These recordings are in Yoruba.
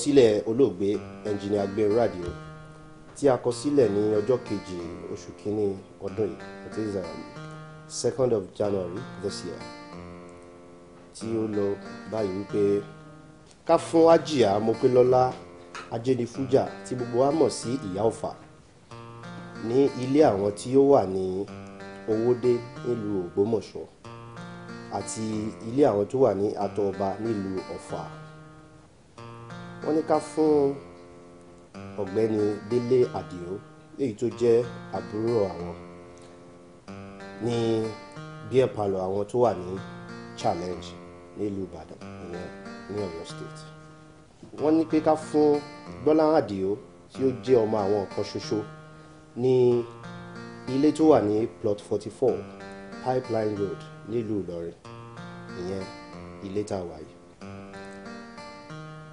àkọsílẹ̀ olóògbé engineer Gbénró Àdìó tí a kọ sílẹ̀ ní ọjọ́ kejì oṣù kínní ọdún yìí that is um, second of January this year tí ó lọ báyìí wípé ká fún àjìyà mopélọ́lá ajénifújà tí gbogbo wa mọ̀ sí ìyá ọ̀fà ní ilé àwọn tí ó wà ní owódé nílùú ògbómọ̀ṣọ́ àti ilé àwọn tó wà ní àtọ̀ọ̀ba nílùú ọ̀fà wọ́n ní ká fún ọ̀gbẹ́ni Délé Àdìó èyí tó jẹ́ àbúrò àwọn ní beer parlour àwọn tó wà ní challenge nílùú Ìbàdàn ìyẹn ní Ọ̀yọ́ state wọ́n ní pé ká fún Gbọ́láhàn Àdìó tí ó jẹ́ ọmọ àwọn kan ṣoṣo ní ilé tó wà ní plot forty four Pipeline Road nílùú Ìlọrin ìyẹn ilé tá a wà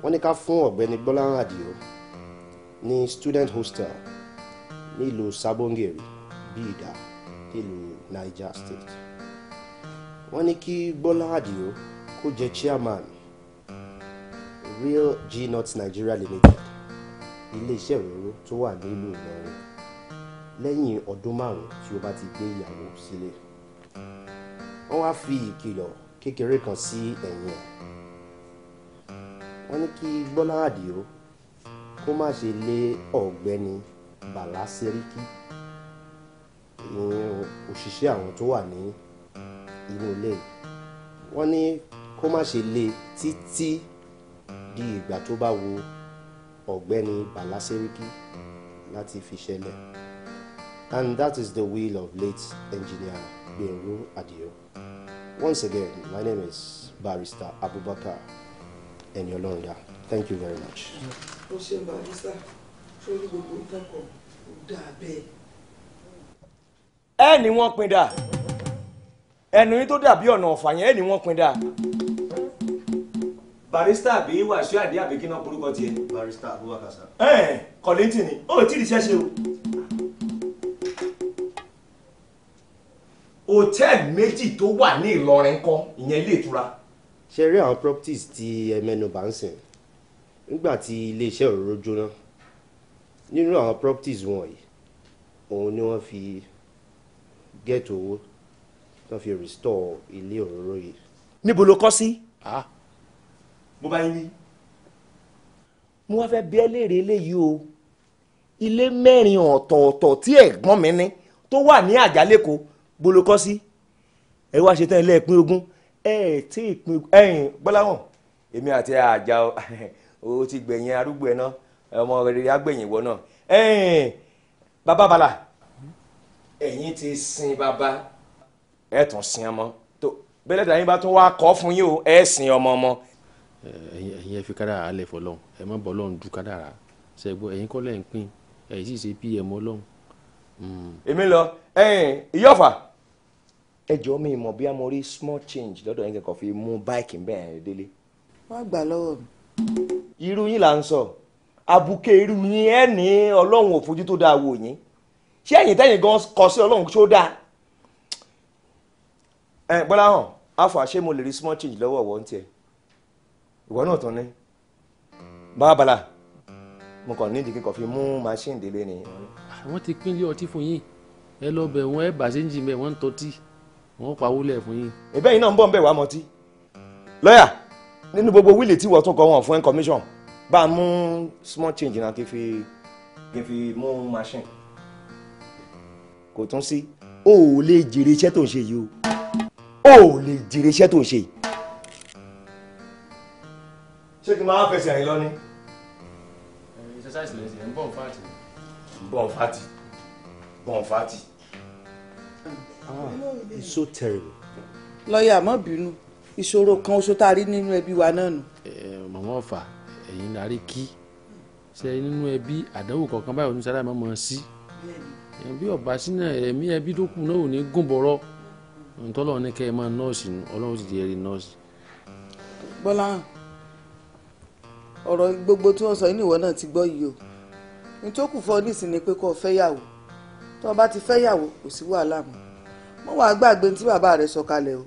wọ́n ní ká fún ọ̀gbẹ́ni gbọ́láhàn àdìo ní student hostel nílùú Sabongeri bíìdá nílùú Niger State wọ́n ní kí gbọ́láhàn àdìo kó jẹ́ chairman Real G-Nut Nigeria Limited iléeṣẹ́ òróró tó wà nílùú Ìlọrin lẹ́yìn ọdún márùn-ún tí ó bá ti gbé ìyàwó sílé wọ́n wá fi ìkìlọ̀ kékeré kan sí ẹ̀yìn ẹ̀ wọ́n ní kí gbọ́lá àdìo kó má ṣe lé ọ̀gbẹ́ni bàlá sẹ́ríkì ìyẹn òṣìṣẹ́ àwọn tó wà ní inú ilé wọ́n ní kó má ṣe lé títí di ìgbà tó bá wo ọ̀gbẹ́ni bàlá sẹ́ríkì láti fi ṣẹlẹ̀ and that is the will of late engineer Benru Adio. Once again, my name is Barrister Abubakar ẹni ọlọ́run thank you very much. ó ṣe máa ń sá sórí gbogbo ìtọ́kọ̀ ó dà bẹ́ẹ̀. ẹ ní wọ́n pin dà ẹnu yín tó dàbí ọ̀nà ọ̀fà yẹn ẹ ní wọ́n pin dà. barista àbí wàṣíù àdé àbí kí náà porúkọ tiẹ̀. barista Abubakar sá. ẹ kọ̀lẹ́tì ni ó tí ì ríṣẹ́ ṣe o. hòtẹ́ẹ̀lì méjì tó wà ní Ìlọrin kan ìyẹn ilé ìtura ṣe rí àwọn properties tí ẹ mẹ́nubà ń sìn nígbà tí iléeṣẹ́ òróró jóná nínú àwọn properties wọ̀nyí òun ni wọ́n fi gẹ́ẹ̀tì owó tó fi restore ilé òróró yìí. níbo ló kọ́ sí. mo bá yín wí. mo wá fẹ́ bi ẹ́ léèrè eléyìí o ilé mẹ́rin ọ̀tọ̀ọ̀tọ̀ tí ẹ̀gbọ́n mi ní tó wà ní àjálẹ́kọ̀ọ́ bó ló kọ́ sí ẹ wá ṣe tán ilé ẹ̀pín ogún ẹ ẹ tí ìpín ẹ̀yin gbọ́láwọ̀n èmi àti àjà o ti gbẹ̀yìn arúgbó ẹ̀ náà ọmọ rere agbẹ̀yìn wọ náà bàbá bala ẹ̀yin ti sin bàbá ẹ̀ tún sin ọmọ tó bẹ́lẹ̀ dàní bá tún wá kọ́ fún yín o ẹ̀ sin ọmọ ọmọ. ẹ̀yin ẹ fi kádàrá alẹ fọ́lọ́run ẹ má bọ Ọlọ́run du kádàrá ṣẹgbọ ẹ̀yin kọ́ lẹ ń pín ẹ̀yin sì ṣe pm Ọlọ́run. Hmm. èmi lọ ẹ̀yin ẹ jọ mi mọ̀ bí a mọ̀ rí small change lọ́dọ̀ yín kẹ́kọ̀ọ́ fi mú báìkì bẹ́ẹ̀ yẹn délé. wọ́n gbà lọ́wọ́ mi. irú yín là ń sọ abuké irú yín ẹ ní ọlọ́run ò fojú tó dáa wò yín ṣé ẹ̀yìn tẹ́yìn gan kọ sí ọlọ́run tó dáa. ẹ bọ́lá hàn afọ àṣẹ mo lè rí small change lọ́wọ́ ọ̀wọ́ ń tiẹ̀ ìwọ náà tán ni bàbá bala mo kàn ní ìdíkẹ́ kọ̀ fi mú machine délé ni. àwọn ti pínlẹ̀ ọtí fún yín ẹ lọ bẹ̀ wọ́n ẹ bàṣẹ́ ń jì mẹ́ wọ́n ń tọ́tí wọn pa wúlẹ̀ fún yín. ẹ̀bẹ̀ yìí náà ń bọ̀ ń bẹ̀ wá mọtí lọ́yà nínú gbogbo wíìlì tí wọ́n tún kọ wọn fún ẹ̀ commission bá a mú small change náà kí fi kí fi mú machine kò tún sí o ò lè jèrè iṣẹ́ tó ń ṣe yìí o ò lè jèrè iṣẹ́ tó ń ṣe yìí. ṣé kí n máa fẹsẹ̀ àyè lọ exercise lẹ́sìn ẹ̀ ń bọ̀ ń ń bọ̀ ń bọ̀ ń ah it's so terrible. lọ́ọ̀yà má bínú ìṣòro kan oṣù tá a rí nínú ẹbí wa náà nù. Eh, màmá ọ̀fà ẹ̀yin la rí kí ṣe nínú ẹbí àdánwò kọ̀ọ̀kan báyìí oní sálámà mọ̀ sí bí ọ̀bá sínú ẹ̀mí ẹbí tó kù náà ò ní gùn bọ̀rọ̀ ntọ́lọ́ ní kẹ́ ẹ máa nọ́ọ̀sì ọlọ́run ti di ẹ̀rí nọ́ọ̀sì. bọ́lá ọ̀rọ̀ gbogbo tí wọ́n sọ yìí ìwọ náà ti gbọ́ yìí o ní tó kù fún ọ nísìnyí pé kó o fẹ́yàwó tó o bá ti fẹ́yàwó kò sí wàhálà mọ́ wọ́n wàá gbàgbé tí bàbá rẹ̀ sọ kalẹ̀ o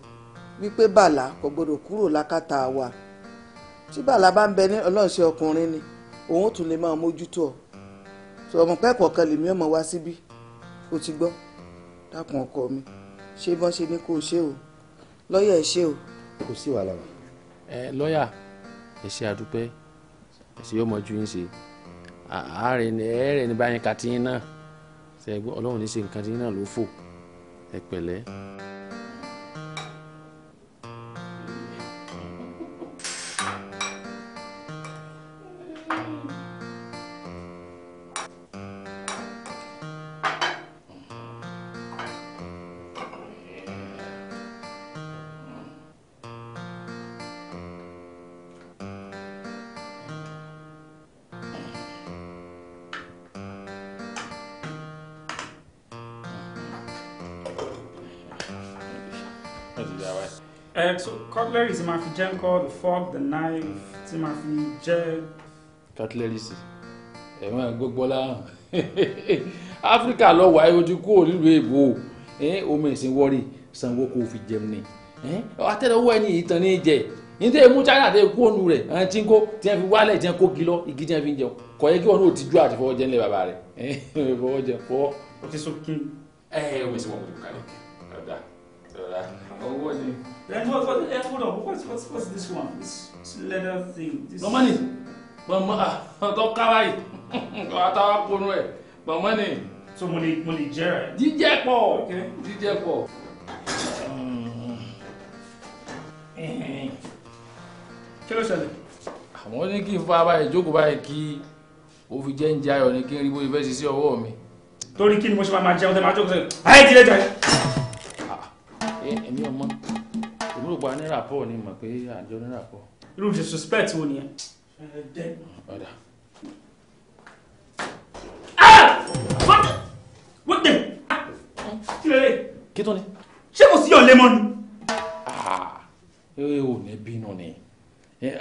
wípé bàlá kò gbọdọ̀ kúrò lákàtà wa tí bàlá bá ń bẹ ní ọlọ́ọ̀ṣẹ́ ọkùnrin ni òun ò tún lè máa mójútó ọ sọ ọmọ pẹ́ẹ́kọ̀ọ́ lèmi ọmọ wá síbí o ti gbọ́ dákun ọkọ mi ṣé bọ́n ṣe ni kò ṣe o lọ́ọ̀yà ẹ̀ ṣe o. kò sí wàhálà wa. ẹ lọ́ọ̀yà ẹ ṣe àdúpẹ́ ẹ ṣe ọmọ ju yín ṣe àárẹ̀ ẹ̀ẹ́rẹ̀ ní báyìí kàtíyín náà ṣẹ́gbọ́n ọlọ́run ní ṣe nǹkan tí yín náà ló fò ẹ pẹ̀lẹ́. máa fi jẹ́ the fork the knife tí máa fi jẹ́. cutleries ẹ̀wọ̀n gbogbo láhàn áfíríkà lọ wà ẹ́ ojú kúrò nílùú èbó omi ìsìn wọ́ọ̀rì sanwó kó o fi jẹun ni àtẹ̀lẹ́wọ́ ẹni ìtàn ní jẹ nítorí mú china tẹ kú ònú rẹ ẹn tí ń kó tí wọn fi wálẹ̀ tí wọn kó gi lọ igi tí wọn fi ń jẹun kò yẹ kí wọn náà ti ju àti fọwọ́ jẹ nílẹ̀ bàbá rẹ fọwọ́ jẹ fọwọ́. o ti sọ kí. ẹ ẹ wẹsẹ wọn kò tó kálẹ. What, what, hold on, what's, what's, what's this one? This, this leather thing. This... No money. Mama, don't carry. Don't talk for me. No money. So money, money, Jerry. DJ Paul. Okay. DJ Paul. Mm. Kí ló ṣẹlẹ̀? Àwọn ní kí n fa abáyé jókòó báyìí kí o fi jẹ́ ń jayọ̀ ní kí n rí bóyá fẹ́ ṣiṣẹ́ ọwọ́ mi. Torí kí ni mo ṣe máa máa jẹun tẹ́ máa jókòó sẹ́yìn? Ayé ti lé jẹ́ ẹ̀mí ọmọ èmi ò gba náírà pọ̀ ni mọ̀ pé àjọ náírà pọ̀. irú disrespect wo nìyẹn. ọ̀dà. Ah! wọ́n tẹ̀ ah! kí lè lè. kí tó ni. ṣé kò sí ọ̀lẹ́ mọ́ ni. Ah! ẹ ò ní bínú ni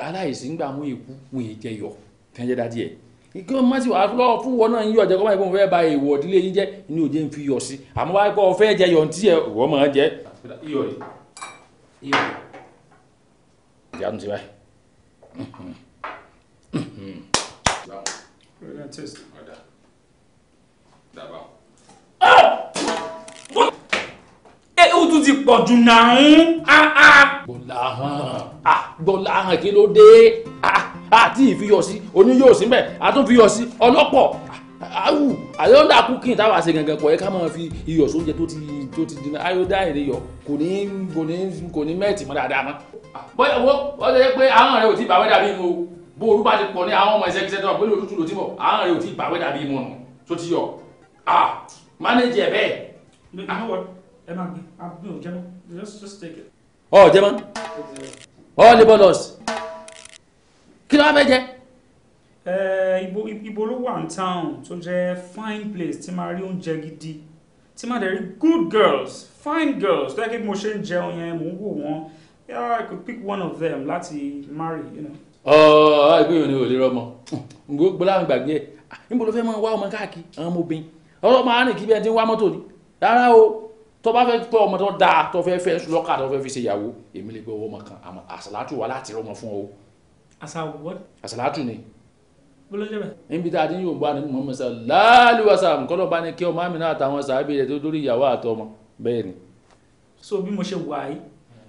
aláìsí ń gbà mú ikú wọ́n yé jẹ yọ fẹ́ jẹ́ dájú ẹ̀ kí wọ́n má ti wà lọ́wọ́ fún wọn náà ń yọ ọ̀jẹ̀ kọ́ máa ń fẹ́ ba èèwọ̀ ìdílé yín jẹ́ inú òjé ń fi yọ sí àmọ́ wáyé kọ́ ọ fẹ́ jẹ yọ̀ ẹ̀ wọ́n máa jẹ́. Espera, y hoy. Y hoy. Ya no se va. Vamos. We're gonna test. Ọ̀dà. Dàbà. Ẹ o tún ti pọ̀ jù nàún. Gbọ̀là hàn. Gbọ̀là hàn kí ló dé? Àti ah, ah, ah, ìfiyọ̀ sí, oní yóò sí mbẹ̀, àtúnfiyọ̀ sí, ọlọ́pọ̀ awu àyọ̀ǹda cooking táwa ṣe gangan kọ̀ ẹ́ ká máa fi iyọ̀ sóúnjẹ tó ti tó ti dina iodine yọ kò ní kò ní kò ní mẹ́ẹ̀tì mọ́ dáadáa mọ́. bóyá owó wọ́n ṣe pé àwọn rẹ̀ ò tí ì bàwẹ́ dàbí mu o bó orú bá ti pọ̀ ní àwọn ọmọ ẹ̀sẹ̀ kìsẹ́ tó wà pẹ̀lú òtútù ló ti bọ̀ àwọn rẹ̀ ò tí ì bàwẹ́ dàbí mu nù tó ti yọ. manage ẹ̀ bẹ́ẹ̀. ọ̀ jẹ́ mọ́ ọ̀ lè kí ló wá fẹ́ jẹ́ Eh, ibo ibo ló wà ní town tó jẹ́ fine place tí máa rí oúnjẹ gidi tí máa dẹ̀ rí good girls fine girls tó yẹ kí mo ṣe ń jẹun yẹn mò ń wò wọ́n yeah I could pick one of them láti marry you know. ọ̀ọ́ àgbéyàn ni ò lè rọmọ gbogbo láwọn gbàgbé ẹ̀ níbo ló fẹ́ máa wá ọmọ káàkiri àwọn ọmọbìnrin ọlọ́mọ àárín kí bí ẹni tí ń wá mọ́tò ni rárá o tó bá fẹ́ pẹ́ ọmọ tó dáa tó fẹ́ fẹ́ lọ́kà tó fẹ́ fi ṣe ìyàwó èmi lè gbé owó ọmọ kan àmọ́ àṣàlátù wà láti rọmọ fún ọ. àṣà what. àṣàlátù ni níbi tá a ti ń yòǹbá ni Muhammad sallallahu alaihi wasallam kọ́lọ́ bá ní kí ọmọ àmì náà àtàwọn sàábì rẹ̀ tó dórí ìyàwó àtọmọ bẹ́ẹ̀ ni. so bí mo ṣe wà yìí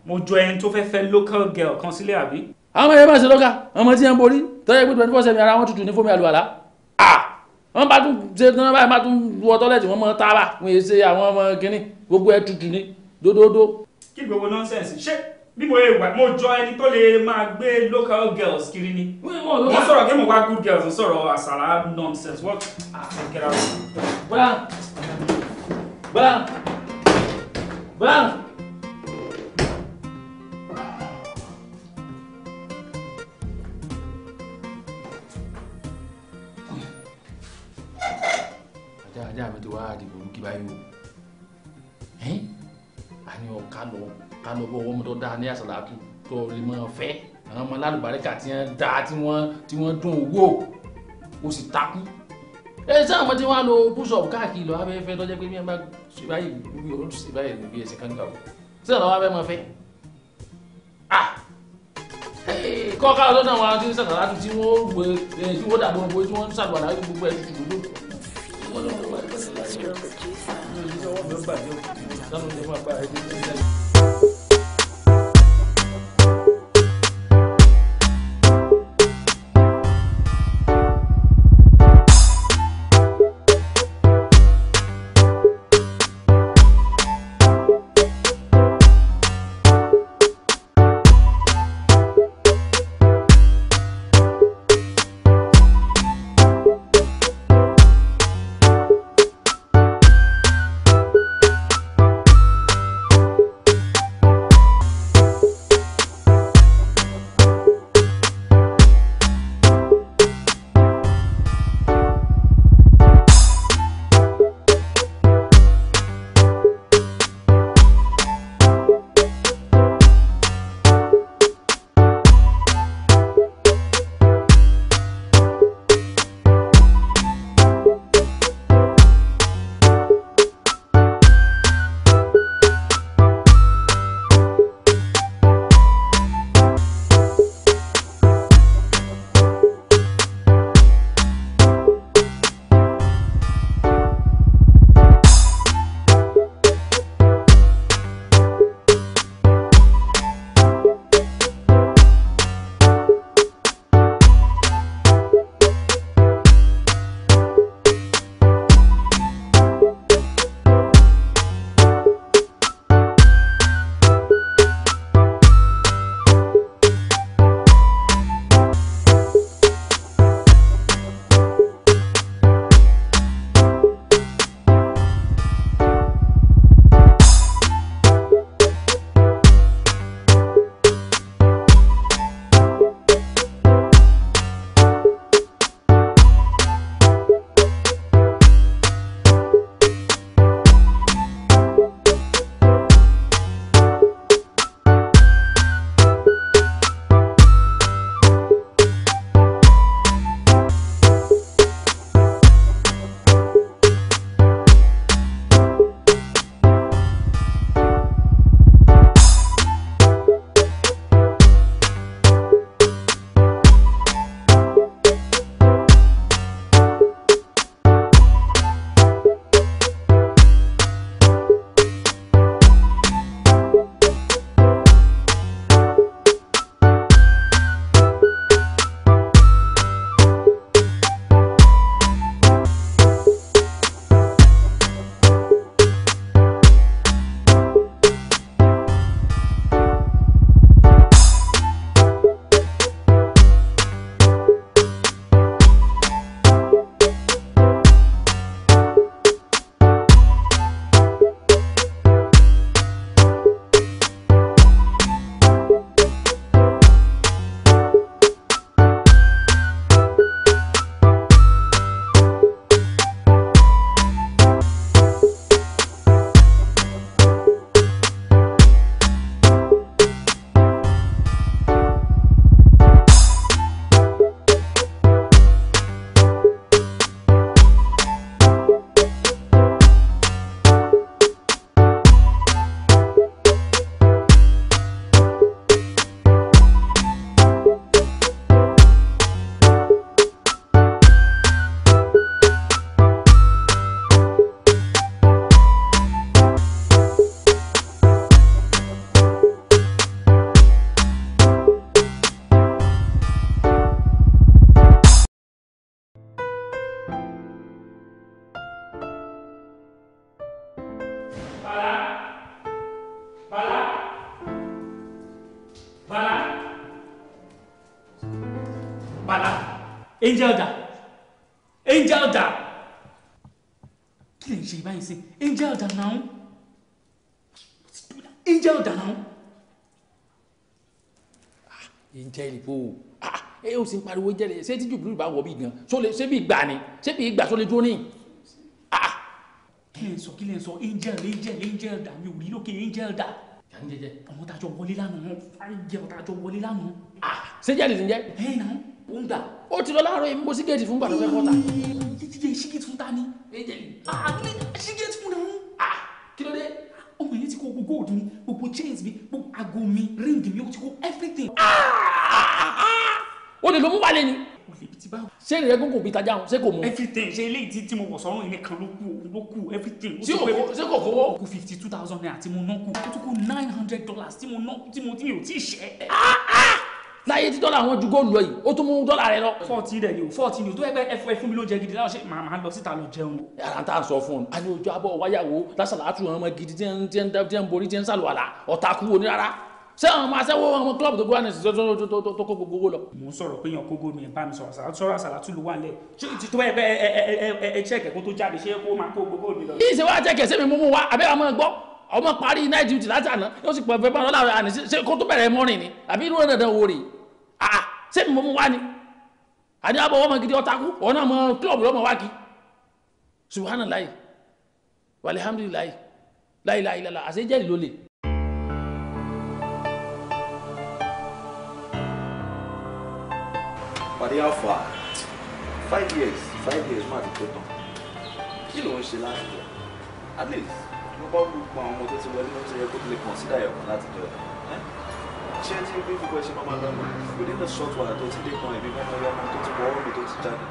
mo jọ ẹni tó fẹ́ fẹ́ local girl kan sílé àbí. àwọn ẹyẹ bá ṣe lọ́ka ọmọ tí ẹ ń borí tọ́jú pé twenty four seven ara wọn tutù ní fómi àlùwàlá. wọ́n bá tún ṣe tí wọ́n bá tún wọ tọ́lẹ̀tì wọn mọ tábà wọ́n yẹ ṣe àwọn ọmọ kínní gbogbo ẹ tutù ní dódódó. kí gbogbo nọ́ńsẹ̀nsì ṣe bí mo yẹ wà mo jọ ẹni tó lè máa gbé local girls kiri ni mo sọ̀rọ̀ kí mo wá good girls mo sọ̀rọ̀ àṣàrà nonsense wọ́n kẹ́ra o. brown brown brown. ajá ajá mi ti wá àdìgbò ń kí báyìí o àníyàn ká lọ ká lọ bọ́ ọwọ́ mi tó dáa ní àṣàlàtú tó lè mọ ọ̀fẹ́ àwọn ọmọ alálùbáríkà tí wọ́n dáa tí wọ́n tí wọ́n dùn owó o sì takú ẹ ṣé àwọn tí wọ́n lo push up káàkiri lọ abẹ́fẹ́ lọ́jọ́ pé bí wọ́n bá ṣe báyìí bí wọ́n ṣe báyìí lè bí ẹsẹ̀ kan gbà wọ́n ṣé abẹ́ mọ fẹ́ ah kọ́ka lọ́dọ̀ àwọn tí ń ṣàṣàlátù tí wọ́n wọ tí wọ́n dàbọ̀ owó tí wọ́n ń ṣàlùwàlà gbogbo ẹ̀ tuntun lóko. Dá-me uma barra angel down. angel bò ó ẹ ó sì ń pariwo angel ṣé tí jùbìlì bá wọ bí gan ṣé bí gbà ni ṣé bí gbà sólè dúró ní. Ah. kí lè sọ kí lè sọ angel angel angel dà mí ò rí lókè angel dà. yanni jẹjẹ. ọmọ tajọ wọlé lánàá fárí jẹ ọmọ tajọ wọlé lánàá. Ah, ṣéjẹ lè ti jẹ. ẹ náà ó ń dà. ó ti lọ láàárọ̀ yìí mo sì géètì fún gbàdúgbò ẹ̀kọ́ ta. jíjẹ ṣígẹ̀tì fún ta ni. ṣígẹ̀tì fún náà. kí ló dé gold mi gbogbo chains mi gbogbo aago mi ring mi ó ti kó everything. Ah, ah, ah. o lè lọ mú wálé ni. o lè bi ti báwo. ṣé ìrẹ́ gún kò bí tajà ṣé kò mú. everything ṣe eléyìí tí tí mo wọ̀ sọ́run ilé kan ló kù ló kù everything. tí o ṣe kò kówó. kù fifty two thousand naira tí mo ná kù ó tún kù nine hundred dollars tí mo ná tí mo tí mi ò tí ì ṣe láyé tí dọ́là wọn ju góòlù lọ yìí ó tún mú dọ́là rẹ lọ. fọ́ọ̀tì rẹ̀ yìí o fọ́ọ̀tì ni o tó yẹ pé ẹ fún ẹ fún mi ló jẹ gidi láwọn ṣe màá máa lọ síta lọ jẹun. yàrá tá a sọ fún un a ní ojú abọ́ wáyàwó lásàlátù àwọn ọmọ gidi tí ń tí ń tí ń borí tí ń sàlùwàlà ọ̀tá kú oní rárá ṣé àwọn ọmọ asẹ́wó ọmọ club tó gbọ́dọ̀ sí tó kó gbogbo owó lọ. mo ń sọ̀rọ̀ pé yan kógó mi bá mi sọ̀rọ̀ sọ̀rọ̀ àsàlátù ló wà lẹ̀ ṣé tó bẹ́ẹ̀ bẹ́ẹ̀ ẹ ẹ ẹ ẹ check kó tó jáde ṣé kó máa kó gbogbo mi lọ. bí ìṣèwà check sẹ́mi mú mú wa àbẹ́wà máa gbọ́ ọmọ parí night duty láti àná yóò sì pọ̀ ẹ̀fẹ́ bá wọn láàrin àná ṣe kó tó bẹ̀rẹ̀ mọ́rin ni àbí irú ọ̀dọ̀ wo rè ah ṣé mi mú wá ni àní abọ́ ọmọ gidi ọ̀tá kú wọn náà mọ club lọ́mọ wá kí subhanallahi Lai, láìláì lálá àṣejẹ́ ìlólè pàdé alpha five years five years máa ti tó tán kí ló ń ṣe láti jẹ at least ló bá gbogbo àwọn ọmọ tó ti wọlé ló ti yẹ kó lè kọ̀nsídà ẹ̀kọ́ láti jọ ṣé tí bí gbogbo ẹṣin máa lọ within the short while tó ti dé kan ẹ̀mí mọ́mọ́ ya ọmọ tó ti wọ ọ́ọ̀mì tó ti jáde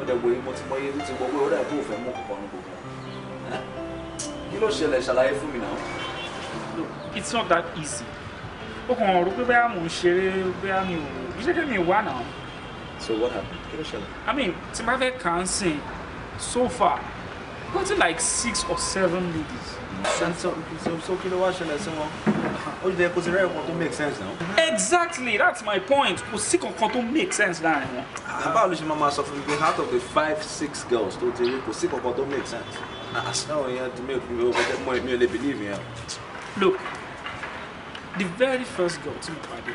ó dẹ̀ wòye mo ti mọ iye tó ti wọ pé ó dà bó fẹ́ mú kọ̀ọ̀kan ní gbogbo kí ló ṣẹlẹ̀ ṣàlàyé fún mi náà. it's not that easy ó kàn rò pé bóyá mò ń ṣeré bóyá mi ò ṣe kí mi wà náà. so what happened kí ló ṣẹlẹ̀. i mean tí n bá fẹ́ kàn án sìn so far wetin like six or seven ladies so kí ló wá ṣẹlẹ̀ sí wọn ó jẹ́ kó sense náà. exactly that's my point kò sí kankan tó make sense now. wọn. about ah, ló ṣe máa ma sọ fún mi pé of the five six girls tó ti rí kò sí kankan tó make sense àṣàwọn yẹn to make me over, mọ èmi ò lè believe yẹn. look the very first girl to my party.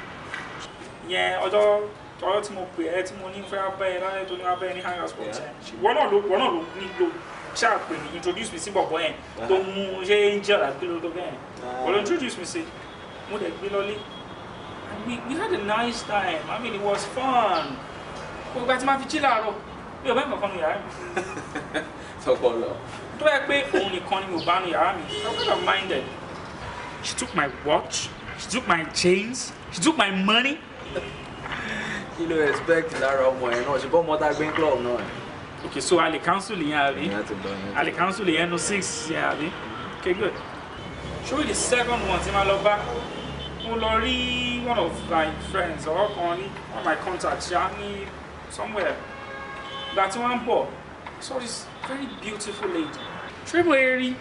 Yeah, ọjọ́ ọjọ́ tí mo pè ẹ́ tí mo ní fẹ́ abẹ́ ẹ lálẹ́ tó ní abẹ́ ẹ ní hangers port yẹn wọ́n náà ló wọ́n náà ló ní lò ṣáà pè mí introduce mi sí bọ̀bọ̀ yẹn tó mú ṣé angel àti kílódé bẹ́ẹ̀ but ah. introduce mi sí mo dẹ̀ gbé lọ́lé and we we had a nice time I mean it was fun gbogbo àti máa fi jí làárọ̀ mi ò bá ìmọ̀ kan nu yàrá mi. sọ̀pọ̀ lọ. tó yẹ pé òun nìkan ni mo bá nu yàrá mi I was kind minded she took my watch she took my chains she took my money. kí ló expect lára ọmọ ẹ náà ṣùgbọ́n ọmọ tá a náà okay so ali cancel yẹn abi ali cancel yẹn no six yẹn abi okay good show the second one tí ma lọ bá one of my friends or kan one of my contacts ṣá somewhere That one poor. So this very beautiful lady triple eri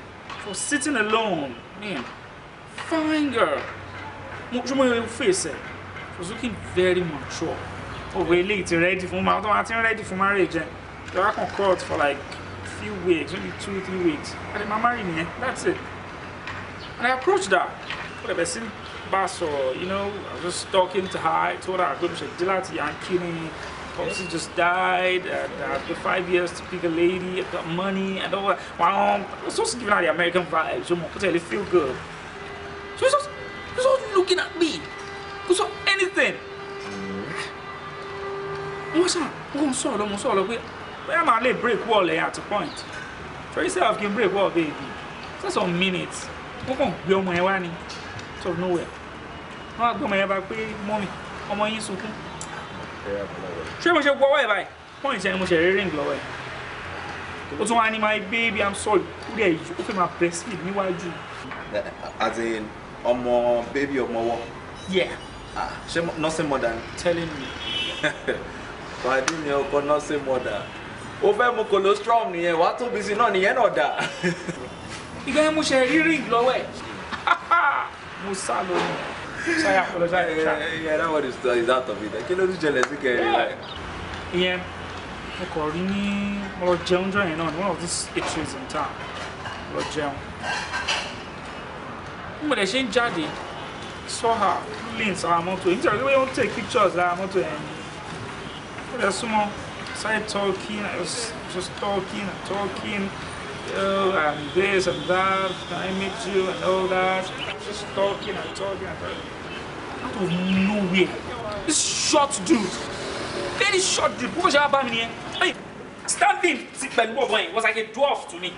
for sitting alone man fine girl mo ṣe mo face she was looking very mature Oh really? It's ready fún ma ọ̀tọ̀ àti ready for marriage ẹ. They on court for like a few weeks, maybe two, three weeks. And then my married me, eh? that's it. And I approached her. What have I seen? or, you know, I was just talking to her. I told her I couldn't say, am Yankini. Obviously, just died, and after five years to pick a lady, I got money, and all that. Wow, I was just giving her the American vibes, you know, really feel good. She was just, she was just looking at me, she saw anything. Mm. What's up? What's up? What's up? bóyá màá lè break wall ẹ̀ at a point For sẹ́ of kí n break wall baby just some minutes wọ́n kàn gbé ọmọ ẹ wá ni out of nowhere No, á gbé ọmọ yẹn bá mommy. I'm ọmọ yín sunkún ṣé mo ṣe gbọ́ ọwọ́ ẹ̀ point yẹn ni mo ṣe rí ring lọ́wọ́ ẹ̀ o tún my baby i'm sorry ó dẹ̀ yìí ó fẹ́ máa breastfeed níwájú. as in I'm ọmọ baby of my wọ. yeah. ah ṣé more than telling me. pàdé mi ọkọ more than o fẹ́ mu colostrum nìyẹn wàá tó bisi náà nìyẹn náà dà. ìgbà yẹn mo ṣe rí ring lọ́wọ́ ẹ̀ mo sá lọ ni ṣáyà pẹ̀lú ṣáyà ṣá. ìyẹn eh, that one is is out of it kí ló tún ṣẹlẹ̀ sí kẹrin láì. ìyẹn mo kàn rí ní mo lọ jẹun jọ yẹn náà ní one of these eateries in town mo lọ jẹun. mo dẹ̀ ṣe ń jáde saw her lean sára mọ́tò nítorí pé wọ́n take pictures lára mọ́tò yẹn ó lè súnmọ́ outside talking. I was just talking and talking, you uh, and this and that. Can I met you and all that? Just talking and talking and talking. Out of nowhere, this short dude, very short dude. What was wá bá here? Hey, standing pẹ̀lú bọ̀bọ̀ boy. was like a dwarf to me.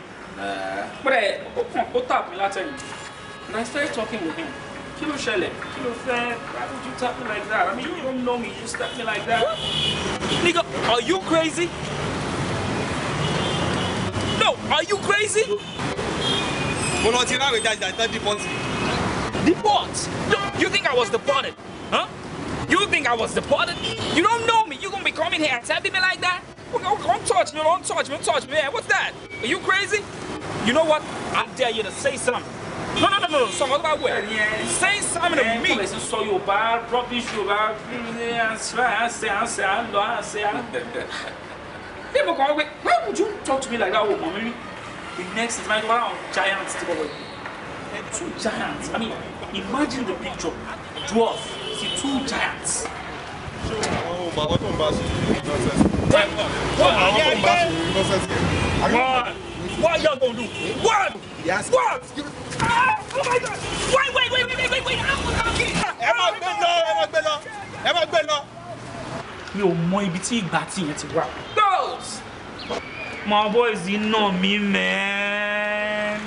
Bẹ́ẹ̀ eh, ó kàn ó tàbí látẹ̀yìn. And I started talking with him. kí ló ṣẹlẹ̀ kí why would you tap me like that I mean you don't know me you just tap me like that. nigga are you crazy? no are you crazy? mo lọ ti ráwé jáde àti tẹ́bí pọ́ǹtì. deport no you think I was deported huh? you think I was deported you don't know me you gonna be coming here and tapping me like that? Don't touch me, don't touch me, don't touch me. What's that? Are you crazy? You know what? I dare you to say something. No, no, no, no, sọ̀rọ̀ tó bá Say something to me. Ẹ kò lè sọ Yorùbá rubbish Yorùbá ṣe à ń ṣe à ń ṣe à ń lọ People come away, why would you talk to me like that, woman? Maybe the next is my one of giants to go away. Two giants, I mean, imagine the picture. Dwarf, see two giants. Bàbá tó ń bá What? What y'all gonna do? What? Yes. What? my God! Wait, wait, wait, wait, wait, wait! Ẹ Mi ò mọ ibi tí ìgbà tí yẹn ti wà. Girls! My boys yìí nà mí mẹ́ẹ́.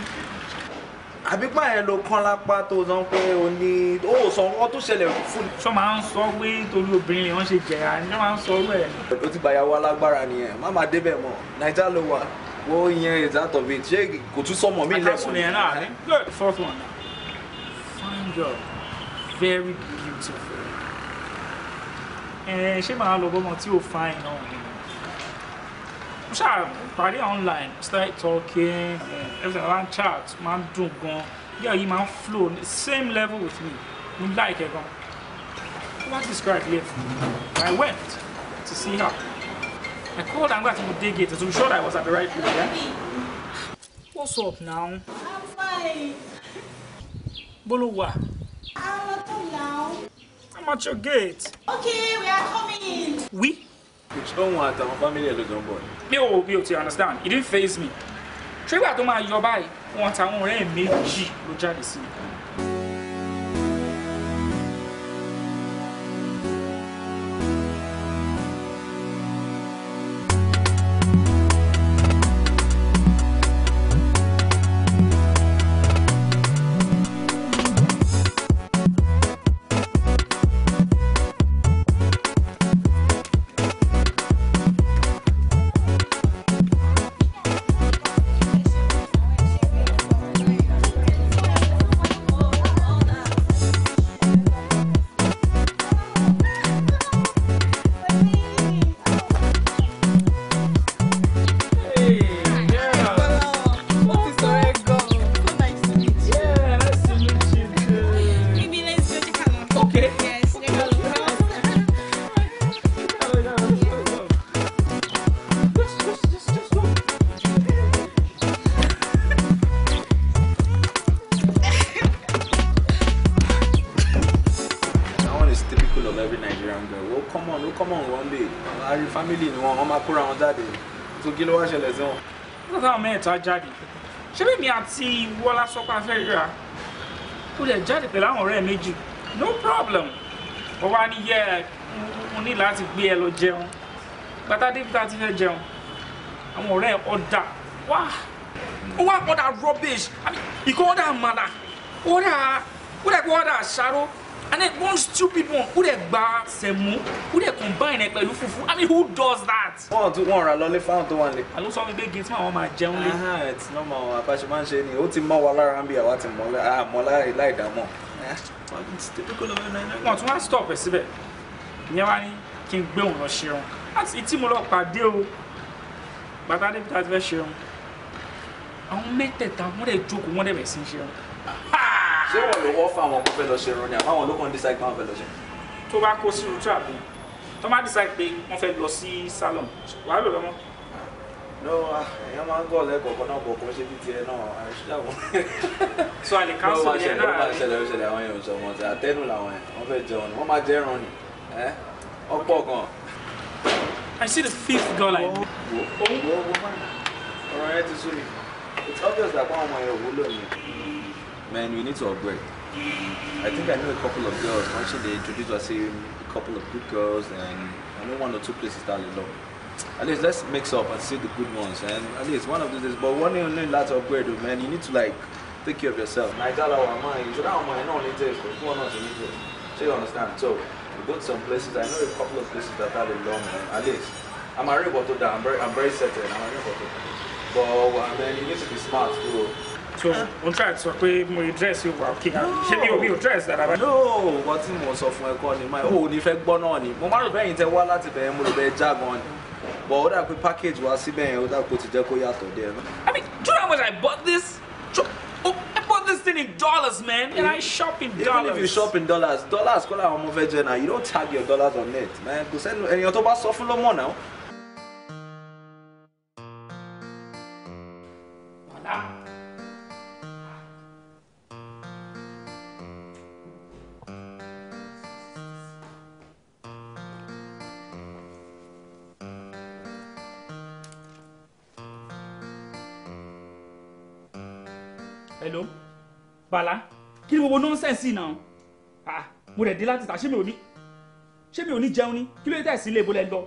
Àbípá yẹn ló kán lápá tó sọ pé o ní o sọ ọ tó ṣẹlẹ̀ fún. Sọ máa ń sọ pé torí obìnrin yẹn wọ́n ṣe jẹ̀yà ni wọ́n máa ń sọ ọ́ O ti bàyàwó alágbára nìyẹn, má máa débẹ̀ mọ́, Naija ló wà wo yeah, it's out of it ṣé go to some mi Me àkàtúntì yẹn náà good fourth one fine girl very beautiful ẹ eh, ṣé màá lọ bọ́mọ tí o fine náà ni mo ṣáà parí online start talking everything around chat man, ń dùn Yeah, girl man máa flow same level with me You like it, gan what describe it? I went to see her. I called and got to dig it to so that I was at the right place. Yeah? What's up now? I'm fine. Bolowa. I'm at home now. I'm at your gate. Okay, we are coming. We? Which home was our family alone boy? Me, ò bí o You understand. He didn't face me. Ṣé ìgbà tó máa yọ báyìí, wọn àtàwọn ọ̀rẹ́ méjì ló jáde sí mi. kí ló wá ṣẹlẹ̀ sí wọn. nígbà táwọn mẹ́ẹ̀ta jáde ṣé bèmi àti wọlá sọ pé a ó lè jáde pẹ̀lú àwọn ọ̀rẹ́ méjì no problem wọ́n wá ní yẹ mo ní láti gbé ẹ lọ jẹun gbàtà débi tá ti fẹ́ jẹun àwọn ọ̀rẹ́ ọ̀dà wá ó wá ọ̀dà rubbish ìkọ́ ọ̀dà àmàlà ọ̀dà ọ̀dà ìkọ́ ọ̀dà àṣàrò and then one stupid one who dey gba sẹ̀mú who dey combine ẹ̀ pẹ̀lú fufu i mean who does that. One tún wọn rà lọlé fáwọn tó wà lé. àló sọ mi pé gate máa wọn máa jẹun lé. it's normal àbáṣe máa ń ṣe ni ó ti mọ wa lára ń bí àwa ti mọ láì dààmú. wọn tún wá stop ẹ síbẹ̀ ìyẹn wá ní kí n gbé òun Iti ṣerun láti tí mo lọ pàdé o bàtà débi tá a ti fẹ́ ṣerun àwọn mẹ́tẹ̀ẹ̀ta wọ́n dẹ̀ jókòó wọ́n dẹ̀ bẹ̀ sí ṣerun ṣé wọn ló wọ́ fún àwọn kó fẹ́ lọ ṣe irun ni àbáwọn ló kàn decide pé àwọn fẹ́ lọ ṣe. tó bá kó sí rutu àbí tó bá decide pé wọ́n fẹ́ lọ sí salon wàá lò lọ́mọ. no èèyàn máa ń gọ̀ lẹ́kọ̀ọ́kọ́ náà bọ̀ ṣe bí tiẹ̀ náà àìsíjàwọ̀. so àlè káńsù ni náà rẹ̀. wọ́n máa ṣẹlẹ̀ ṣẹlẹ̀ àwọn èèyàn sọ wọn àtẹ́nu làwọn ẹ̀ wọ́n fẹ́ jẹun wọ́n máa jẹ́ irun ni ọ̀pọ̀ I see the fifth girl It's obvious that àwọn ọmọ yẹn wúlò ni. man, we need to upgrade. I think I know a couple of girls. Actually, they introduced us to a couple of good girls, and I know one or two places that they love. At least let's mix up and see the good ones, and at least one of these days. But one you learn that to upgrade, oh, man, you need to like take care of yourself. I got our mind, you should have mind, know only take, but to need to. So you understand? So we go to some places. I know a couple of places that are long, man. At least I'm a robot to that. I'm very, I'm very certain. I'm a robot to that. But uh, man, you need to be smart, too. so n try sọ pé mo dress you wà kí n ṣe mi dress dára no nǹkan tí most of my calling? My, ni o ò ní fẹ́ gbọ́ náà ni mo má rò bẹ́yìn tẹ wá láti bẹ̀rẹ̀ mo rò bẹ́ẹ̀ já but ó dà pé package wá see yẹn ó dà put ó ti jẹ́ kó yàtọ̀ i mean do you know how much i bought this. Oh, I bought this thing in dollars, man. And I shop in dollars. Even if you shop in dollars, dollars call our move now. You don't tag your dollars on it, man. Go send and your toba suffer no more now. Voilà. hello bala kí ni gbogbo nọ́nsẹ̀nsì náà ah mo rẹ̀ dé láti ta ṣé mi ò ní ṣé mi ò ní jẹun ni kí ló dé tẹ̀sí ilé ìbólẹ̀ lọ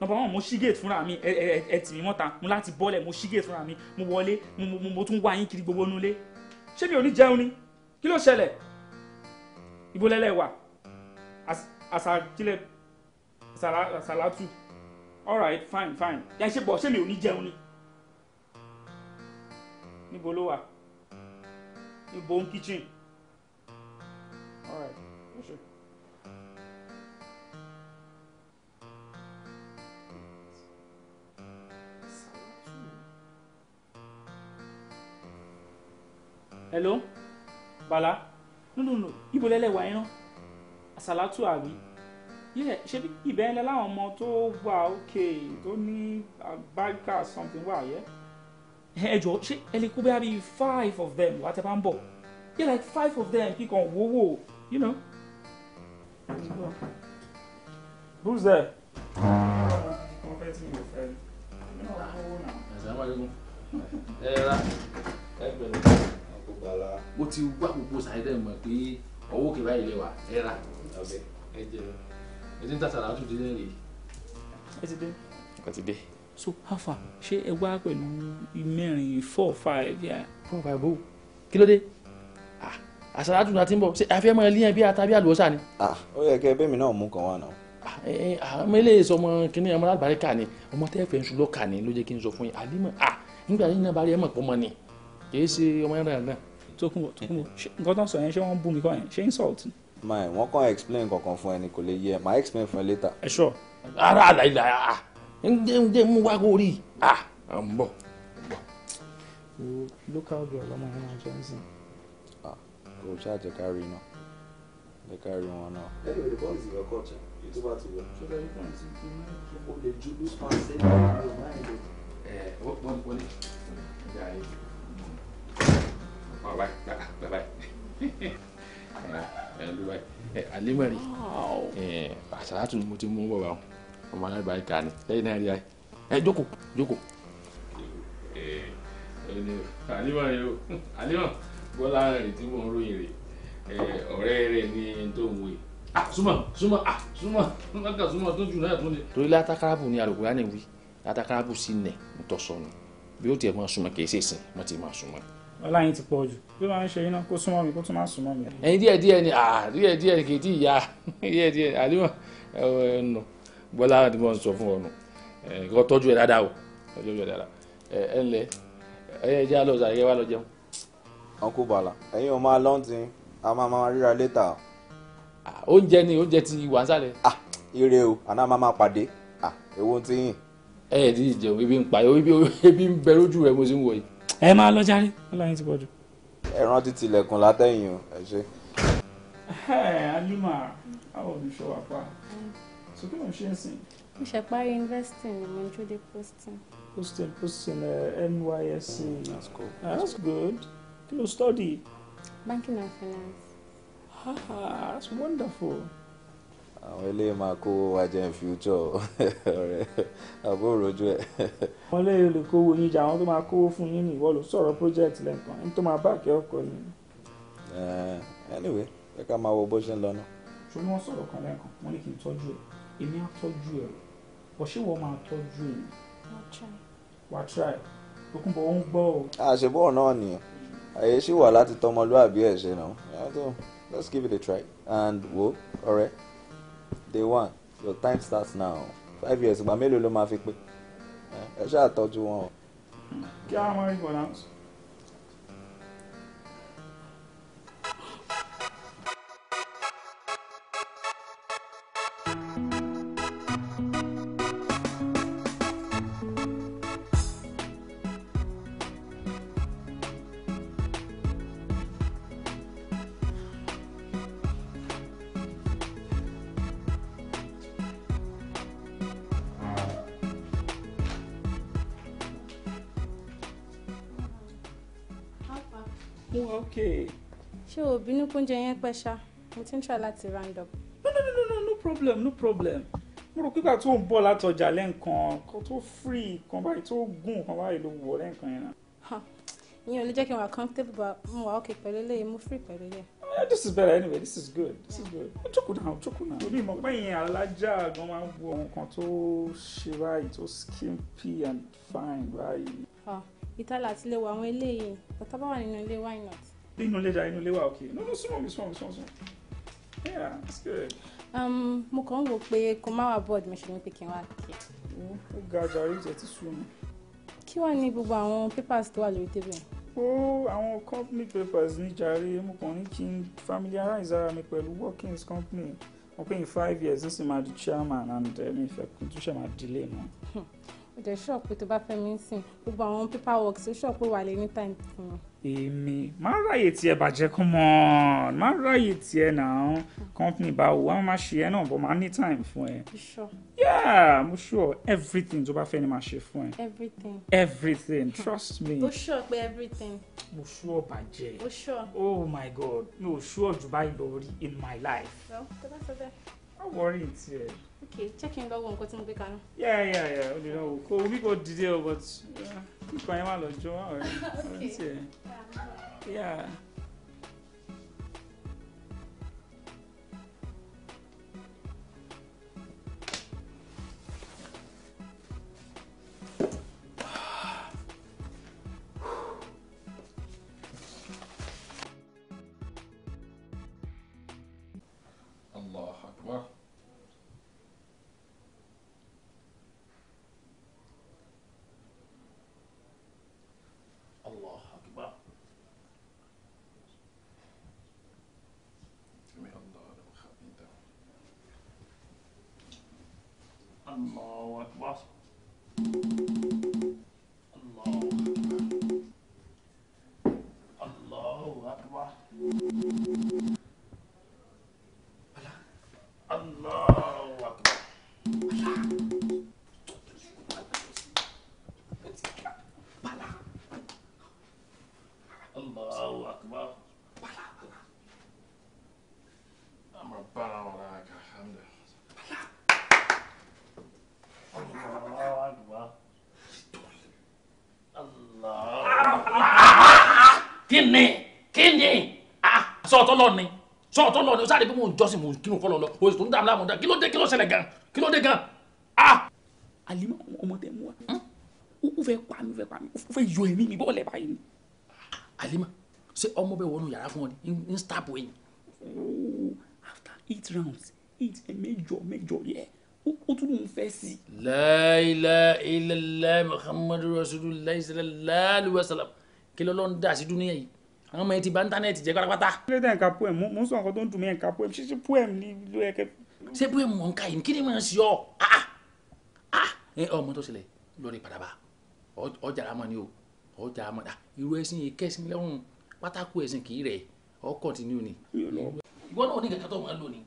nọmba wọn mo ṣí gate fúnra mi ẹ ẹ ẹ tì mí mọ́ta mo láti bọ́lẹ̀ mo ṣí gate fúnra mi mo wọlé mo mo mo tún wá yín kiri gbogbo nulẹ̀ ṣé mi ò ní jẹun ni kí ló ṣẹlẹ̀ ìbólẹ̀lẹ̀ wà àṣàkílẹ̀ àṣàlátù alright fine fine yà ṣe bọ̀ ṣé mi ò ní jẹun ni níbo ló wà ní bone kitchen all right sure. hello bala no no no ibo lẹ́lẹ̀ wà yín náà àsàlátù Yeah. Shebi. ṣe ibẹ̀ yẹn lẹ́ láwọn ọmọ Wow. wà ókè tó ní báríkà something Wow. yẹ. Yeah? ẹ jọ ṣé ẹ lè bí five of them wà á tẹ́ bá ń bọ̀ yeah like five of them kí kan wò wò you know. who's there. mo ti wá gbogbo ṣàìdẹ́ mọ̀ pé ọwọ́ kìlá ilé wa ẹ ra ẹ jẹ ẹ ti ń tàṣà látúndínlẹ́rì. ẹ ti dé. ẹ ti dé so how far ṣé ẹ wá pẹ̀lú mẹ́rin four five yà. four five o oh. kí ló dé ah, àṣàlá tún láti ń bọ̀ ṣé àfihàn máa líyàn bí ata bí àlùbọ́sà ni. Ah, ó yẹ kí ẹbí mi náà mú kan wá náà. àwọn eléyìí sọ ọmọ kìnní ọmọ alábàárẹ́kà ni ọmọ tẹ́fẹ̀ẹ́ ń sùlọ́ kà ní ló jẹ́ kí n sọ fún yín àlímọ̀ à ah, nígbà yín náà bá rí ẹ mọ̀ pọ̀ mọ́ ni kì í ṣe ọmọ yẹn náà. Tókunbọ̀ Tókunbọ̀ nǹkan tó ń sọ yẹn ṣé wọ́n bú mi kọ́ yẹn ṣé insult explain kankan fún ẹni kò lè yẹ máa explain fún later. sure. ara àlàyé ǹdẹ́ mú wá kó rí i ah à ń bọ̀. local girl ọmọ yẹn máa jọ ń sìn. Ah, kò ṣáà jẹ rí iná jẹ rí wọn náà. ẹ̀yọ̀ the boys is your culture ètò bá ti wọ̀ ṣọ́dọ̀ ẹ̀rí fún ẹ̀sìn kí máa kí o lè ju ló pa sẹ́yìn ọ̀rọ̀ ah. máa ń lò. ẹ ó pọ́n pọ́n ní ìyá yìí. bàbá bàbá ẹ ẹ ló báyìí ẹ alẹ́ mọ̀ rí ẹ àṣà mo ti mú bọ̀ báwọn ọmọ alábàáríkà ni lẹ́yìn náà rí ayé ẹ jókòó jókòó. ànímọ̀ yẹn o ànímọ̀ bọ́lá rẹ̀ tí mò ń ròyìn rè ọ̀rẹ́ rẹ̀ ní tó ń wé súnmọ́ súnmọ́ súnmọ́ mọ́kà súnmọ́ tó jù náà tó ní. torí látàkàràbù ni àlùkùrá ni wí látàkàràbù sí nẹ̀ nítòsọ ni bí ó tiẹ̀ máa súnmọ́ kì í ṣe ìsìn wọ́n ti máa súnmọ́. ọlá yín ti pọ̀ jù bí wọ́n ṣe iná kó súnmọ́ mi kó tún máa súnmọ́ mi. ẹyin díẹ̀ díẹ̀ ni díẹ̀ díẹ̀ kì í tí ì ya díẹ̀ díẹ̀ àdéhùn ẹ̀ ẹ̀ nù bọ́lá tí sọ fún ọ̀nù kọ́ tọ́jú ẹ̀ dáadáa o tọ́jú ẹ̀ dáadáa ńlẹ̀ jẹ́ àlọ́ ọ̀sà lọ jẹun. uncle bala ẹ̀yin o máa lọ́ǹtì a máa máa ríra létà o. oúnjẹ ni oúnjẹ ti wà ń ire o àná máa máa pàdé ti yìn. ẹ ẹ ti jẹun ibi ń ebi ń bẹ lójú mo sì ń wọ yìí. ẹ máa lọ járe ọlọrin pọ̀ jù. o ẹ ṣe. ẹ alima so kí ló ń ṣe é sìn. mo investing ni mo the posting. posting posting uh, eh, NYSC that's cool uh, that's good kí you study. banking and finance. ha ah, ha that's wonderful àwọn eléyìí máa kó wa jẹ́ future ọ̀rẹ́ àbó rojú ẹ̀. àwọn eléyìí lè kówó yín jẹ àwọn tó máa kówó fún yín ní ìwọ ló sọ̀rọ̀ project lẹ́ǹkan ní tó máa báàkì ọkọ̀ yín. Eh, anyway ẹ ká máa wo bó ṣe ń lọ náà ṣùgbọ́n wọ́n sọ̀rọ̀ kan lẹ́ẹ̀kan wọ́n ní kí n tọ́jú ẹ̀ èmi á tọ́jú ẹ̀ bọ̀ ṣé wọ́n máa tọ́jú ẹ̀ wà á try okùn bọ̀ ó ń gbọ́ o. àṣebọ̀ náà nìyẹn àyè ṣì wà láti tọmọlúàbí ẹ̀ ṣe nà let's give it a try and wo ọ̀rẹ́ day one your time starts now five years ìgbà mélòó ló máa fi pé ẹ ṣáà tọ́jú wọn o. kí a máa rí for now. kó oúnjẹ yẹn pẹ́ ṣá mo ti ń try láti round up. no no no no no problem no problem mo rò pípa tó ń bọ̀ látọjà lẹ́ǹkan kan tó free kan báyìí tó gùn kan báyìí ló wọ̀ lẹ́ǹkan yẹn náà. ìyẹn ò lè jẹ́ kí n wà comfortable but mo wà okay pẹ̀lú eléyìí mo free pẹ̀lú eléyìí. this is better anyway this is good this is good jókòó náà jókòó náà. orí ìmọ̀ pẹ́yìn alájà gan máa ń bu ohun kan tó ṣe báyìí tó skimpy and fine báyìí. ìtàlá àti ilé wa àwọn eléyìí bàtà bá wà nínú ilé why not inú ilé dá inú ilé okay no no súnmọ́ mi súnmọ́ mi yeah that's good. Um, mo kàn ń wò pé kò má wà bọ́ọ̀dù mi ṣe ní pé kí n wá kí. ó ga jàre ìjẹ ti sú kí wàá ní gbogbo àwọn papers tó wà lórí tébù yẹn. ó àwọn company papers ní jàre mo kàn ní kí n familiarize ara mi pẹ̀lú workings company mo pé in five years n sì máa chairman and eh, mi ìfẹ́ kùn tún ṣe máa delay mọ́. Hmm ó jẹ́ ṣọ́ọ̀pù tó bá fẹ́ mi sìn gbogbo àwọn paper work ṣọ́ọ̀pù wà lé time fún mi. èmi máa ráyè tiẹ̀ bàjẹ́ kọ́ mọ́ ọ́n máa ráyè tiẹ̀ náà company bá wò wá máa ṣe ẹ náà bọ́ máa ní time fún ẹ. yeah mo sure everything tó bá fẹ́ ni máa ṣe fún ẹ. everything everything hmm. trust me. ó sọ pé everything. mo sure bàjẹ́. ó sure. oh my god mi sure jù báyìí lọ rí in my life. tó bá sọ bẹ́ẹ̀. Don't here. Okay, checking in lọ́wọ́ nǹkan tí mo gbé Yeah, yeah, yeah, We lè lọ wò. Kò wí kò dìde o, but kíkan yẹn wà Okay. Yeah. yeah. lọ ni sọ̀tọ̀ lọ ni o sáré pé mò ń jọ́sìn mò kírun fọlọ́ lọ o sì tún dààmú láàmú dá kí ló dé kí ló ṣẹlẹ̀ gan kí ló dé gan a. àlìmọ́ ọmọ tẹ mú wa ó fẹ́ pa mi ó fẹ́ pa mi ó fẹ́ yọ èmi mi bọ́ọ̀lẹ̀ báyìí ni. àlìmọ́ ṣé ọmọ bẹ́ẹ̀ wọnú yàrá fún ọ ni ń stap wẹ̀ yìí. after eight rounds eight ẹ̀ eh, mẹ́jọ mẹ́jọ yẹ ó tún lóun fẹ́ sí. la ilaha illallah muhammadu rasulullah sallallahu alaihi wasallam kí lọ́lọ́ ń dà sí dúníyà yìí àwọn ọmọ yẹn ti bà íńtánẹ́ẹ̀tì jẹ́ pátápátá. kí ló dé nǹkan poem mo ń sọ nǹkan tó ń dùn mí nǹkan poem ṣíṣe poem ni ló yẹ kẹ. ṣé poem mọ̀ ń ka yìí kí ni màá ṣe ọ́ ah, ah, ah. ẹ ọmọ tó ṣẹlẹ̀ lórí padàbà ọjà àmọ́ ni o ọjà àmọ́ dà irú ẹ̀sìn yìí kẹ́sìn lẹ́hùn pátákó ẹ̀sìn kì í rẹ̀ ọ kọ́ntínú ni. ìwọ náà ní kẹ̀kẹ́ tó máa ń lò ní.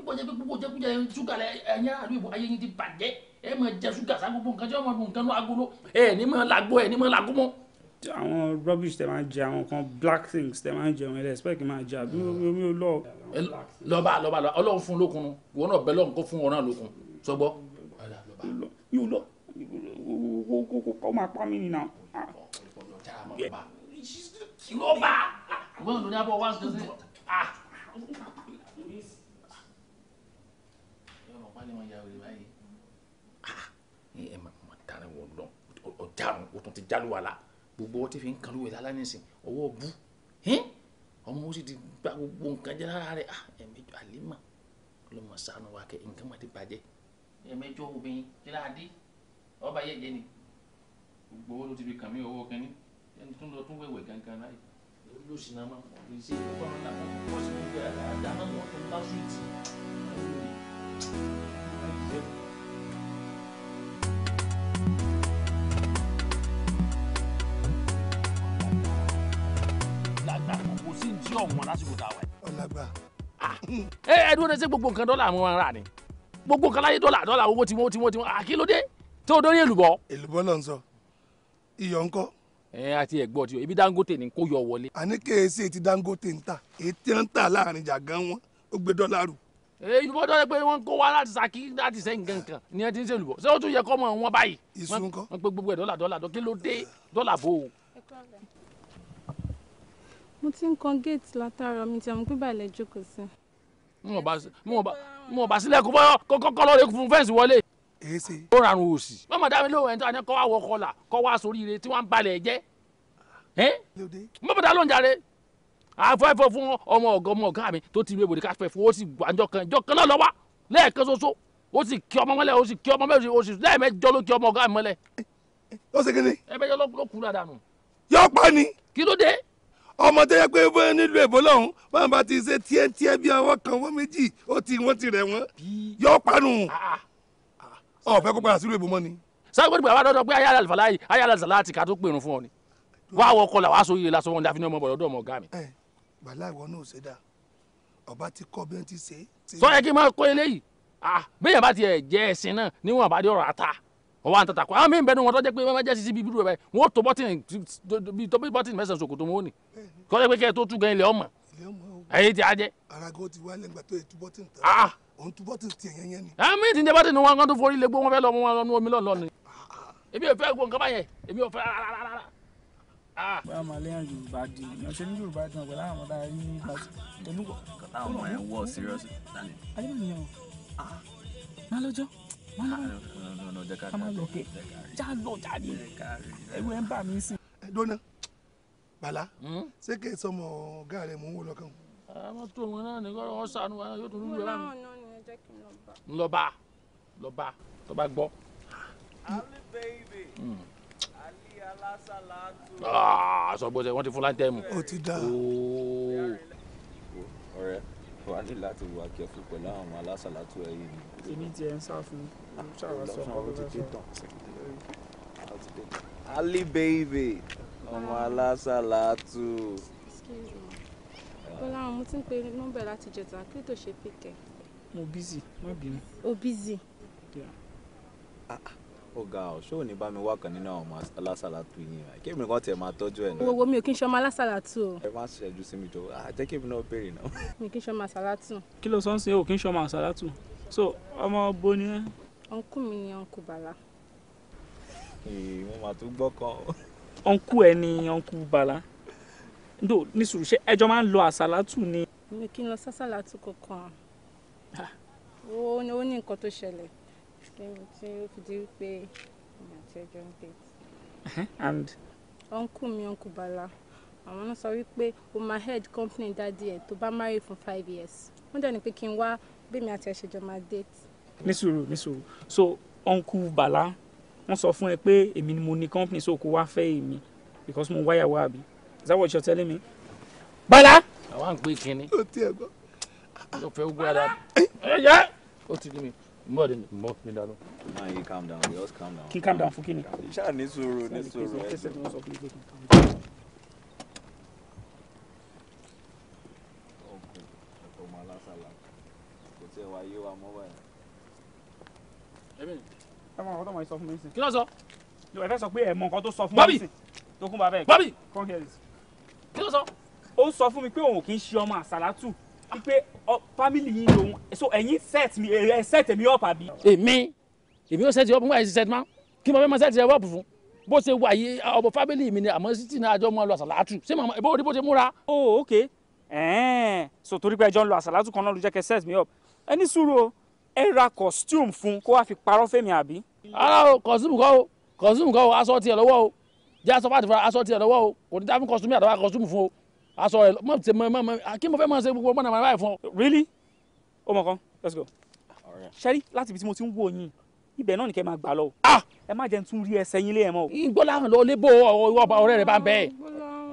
ìbò jẹ́ pé gbogbo jẹ́kújẹ́ ṣúgà ẹ̀yìn àdúgbò ti bàjẹ́ ẹ̀ máa jẹ ṣúgà sá gbogbo nǹkan tí wọ́n máa dùn nǹkan ní agolo ẹ̀ ní máa làgbó ẹ̀ àwọn rubbish tẹ máa ń jẹ àwọn kan black things tẹ máa ń jẹ wọn ẹ expect máa jẹ àbí mm. omi ò lọ. lọ́ba lọ́ba ọlọ́run fún lókun ìwọ náà bẹ́ẹ̀ lọ́run kó fún ọ náà lókun sọgbọ́. yóò lọ kó máa pa mí nìyà. lọ́ba wọ́n lò ní abọ́ wá sí ọ̀sẹ̀. Ah. ẹ ah. ẹ ma ma tara wọn lọ ọjà o tún ti jálùwà la gbogbo ọtí fi ń kan lóòwẹ̀ lálẹ́ nìsín ọwọ́ bú ọmọ ó sì ti gba gbogbo nǹkan jẹ́ lára rẹ̀ ah, ẹ̀mẹjọ àlímà ló mọ̀ sànù wa kẹ́ nǹkan má ti bàjẹ́. ẹ̀mẹjọ obìnrin kí láà dé ọba yẹ jẹ ni gbogbo owó ló ti fi kàn mí ọwọ́ kẹ́ni ẹni tó ń lọ tún wẹ̀wẹ̀ gangan láyé ló sì náà máa mọ̀ ní sí ìfowópamọ́ náà wọ́n kọ́ sí gbogbo ẹ̀ tó ń bá sùn tì í. ọ̀wọ́n lásìkò tá a wà. ọ̀làgbà. Ah. ẹ ẹ dúró de ṣé gbogbo nǹkan dọ́là àwọn ará ni gbogbo nǹkan láyé dọ́là dọ́là owó tiwọn tiwọn tiwọn àkílódé ah, tó dórí èlùbọ́. èlùbọ́ ló ń sọ iyọ̀ ńkọ́. ẹ àti ẹ̀gbọ́ ti o ibi Dangote ni kò yọ wọlé. àní kèésì ti Dangote ń ta ètí ń ta láàrin jàgán wọn ó gbé dọ́là rù. èlùbọ́ tó yẹ pé wọ́n kó wá láti Ṣakí láti sẹ́yìn gangan ni ẹ ti ń ṣèlùbọ́ ṣé ó tún yẹ kọ́ mọ́ wọn báyìí. ìsúnkọ́ wọn pe gbogbo ẹ̀ dọ́là dọ́là dọ́ kí ló dé dọ́là bò ó mo ti ń kan gate látara mi tí àwọn pípa ilẹ̀ jókòó sí. mo bá sílẹ̀ kó bọ́ kọ́kọ́ lọ́ọ́ lè fún fẹ́ǹsì wọlé. èsì. ó rarun òsì. mọ́mọ́ dá mi lóhùn ẹni tó àná kọ́ àwọ̀ kọlà kọ́ wá sórí ire tí wọ́n ń balẹ̀ jẹ́. mọ́mọ́ dá lóhùn jàre. afẹ́fẹ́ fún ọmọ ọ̀gá ọmọ ọ̀gá mi tó ti rí ebòde káfẹ́ fún ó sì gbà ńjọ kan ìjọ kan náà lọ́wọ́ lẹ́ẹ̀kan ṣoṣo ó sì kí ọmọ mọ́lẹ̀ ó sì kí ọmọ mẹ́rin ó sì lẹ́ẹ̀mẹ́jọ ló kí ọmọ ọ̀gá mi mọ́lẹ̀. ó sì kéde. ẹ bẹ́ẹ̀ yọ ló kú ládàánù. yọ pa ni. kí ló dé ọmọ tó yẹ pé wọ́n nílùú èbó lọ́hún wọ́n bá ti ṣe tiẹ́ tiẹ́ bí ọwọ́ kan wọ́n méjì ó ti wọ́n ti rẹ̀ wọ́n yọ parun ọ̀fẹ́ ah, ah. kó padà sílùú èbó mọ́ ni. sáwọn gbẹdẹgbẹ àwọn ọdọ pé ayé alàlùfà láàyè ayé alàlùfà láti ká tó pèrún fún ọ ni wàá wọ kọlà wàá sọ yìí lásán wọn láfi ní ọmọ bọ̀dọ̀ ọmọ ọ̀gá mi. bàlá ìwọ náà ṣe dáa ọba ti kọ bí wọn ti ṣe. sọ yẹ kí n máa kọ eléyìí ah bẹ́ẹ̀ yẹn bá tiẹ̀ jẹ́ ẹ̀sìn náà níwọ̀n àbádé ọ̀rọ̀ ata wọ́n wá ń tata kọ́ àwọn míì bẹ́ẹ̀ ni wọ́n tọ́jú pé wọ́n jẹ́ sisi bíi bíi bẹ́ẹ̀ wọ́n tó bọ́tìnì bọ́tìnì mẹ́sàn-án ṣòkòtò wọn ò ní kọ́ jẹ́ pé kẹ́ ẹ tó tú gan ilẹ̀ ọmọ ẹ̀yẹ ti ajẹ́. arago ti wálé ngbà tó yẹ tú bọ́tìnì ah òun ah. tú bọ́tìnì tiẹ̀ yẹn yẹn ni. àmì ìtìjẹ bọ́tìnì wọn kan tó forí lé gbó wọn fẹ́ lọ wọn nu omi lọ́nà ni. Ah, ah, èmi ò fẹ́ gbọ́ nǹkan báyẹn èmi ò fẹ́ rárá. bá a máa lẹ́yìn yorùbá di ọ̀sẹ̀ ní yorùbá di ọ̀gbẹ́ láwọn ọ̀dà yìí ní ìgbà tẹ̀lé. kọ́tà ọmọ ẹ̀ wọ̀ serious dani. ayé mi ni o. má lọ́jọ́ kama lọkẹ já lọ jáde ẹrù ẹ ń bà mí sí. ẹ dọ́nà bàlá ṣé kí èso ọmọ ọ̀gá rẹ mò ń wò lọ́kàn. àwọn tó wọn náà ní kọ́ ọ sànú wa yóò tún lù yọ lánàá. lọ́ba lọ́ba tó bá gbọ́. ali baby ali alasalaatu. aṣọ gbọ́dọ̀ wọ́n ti fún láńtẹ́ẹ̀mù. ó ti dá. ọ̀rẹ́. wà ní láti wà kẹfù pẹ̀lú àwọn alásàlátù ẹ̀yìn ni. èmi tiẹ̀ ń sá fún ah, ṣàwàsọ ọ̀pọ̀lọpọ̀. Ali baby ọmọ ah. alásàlátù. bọ́lá àwọn ah. mo ti ń pe nọ́mbà láti jẹta kí ló tó ṣe pé kẹ. mo busy má bínú. o busy. Yeah. Ah ó ga ọ ṣó ní bá mi wá kan nínú àwọn ọmọ alásàlátù yín rà kí èmi kan tiẹ̀ máa tọ́jú ẹ̀ náà. wo mi ò kí n ṣọmọ alásàlátù o. ẹ má ṣẹ́jú sí mi jọ àjẹ́ kí èmi náà béèrè náà. mi kì í ṣọmọ àsàlátù. kí ló sọ́n sí o kì í ṣọmọ àsàlátù so ọmọ bo ni ẹ. ọ̀nkú mi ni ọ̀nkú bàlá. mo máa tún gbọ́ kan. ọ̀nkú ẹ ni ọ̀nkú bàlá ndo ní sùúrù ṣé ẹjọ́ máa ń lọ àsàlátù ni. mi kì í lọ sásàlátù kankan ó ní nǹkan tó ṣẹlẹ̀ tí ó fi di wípé ìgbà tí ọjọ́ ń date. and. uncle mi uncle Bala àwọn náà sọ wípé o máa head company dádì ẹ tó bá marry fún five years wọ́n dẹ̀ ní pé kí n wá bẹ́ẹ̀ mi àti ẹ̀ máa date. ní sùúrù ní sùúrù so uncle Bala wọ́n sọ fún ẹ pé èmi ni mo ní company so kó wá fẹ́ èmi because mo wáyàwó àbí is that what you're telling me. Bala. àwọn àgbẹ̀ kìíní. o ti ẹ̀ gbọ́. ló fẹ́ gbọ́ ara. ó ti di mi mbọ de mbọ mi da lọ. maa yi calm down just calm down. kí calm down fún kí ni. ṣáà ní sùúrù ní sùúrù ẹ jọ. ẹ mọ nǹkan tó mọ sọ fún mi sìn. kí ló sọ. ẹ fẹ́ sọ pé ẹ mọ nǹkan tó sọ fún mi sìn. tó kún bàbá ẹ. bọ́bí kí ló pé family yìí lòun so ẹ̀yin set mi ẹ set mi up àbí. èmi èmi ò set up nígbà yìí set ma kí mo fẹ́ ma set up fún bó ṣe wà yìí ọmọ family mi ni àmọ́ títí náà àjọ mọ́ lọ àṣàlátù ṣé màmá ìbò òdìbò ṣe múra. o oh, ok so torí pé ẹjọ́ ń lọ àṣàlátù kan náà ló jẹ́ kẹ́ set mi up ẹni sùúrù o ẹ ra costume fún kó wá fi parọ́ fèmí àbí. ara o costume kọ́ o costume kọ́ o aṣọ tiẹ̀ lọ́wọ́ o jẹ́ aṣọ fàtìfà aṣọ tiẹ̀ lọ́wọ́ o kò ní dáfún costume àtàwọn costume fún o aṣọ rẹ mọ tẹ mọ mọ kí mo fẹ́ mọ ṣe gbogbo ọgbọ́n náà báyìí fún ọ. really ó mọ kan let's go. ṣẹ́rí láti ibi tí mo ti ń wò yín ibẹ̀ náà ni kẹ́ máa gbà lọ. Ah! ẹ má jẹ́ n tún rí ẹsẹ̀ yín lé ẹ mọ́. ìgbọ́lá lọ lébò ọ̀rẹ́ rẹ̀ bá ń bẹ́ẹ̀.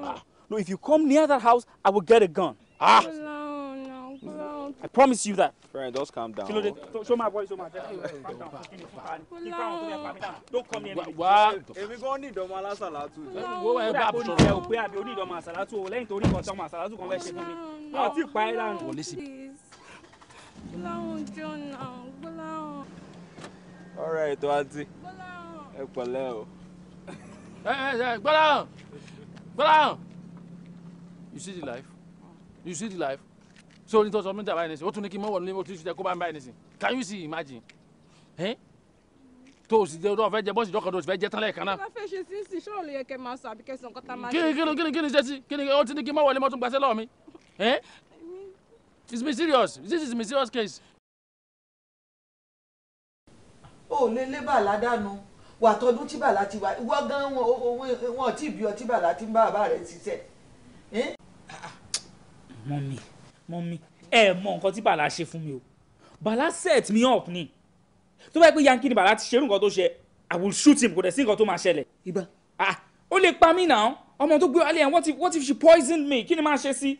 Ah! no if you come near that house i will get a gun. Ah. I promise you that. Friend, just calm down. Kí show my boy, show my Don't come near me. Wá. Èmi gan ní ìdánmọ̀ alásàlátù. Wo ẹ bá bọ̀ sọ̀rọ̀. Ó pé àbí oní ìdánmọ̀ àsàlátù o lẹ́yìn torí kan sọ́mọ àsàlátù kan fẹ́ ṣe fún mi. Wọ́n ti pa ẹ́ dànù. Wọlé sí. Gbọ́láhùn John àwọn Gbọ́láhùn. Ọ̀rẹ́ ètò àǹtí. Gbọ́láhùn. Ẹ pẹ̀lẹ́ o. Gbọ́láhùn. Gbọ́láhùn. You see the life? You see the life? sórí tó sọ mí dàbáyé nísìn ó tún ní kí n mọ̀ wọ̀ nílé mo ti ṣe kó bá ń báyìí nísìn can you see imagine ẹ́ tó o sì jẹ tó o fẹ́ jẹ bọ́sì jọkọ̀ tó o sì fẹ́ jẹ tán lẹ́ẹ̀kan náà. kí ló fẹ́ ṣe sí sí ṣọ́ọ̀ ló yẹ kẹ́ máa sọ àbí kẹ́ sọ nǹkan tá a máa ṣe. kí ni kí ni kí ni ṣe sí kí ni ó ti ní kí n mọ̀ wọlé mo tún gbàṣẹ́ lọ́wọ́ mi ẹ́ it's me serious this is me serious case. o lè lé bàlá dànù wà tọdún tí bàlá ti wà ìwọ gan wọn ò tí ì bí ọtí bàlá ti ń bá bàbá rẹ ṣiṣẹ́. mọ́mí mọ́mí ẹ mọ nǹkan tí bàlá ṣe fún mi o bàlá set me up ni tó bá yẹ pé yankí ni bàlá ti ṣerú nǹkan tó ṣe i will shoot him kò dẹ̀ sí nǹkan tó máa ṣẹlẹ̀. ibà ah ó lè pa mí náà ọmọ tó gbé wálé yẹn what if what if she poisoned me kí ni máa ṣe sí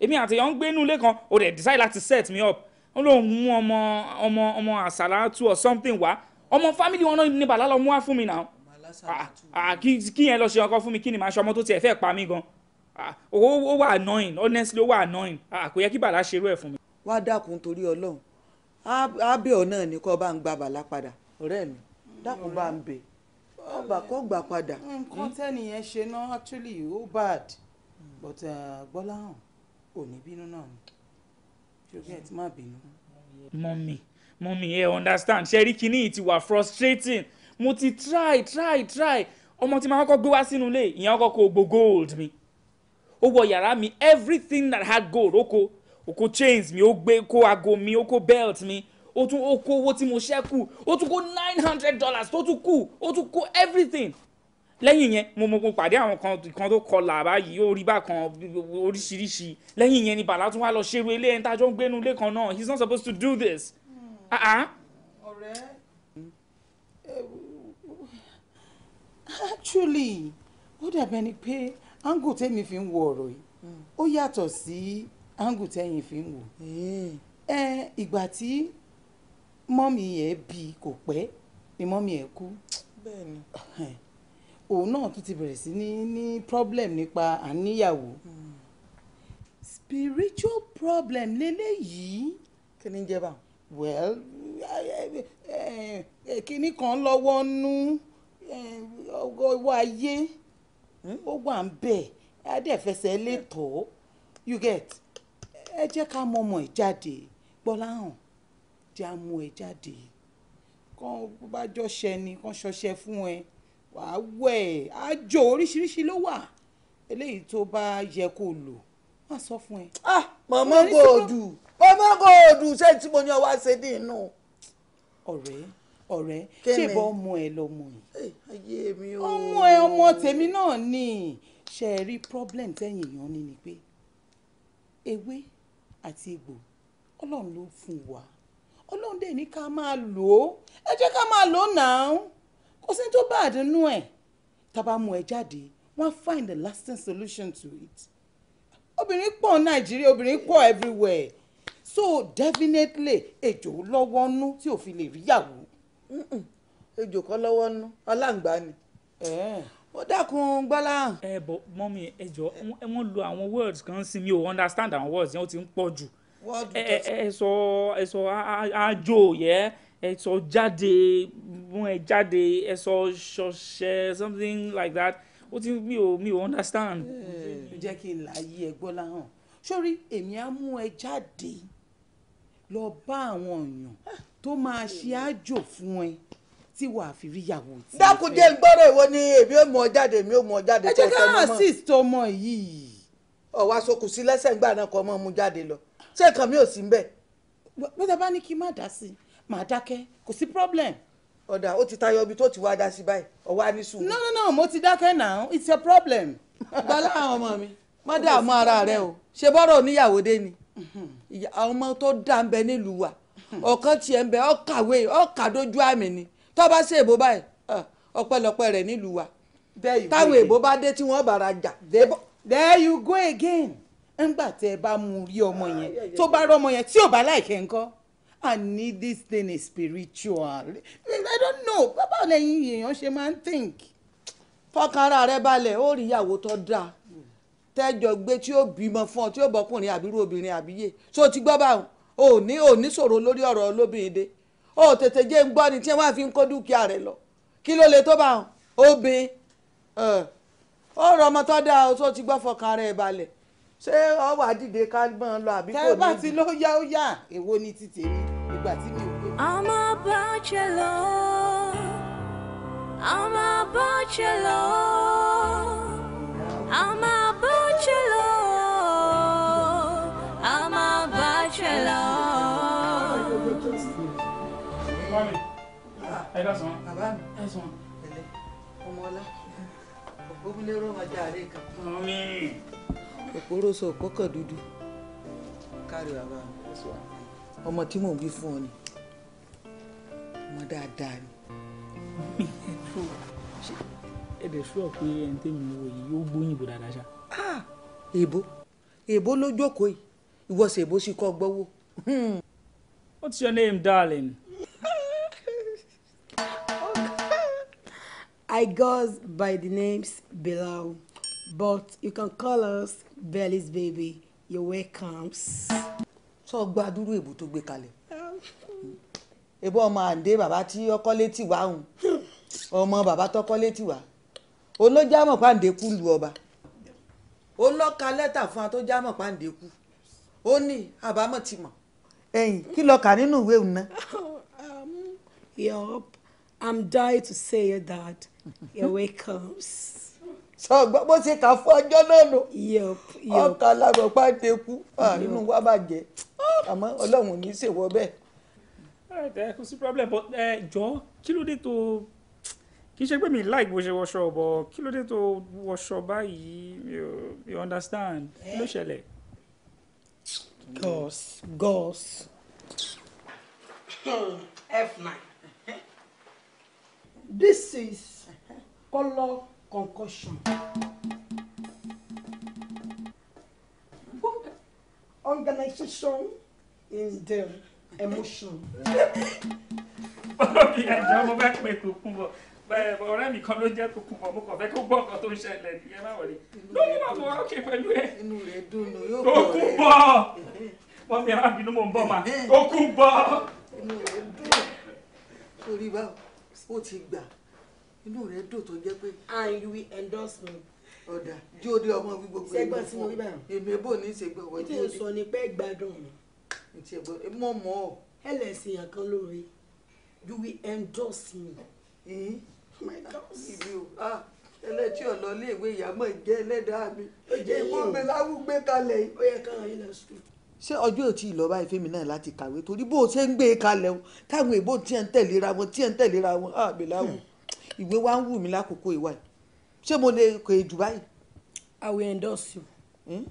èmi àtẹ̀yàn ń gbé inú ilé kan ó dẹ̀ decide láti set me up ó lóun mú ọmọ ọmọ ọmọ àsálàtú or something wá ọmọ family wọn náà ní bàlá lọ mú wá fún mi náà ah, ah, kí yẹn lọ ṣe ọkọ fún mi kí ni máa ṣe ọmọ tó tiẹ̀ fẹ́ pa mí gan-an Ah, ó wà annoying honestly ó wà annoying ah, kò yẹ kí bàlá ṣerú ẹ̀ fún mi. wá dákun torí ọlọ́run ábẹ́ ọ̀ náà ni kò bá ń gba bàlá padà ọ̀rẹ́ mi dákun bá ń bẹ̀ ọgbà kọ́ gbà padà. nǹkan hmm? tẹ́nìyẹn ṣe náà actually ó bad but gbọ́láhàn uh, ò ní bínú náà ni ṣùgbọ́n ẹ̀ ti má bínú. mọ́mì mọ́mì ẹ understand ṣe rí kinní ti wà frustrating mo ti try try try ọmọ tí màá kọ́ gbé wá sínú ilé ìyẹn ọkọ̀ kò gbogbo gold mi ó wọ yàrá mi everything that had gold ó kó ó kó chains mi ó gbé kó aago mi ó kó belt mi ó tún ó kó owó tí mo ṣẹ́kù ó tún kó nine hundred dollars tó tún kù ó tún kó everything lẹ́yìn yẹn mo mo pàdé àwọn kan kan tó kọlà báyìí ó rí bákan oríṣiríṣi lẹ́yìn yẹn ni bàlá tún wá lọ ṣerú ilé ẹni tájọ́ ń gbénu ilé kan náà he is not supposed to do this. Hmm. Ah, ah. ọ̀rẹ́ eh, actually ó dàbẹ̀ ni pé áńgù tẹ́mi fi ń wo ọ̀rọ̀ yìí ó yàtọ̀ sí áńgù tẹ́yìn fi ń wò eh. ẹ ìgbà tí mọ́mì yẹn bí kò pẹ́ ni mọ́mì yẹn kú òun náà tún ti bẹ̀rẹ̀ sí ní ní problem nípa àníyàwó spiritual problem lélẹ́yìí. kí ni jẹ́ bá. well kínní kan lọ́wọ́ nú ọgọ́ ayé. Hmm, ó wà ń bẹ̀ adẹ́fẹsẹ̀ lè tọ́ you get ẹ jẹ́ ká mọ ọmọ ẹ̀ jáde gbọ́láhàn jẹ́ á mú ẹ jáde kán bá jọ́ṣẹ́ ni kán ṣọṣẹ́ fún ẹ wàá wẹ̀ àjò oríṣiríṣi ló wà eléyìí tó bá yẹ kó lò má sọ fún ẹ. ah mọ̀mọ́ gòdù mọ̀mọ́ gòdù ṣé tí mo ní ọwọ́ ṣe dín inú. ọ̀rẹ́ ọ̀rẹ́ ṣèbọ ọmọ ẹ lọmọ yìí eh, ọmọ ẹ ọmọ tèmi náà ni ṣe é rí problem tẹ̀yìn èèyàn ní ni pé ewé àti egbò ọlọ́run ló fún wa ọlọ́run dẹ̀ ní ká máa lò ó ẹ jẹ́ ká máa lò ó náà kò sí tó bá àdínú ẹ̀ tá bá mú ẹ jáde wọ́n á find a lasting solution to it obìnrin pọ̀ nàìjíríà obìnrin pọ̀ everywhere so definitely ejò lọ́wọ́ nú tí ò fi lè ríyàwó ejò kọ́ lọ́wọ́ nú aláǹgbá ni ó dákun gbọ́láhàn. ẹ bọ mọ́mí ẹ jọ wọ́n lo àwọn words kan sí mi ò understand àwọn words yẹn ó ti ń pọ̀ jù ẹ sọ ẹ sọ àjò yẹ ẹ sọ jáde mú ẹ jáde ẹ sọ ṣọṣẹ something like that ó ti mi ò mi ò understand. jẹ́ kí n láàyè ẹ gbọ́láhàn sórí èmi á mú ẹ jáde lọ bá àwọn èèyàn tó máa ṣe àjò fún ẹ tí wàá fi rí ìyàwó tí. dákúndé gbọ́dọ̀ ìwọ ni èmi ò mọ jáde èmi ò mọ jáde tó tẹnu mọ́. ẹ jẹ́ ká assist ọmọ yìí. ọ̀wá sokùn sí lẹ́sẹ̀ ńgbà náà kọ́ ọmọ mu jáde lọ ṣé nǹkan mi ò sí mbẹ́. bẹ́ẹ̀ bá ní kí n má dá sí i dákẹ́ kò sí problem. ọ̀dà ó ti tayọ ibi tó ti wá dá sí báyìí ọ̀wá ní sùúrù. no no no mo ti dákẹ́ now it's your problem. bala àwọn ọmọ mi má dààmú ara rẹ o ṣe bọ́rọ̀ oníyàwó dé ni àwọn ọmọ tó dá ń bẹ nílùú wa ọ̀kan tiẹ̀ ń bẹ ọ́ kàwé àmì ni tó ṣe èbó báyìí ọpẹ́lọpẹ́ rẹ̀ nílùú wa táwọn èbó bá dé tí wọ́n bára jà. there you go again ńgbà tẹ ẹ bá mú rí ọmọ yẹn tó bá rọmọ yẹn tí ò bá láìkẹ́ ńkọ́ I need this thing is spiritual I don't know bàbá lẹ́yìn èèyàn ṣe máa ń think. fọkànra rẹ balẹ̀ ó rí ìyàwó tó dáa hmm. tẹ́jọ gbé tí ó bímọ fún ọ tí ó bọkùnrin àbírú obìnrin àbíyè tó ti gbọ́ báwọn ò ní ò ní sọ̀rọ̀ lórí ọ̀rọ̀ olóbìnrin dé ó tètè jẹ́ ń gbọ́ ni tí wọ́n fi ń kó dúkìá rẹ̀ lọ kí ló lè tó bá wọn obìnrin ó rọ ọmọ tó dáa ó tó ti gbọ́ fọkàn rẹ̀ balẹ̀ ṣé ọ wà dìde ká mọ́ ọ lọ àbí kò ní. tẹ́ bá ló yá ó yá èwo ni ti tèmi ìgbà tí mi ò gbé. a máa bá ṣe lọ a máa bá ṣe lọ a máa bá ṣe lọ. ẹ dá sọ òpókàn dúdú kárí bàbá ọmọ tí mò ń bí fún ọ ni ọmọ dáadáa ni. ẹ dẹ̀ sọ pé ẹni tẹ́mi wò yìí yóò gbóyìnbó dáadáa ṣá. èèbó ah! èèbó ló jókòó yìí ìwọ ṣèbó sì kọ́ gbọ́wọ́. Hmm. what's your name darling? I goes by the names below, but you can call us Belly's Baby. You're welcome. Sọ gba dúró èbú tó gbé kalẹ̀. Ebó ọmọ àǹdé bàbá tí ọkọ létí wá hùn. Ọmọ bàbá tọkọ létí wá. Olójámọ̀ pàǹdé kú lu ọba. Olọ́ka lẹ́tà fún wa tó jámọ̀ pàǹdé kú. Ó ní àbámọ̀ ti mọ̀. Ẹ̀yìn kí lọ kà nínú ìwé òun náà. Um, I'm dying to say that Yahweh comes sọ bó ṣe kà fún ọjọ́ náà lò ọkà alábọ̀ pàdé kú nínú wa bàjẹ́ àmọ́ ọlọ́run ní í ṣèwọ bẹ́ẹ̀. ẹ kò sí problem but ẹ jọ kí ló dé tó kì í ṣe pé mi láì bó ṣe wọṣọ bọ kí ló dé tó wọṣọ báyìí you understand kí ló ṣẹlẹ̀. gos gos. Hmm, f nine. this is Color concussion. organization in the emotion. Bọ́lọ̀dì ẹ̀jẹ̀ ọmọ bá pè tó kún bọ̀. Ọ̀rẹ́ mi kan ló jẹ́ tó kún bọ̀, mo kàn fẹ́ kó gbọ́ nǹkan tó ń ṣẹlẹ̀ ní ẹ má wọlé. Lórí wà mo ókè pẹ̀lú ẹ. Inú rẹ̀ dùn nù yóò kọ̀ rẹ̀. Ó kún bọ̀. Wọ́n mi àwọn àbínú mò ń bọ̀ mà. Ó kún bọ̀. Inú rẹ̀ dùn. Torí báwo, ó ti gbà inú rẹ dùn tó jẹ́ pé. and you will endorse me. ọ̀dà jí o dé ọmọ wí gbogbo ẹ̀ lọ fún ọ èmi bò ní í ṣe gbọ́ wọ́n jí o dé. ìtẹ̀sọ̀ ni pé gbádùn mi. ìtẹ̀ gbọ́ mọ̀ mọ́ ọ. ẹlẹ́sìn e yàn kan lóore you will endorse me. Oh my God ah, ẹlẹ́tí ọ̀lọ́ ilé ìwé ìyàmọ̀ ìjẹ́ ẹlẹ́dàá mi ìwọ́n mi láwùgbé kalẹ̀ yìí. ó yẹ káwọn yìí lọ sùn. ṣé ọjọ́ ò tí ì lọ báyìí fẹ́mi náà láti kàwé torí bó o ṣe ń gbé e kalẹ̀ o táwọn èèbó tiẹ̀ ń tẹ̀léra wọn tiẹ̀ ń tẹ̀léra wọn àbẹ̀láwù ìwé wa ń wù mí lákòókò ìwà yìí ṣé mo lè kọ èjù báyìí. I will endorse you. Hmm?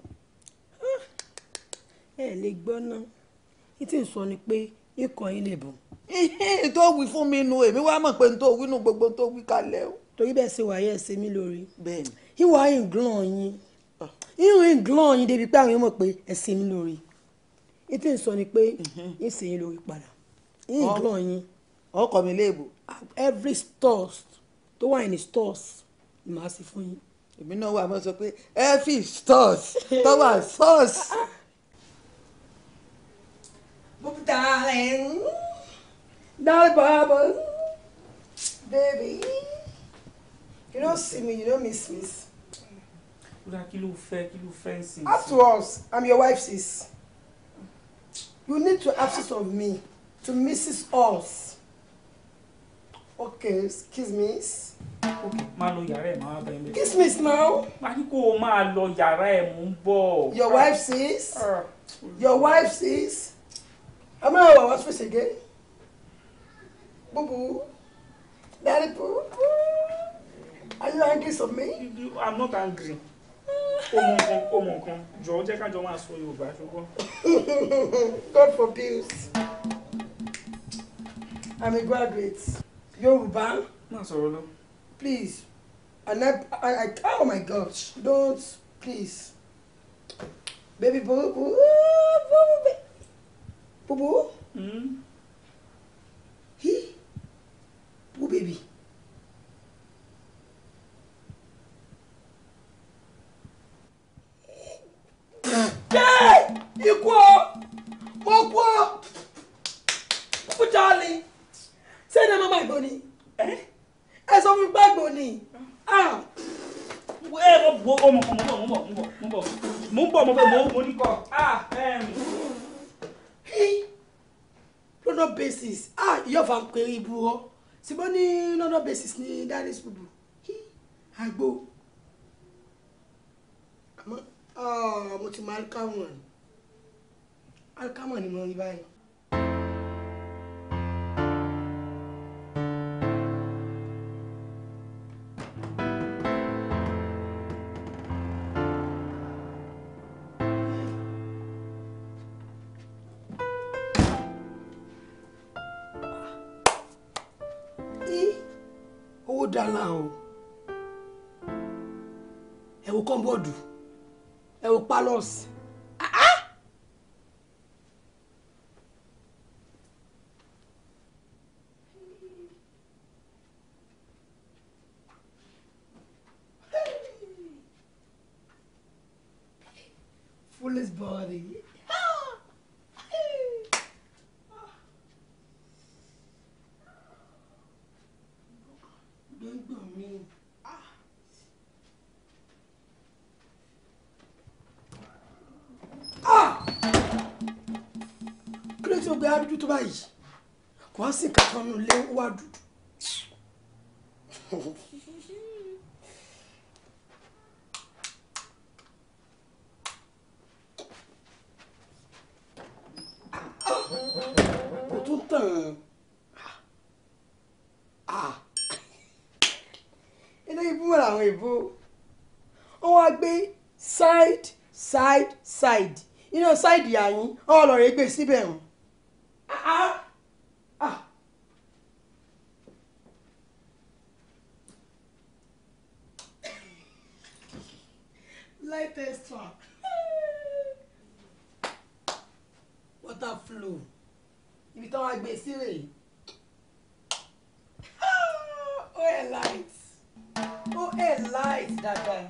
ẹ lè gbọ́ náà ní tí n sọ ni pé ikọ̀ yín lè bọ̀. tó wí fún mi nu èmi wá mọ̀ pé n tó wí nu gbogbo n tó wí kalẹ̀ o. torí bẹ́ẹ̀ ṣe wàyẹ̀ ṣe mí lórí. bẹ́ẹ̀ni. ìwà ìgbọ́n yín ah. ìrìn ìgbọ́n yín débi pé àwọn èèyàn mọ̀ pé ẹ ṣe mí lórí. ní tí n sọ ni pé ìṣèyìn mhm. lórí padà ìgbọ́n yín. ọkọ mi léèbò every stores tó wà ní stores ni màá sì fún yín. èmi náà wà mọ́ sọ pé every stores tó wà stores. bùbùtà rẹ̀ ń dábọ̀ àbọ̀ baby you no see me you no miss me. kúrò kí ló fẹ́ kí ló fẹ́ sí. after all i'm your wife sis you need to have of me to mrs us okay kismis. okay máa lọ yàrá ẹ̀ máa bẹ̀ ẹ́. kismis now. a ní kó o máa lọ yàrá ẹ̀ mú bọ̀. your ah. wife sees. Uh, ah. your wife sees. how many hours was face again. bubu daddy boo are you angry with me. i'm not angry ọmọ nǹkan ọmọ nǹkan jọ̀ọ́ jẹ́ ká jọ máa sọ yorùbá ṣùgbọ́n. god forbid i'm a graduate. Yorùbá. Máa sọ̀rọ̀ Please, I I, I, oh my gosh, don't, please. Baby boo, boo, boo, boo, boo, boo. Mm. He, boo baby. Hey, you o! Mo kú Put Kú ṣé ẹ̀dá máa máa gbò ni ẹ sọ fún pé gbò ni. ẹ mo bọ ọmọ ọmọ bọ mo bọ mo bọ mo bọ mo bọ mo mo ní kọ. lọ́dọ̀ basis yóò fà ń pè é ibu ọ ṣùgbọ́n ní lọ́dọ̀ basis ní dáadé ṣubú àgbo mo ti mọ alikamọ alikamọ ni mo rí báyìí. dáràn o ẹ wo kọ́ńbọ̀dù ẹ wo pálọ̀sì wọ́n sì ká fọ́nù lé wà dúdú. kò tún tàn án eléyìí bú àwọn ìbò wọn wá gbé side side side iná side yà yín wọn lọ rẹ gbé síbẹ̀ hàn. lightest one water flow ibi tí wọ́n gbé sí ah, oh a light oh a light dáadáa.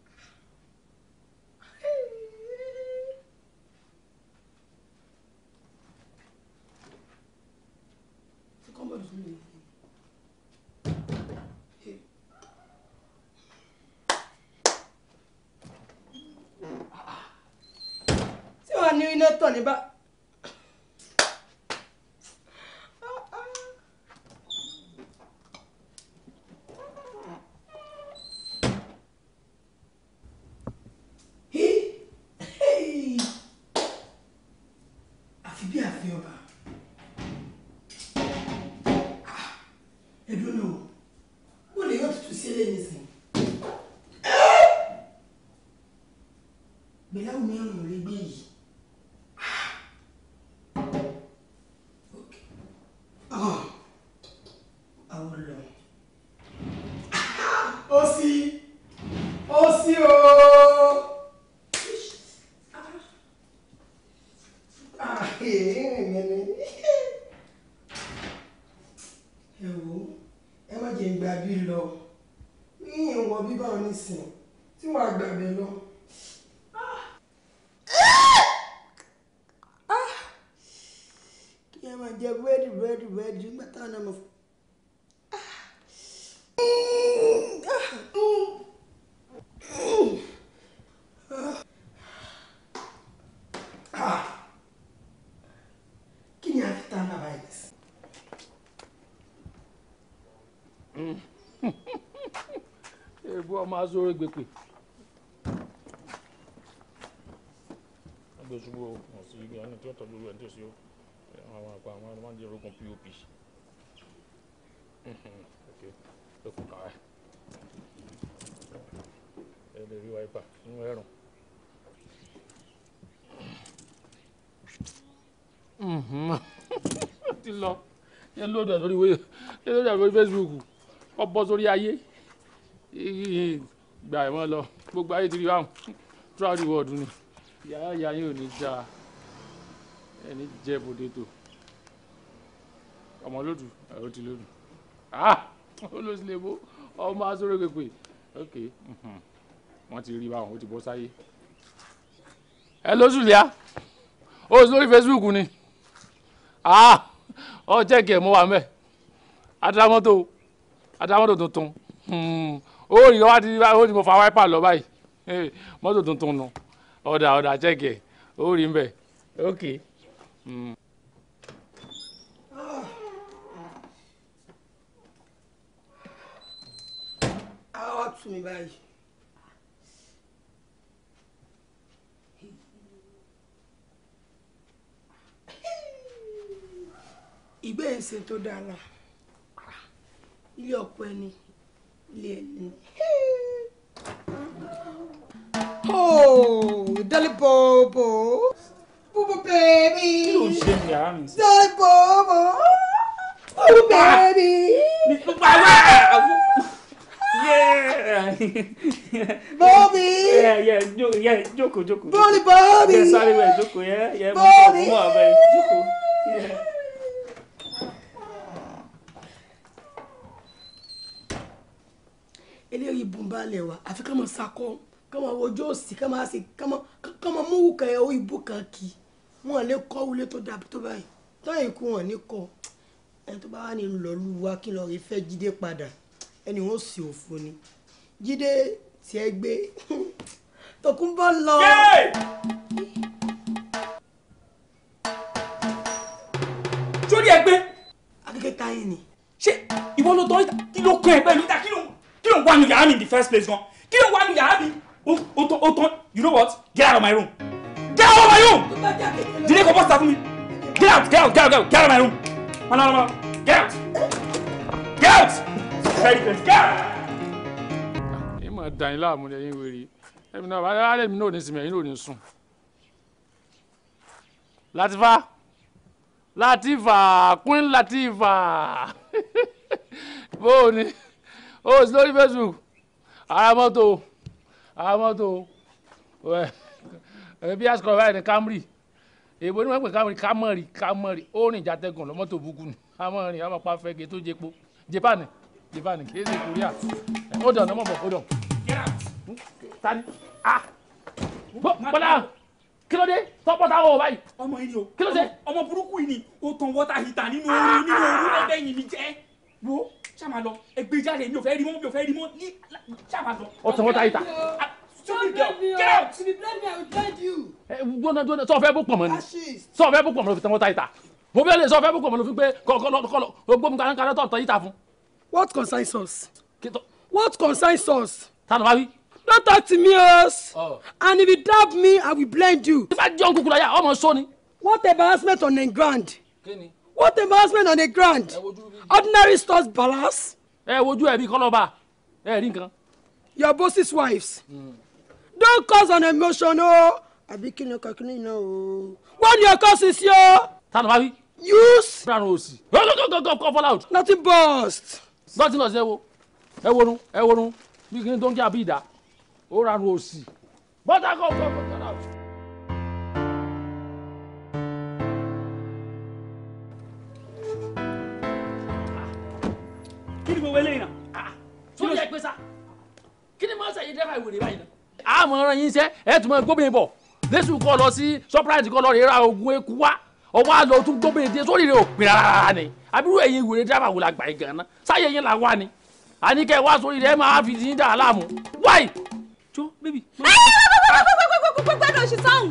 ọmọ azore gbèpè. wọ́n gbé ṣubú wọn sí igi ẹni tí wọ́n tọ́jú rẹ̀ ní tòsí ó àwọn àpò àwọn ọmọ jẹ́ mhm. ti lọ yẹn lórí Facebook ọ bọ́ sórí ayé gbà ẹ̀wọ̀n lọ gbogbo ayé ti rí báwọn throughout the world ni yàrá ìyá yín ò ní já ẹni jẹ́ potato ọmọ lòdù ẹ̀rọ ti lòdù ah! olóṣèlébó ọmọ asóró ok mhm. wọ́n ti rí báwọn ó ti bọ́ sáyé ẹ lóṣù lẹ́à ó lórí Facebook ni ọ ah! jẹ́ kí ẹ̀ mọ́ wa mẹ́ adámọ́tò adámọ́tò tuntun. Hmm ó rí ọ wá ti ó ní mo fa wáípà lọ báyìí eh, mọ́tò tuntun nu ọ̀dà ọ̀dà chẹ́kì ẹ̀ ó rí ń ok. àwọn tún mi báyìí. ìgbéyìísẹ tó dára ah, ilé ọ̀pọ̀ ẹni Oh, Dolly Bobo. Bobo baby. Kí ló ń ṣe Dolly Bobo. Bobo ah! baby. Yeah. Bobby. Yeah, yeah, yeah, Joko, Joko, dolly Bobby. Yeah, sorry, Joko, yeah, yeah. Bobby. Bobby. baálẹ̀ wa àfi kàn máa sakọ kàn máa wojú òsì kàn máa ṣe kàn máa múwù kan ẹ̀hó ibú kan kì í wọn lè kọ́ wulé tó dàbí tó báyìí táyà ikú wọn ní kọ ẹni tó bá wà ní lọ́lú wa kí lọ́ọ́ rí fẹ́ jíde padà ẹni wọn sì òfo ni jíde tiẹ̀ gbé tòkúnbọ̀ lọ. sórí ẹgbẹ́. akẹ́kẹ́ táyé ni. ṣé ìwọ ló tọ́ kí ló kọ́ ẹ pẹ̀lú ìta kí ló kí ló ń wá nu yàrá in the first place Gone. kí ló ń wá nu yàrá mi ó you know what get out of my room get out of my room dídé kò bọ́ sá fún mi get out get out get out get out of my room mọ́nà lọ́wọ́ get out get out very good get out. ẹ máa dàn yín láàmú ẹ̀yin wèrè ẹ̀mí náà wàá lẹ́mí náà ò ní sinmi ẹ̀yin náà ò ní latifa latifa queen latifa bóò ó sí lórí facebook ara mọ́tò ara mọ́tò bí àsìkò báyìí ní camry èèbó ni wọ́n pè camry camry camry ó rìn jàtẹ̀gùn lọ mọ́tò búkú ni àmọ́ rìn àmọ́ pa fẹ́gẹ́ tó jẹ́ po japan japan kì í ṣe korea ó dàn ní mọ̀mọ́ ó dàn. tani ah bọ́lá kí ló dé tọpọ ta wọ báyìí. ọmọ yìí ni o kí ló dé. ọmọ burúkú yìí ni o tàn wọ́tà hìtà nínú ooru nínú ooru lẹ́gbẹ̀ẹ́ yìí ni jẹ́ wo ṣáàmà lọ ẹgbẹ́ jáde mi ò fẹ́ rí mọ́ mi ò fẹ́ rí mọ́ ní ṣáàmà lọ. ọtí wọn ta ìta. get out. she be blame me i will judge you. gbọ́dọ̀ eh, gbọ́dọ̀ sọ fẹ́ bó pọ̀ mọ́ ni sọ fẹ́ bó pọ̀ mọ́ ló fi tẹ́ wọn ta ìta mo bẹ́ẹ̀ lè sọ fẹ́ bó pọ̀ mọ́ ló fi pé kọ́lọ́ gbómi kaná kaná tọ̀ tọ̀ yíta fún. what concerns us. what concerns us. tanu wa wi. don't talk to me else. Oh. and if you dab me i will blend you. ìfẹ́ jọ̀ọ́ kúkúrú ayá ọmọ sọ ni. what embarrassment on a grand. kí ni what embarrassment on the ground ordinary stores balance. ẹ wojú ẹ bí kọlọba ẹ rí nǹkan. your boss's wives mm. don cause an emotion o oh. àbí kí ni ọkọ kí ni iná o oh. what your cause is yo. tanu bá wí. use. brown osi. kọ́ fall out. nothing burst. nothing lost ẹ wo ẹ wonu ẹ wonu bí kí ni tó ń jẹ́ àbí ìdá ó ranu osi. bọ́tà kọ́ kọ́ kọ́ fall out. ẹ̀yin dẹ́fà ìwèrè báyìí náà. àmọ́ ọ̀ràn yín iṣẹ́ ẹ̀ tún mọ gómìnà bọ̀ lẹ́sùn kọ́ lọ sí surprise kọ́ lọ rẹ̀ ra oògùn eku wá ọwọ́ àlọ́ tún gómìnà dé sórí rẹ̀ òpin rárá ni abirú ẹ̀yin ìwèrè dẹ́fà wò la gbà yín gan-an sáyé yín la wá ni àníkẹ́ wá sórí rẹ̀ máa fi dín dà láàmú wáì. jọ bébì. gbẹgbẹgbẹgbẹgbẹgbẹgbẹdọ ṣì sọhùn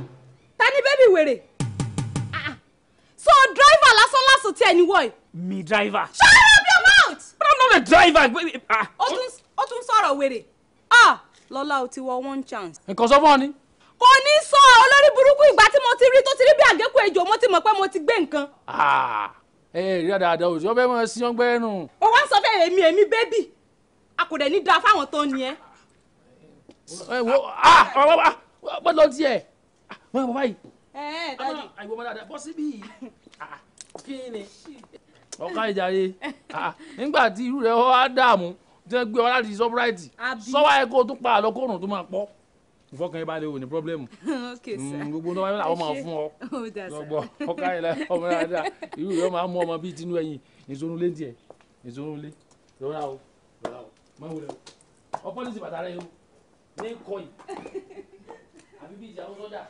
ta ni bébì wèrè so driver lásán lásán tí ẹni wọ yìí. mi driver. shut up your mouth. but i'm not a driver. o tún sọ̀rọ̀ wèrè. ah lọ́lá o ti wọ one chance. nǹkan sọ fún ọ ni. kò ní sọ olórí burúkú ìgbà tí mo ti rí tó ti rí bí àgékù ejò mo ti mọ̀ pé mo ti gbé nǹkan. ẹ ah, ẹ rí àdàdà òsì ọbẹ̀ mọ̀ sí ọgbẹ́ nù. ó wá ń sọ fẹ́ èmi èmi bébì a kò dẹ̀ ní da fáwọn tó ní ah, ah, ẹ. ẹ wo wọ́n lọ tiẹ̀ wọ́n bàbá yìí. ẹ ẹ dájú. àìwọ́n mọ́ dáadáa bọ́ síbí yìí kí ni. ọ̀ka ìjàre nígbà tí irú rẹ̀ wá dààmú tí wọ́n gbé ọ láti sọ́búráìtì sọ́wọ́ ẹ̀ kó o tún pa àlọ́ kóòrùn tó máa pọ̀ ìfọkàn ìbálẹ̀ ò ní pọ́blẹ́mù mm, gbogbo tó bá yẹn àwọn máa fún ọ oh, lọ́gbọ́ ọkà yẹn lẹ ọmọ yẹn dáadáa irú yẹn máa mú ọmọ bíi tinú ẹyin ìṣòro lé díẹ̀ ìṣòro lé lọ́ra o lọ́ra o má wulẹ̀ o ọpọ́lísì bàtà rẹ yìí ní kọ́yì àbí bíi ìjà ó sọ́jà.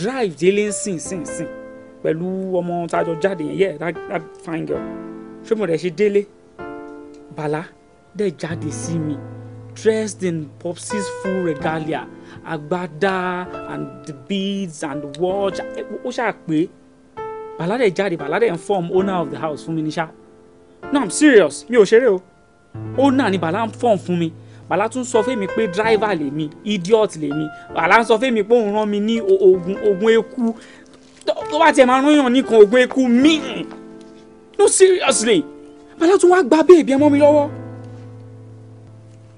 drive délé ń sìn sìn sìn pẹ̀lú ọmọ tájọ jáde yẹn yeah that that fine girl ṣé mo rẹ̀ ṣe délé bàlá dẹ̀ jáde sí mi dressed in popsy's full regalia agbada and the beads and the watch ó ṣáà pé bàlá dẹ̀ jáde bàlá dẹ̀ inform owner of the house fún mi ní ṣá no i'm serious mi ò ṣeré o owner ni bàlá inform form fún mi bàlá tún sọ fún mi pé dráìvà mi idiot mi. bàlá sọ fún mi pé òun rán mi ní oògùn oògùn eku tó bá tiẹ̀ máa rán yàn nìkan oògùn eku mi no seriously bàlá tún wá gba bẹ́ẹ̀bì ẹ mọ́ mi lọ́wọ́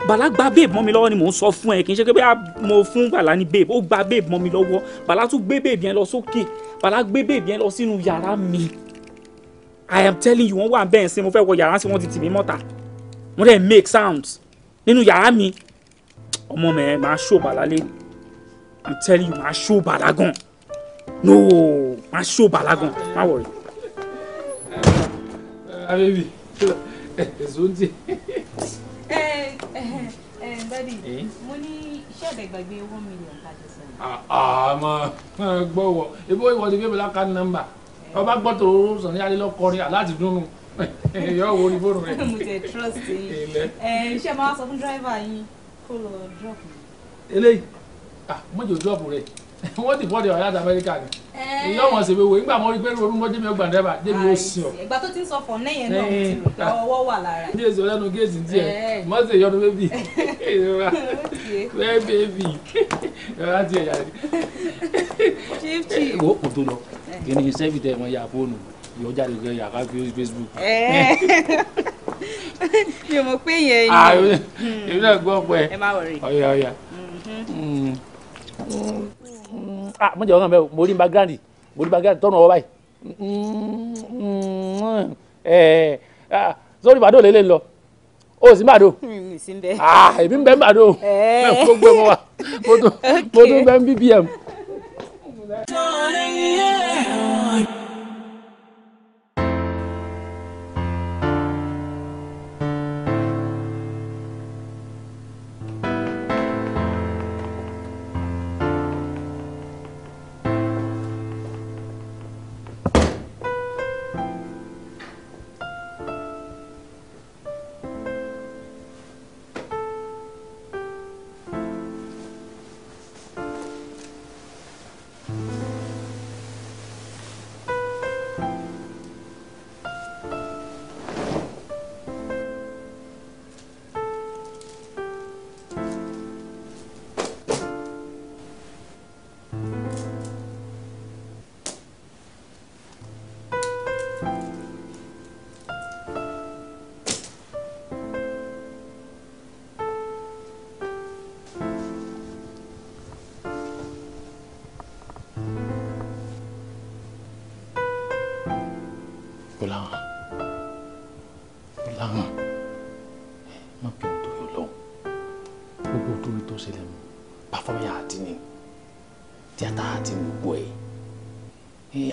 bàlá gba babe mọ́ mi lọ́wọ́ ni mò ń sọ fún ẹ kì í ṣe pé bóyá mo fún bàlá ní babe ó gba babe mọ́ mi lọ́wọ́ bàlá tún gbé babe yẹn lọ sókè bàlá gbé babe yẹn lọ sínú yàrá mi i am telling you wọ́n wà bẹ́ẹ̀ sí mo fẹ́ wọ yàrá sí wọ́n ti tì mí mọ́ta mo dẹ̀ make sounds nínú yàrá mi ọmọ mi máa ṣó bàlá lé i'm telling you máa ṣó bàlá gan no máa ṣó bàlá gan má wọrí. abẹ́bí ẹ̀sùn ti. ẹ ẹ ẹ dadi mo ní iṣẹ́ àgbẹ̀gbàgbé one million kájọ sẹ́yìn. àmọ́ gbọ́wọ́ ebó ìwọ́de bíbélà ká nọ́mbà ọba gbọ́tò sọ̀rọ̀ yálé lọ́kọrin aláàtì dúnrún. yọ wo ní fóònù rẹ. mo tẹ trust yín ẹ ṣé máa sọ fún dírẹ́fà yín kó lọ drop mi. eléyìí ah mọ̀jọ̀ drop rẹ̀ wọ́n ti bọ́ọ̀dì ọ̀yá àti amẹ́ríkà ni ìyá ọmọ ṣèwé wo nígbà wọn rí pé ronú mọ́jẹ́mi ọgbà dẹ́bà débi ó sì ọ. ìgbà tó ti ń sọ fọ nẹ́yẹn náà ti rò pé ọwọ́ wà lára. ní èso lẹ́nu géèsì ń tiẹ̀ mọ́sẹ̀ ìyọnu bébì ìrora bébì ìrora ti ẹ̀yà rẹ̀. chief chief. wo kò tó lọ kí ni sẹ́fì tẹ̀ wọ́n ya fóònù yọ jáde jẹ yàrá fi orí Facebook. mi ò mọ̀ pé yẹn yìí. Ah, èmi náà gbọ́ pé ọ̀yà ọ̀yà. Mm-hmm. Ah, mo jẹ́ ọ̀gán bẹ́ẹ̀ mo rí background mo rí background tọ́nu ọwọ́ báyìí. Mm-hmm. Eh, ah, sórí ìbàdàn lélẹ̀ lọ o sì ń bàdó. èmi ń bẹ́ ń bàdó. gbogbo ẹ̀ mọ́ wa mo tún bẹ́ ń bbm.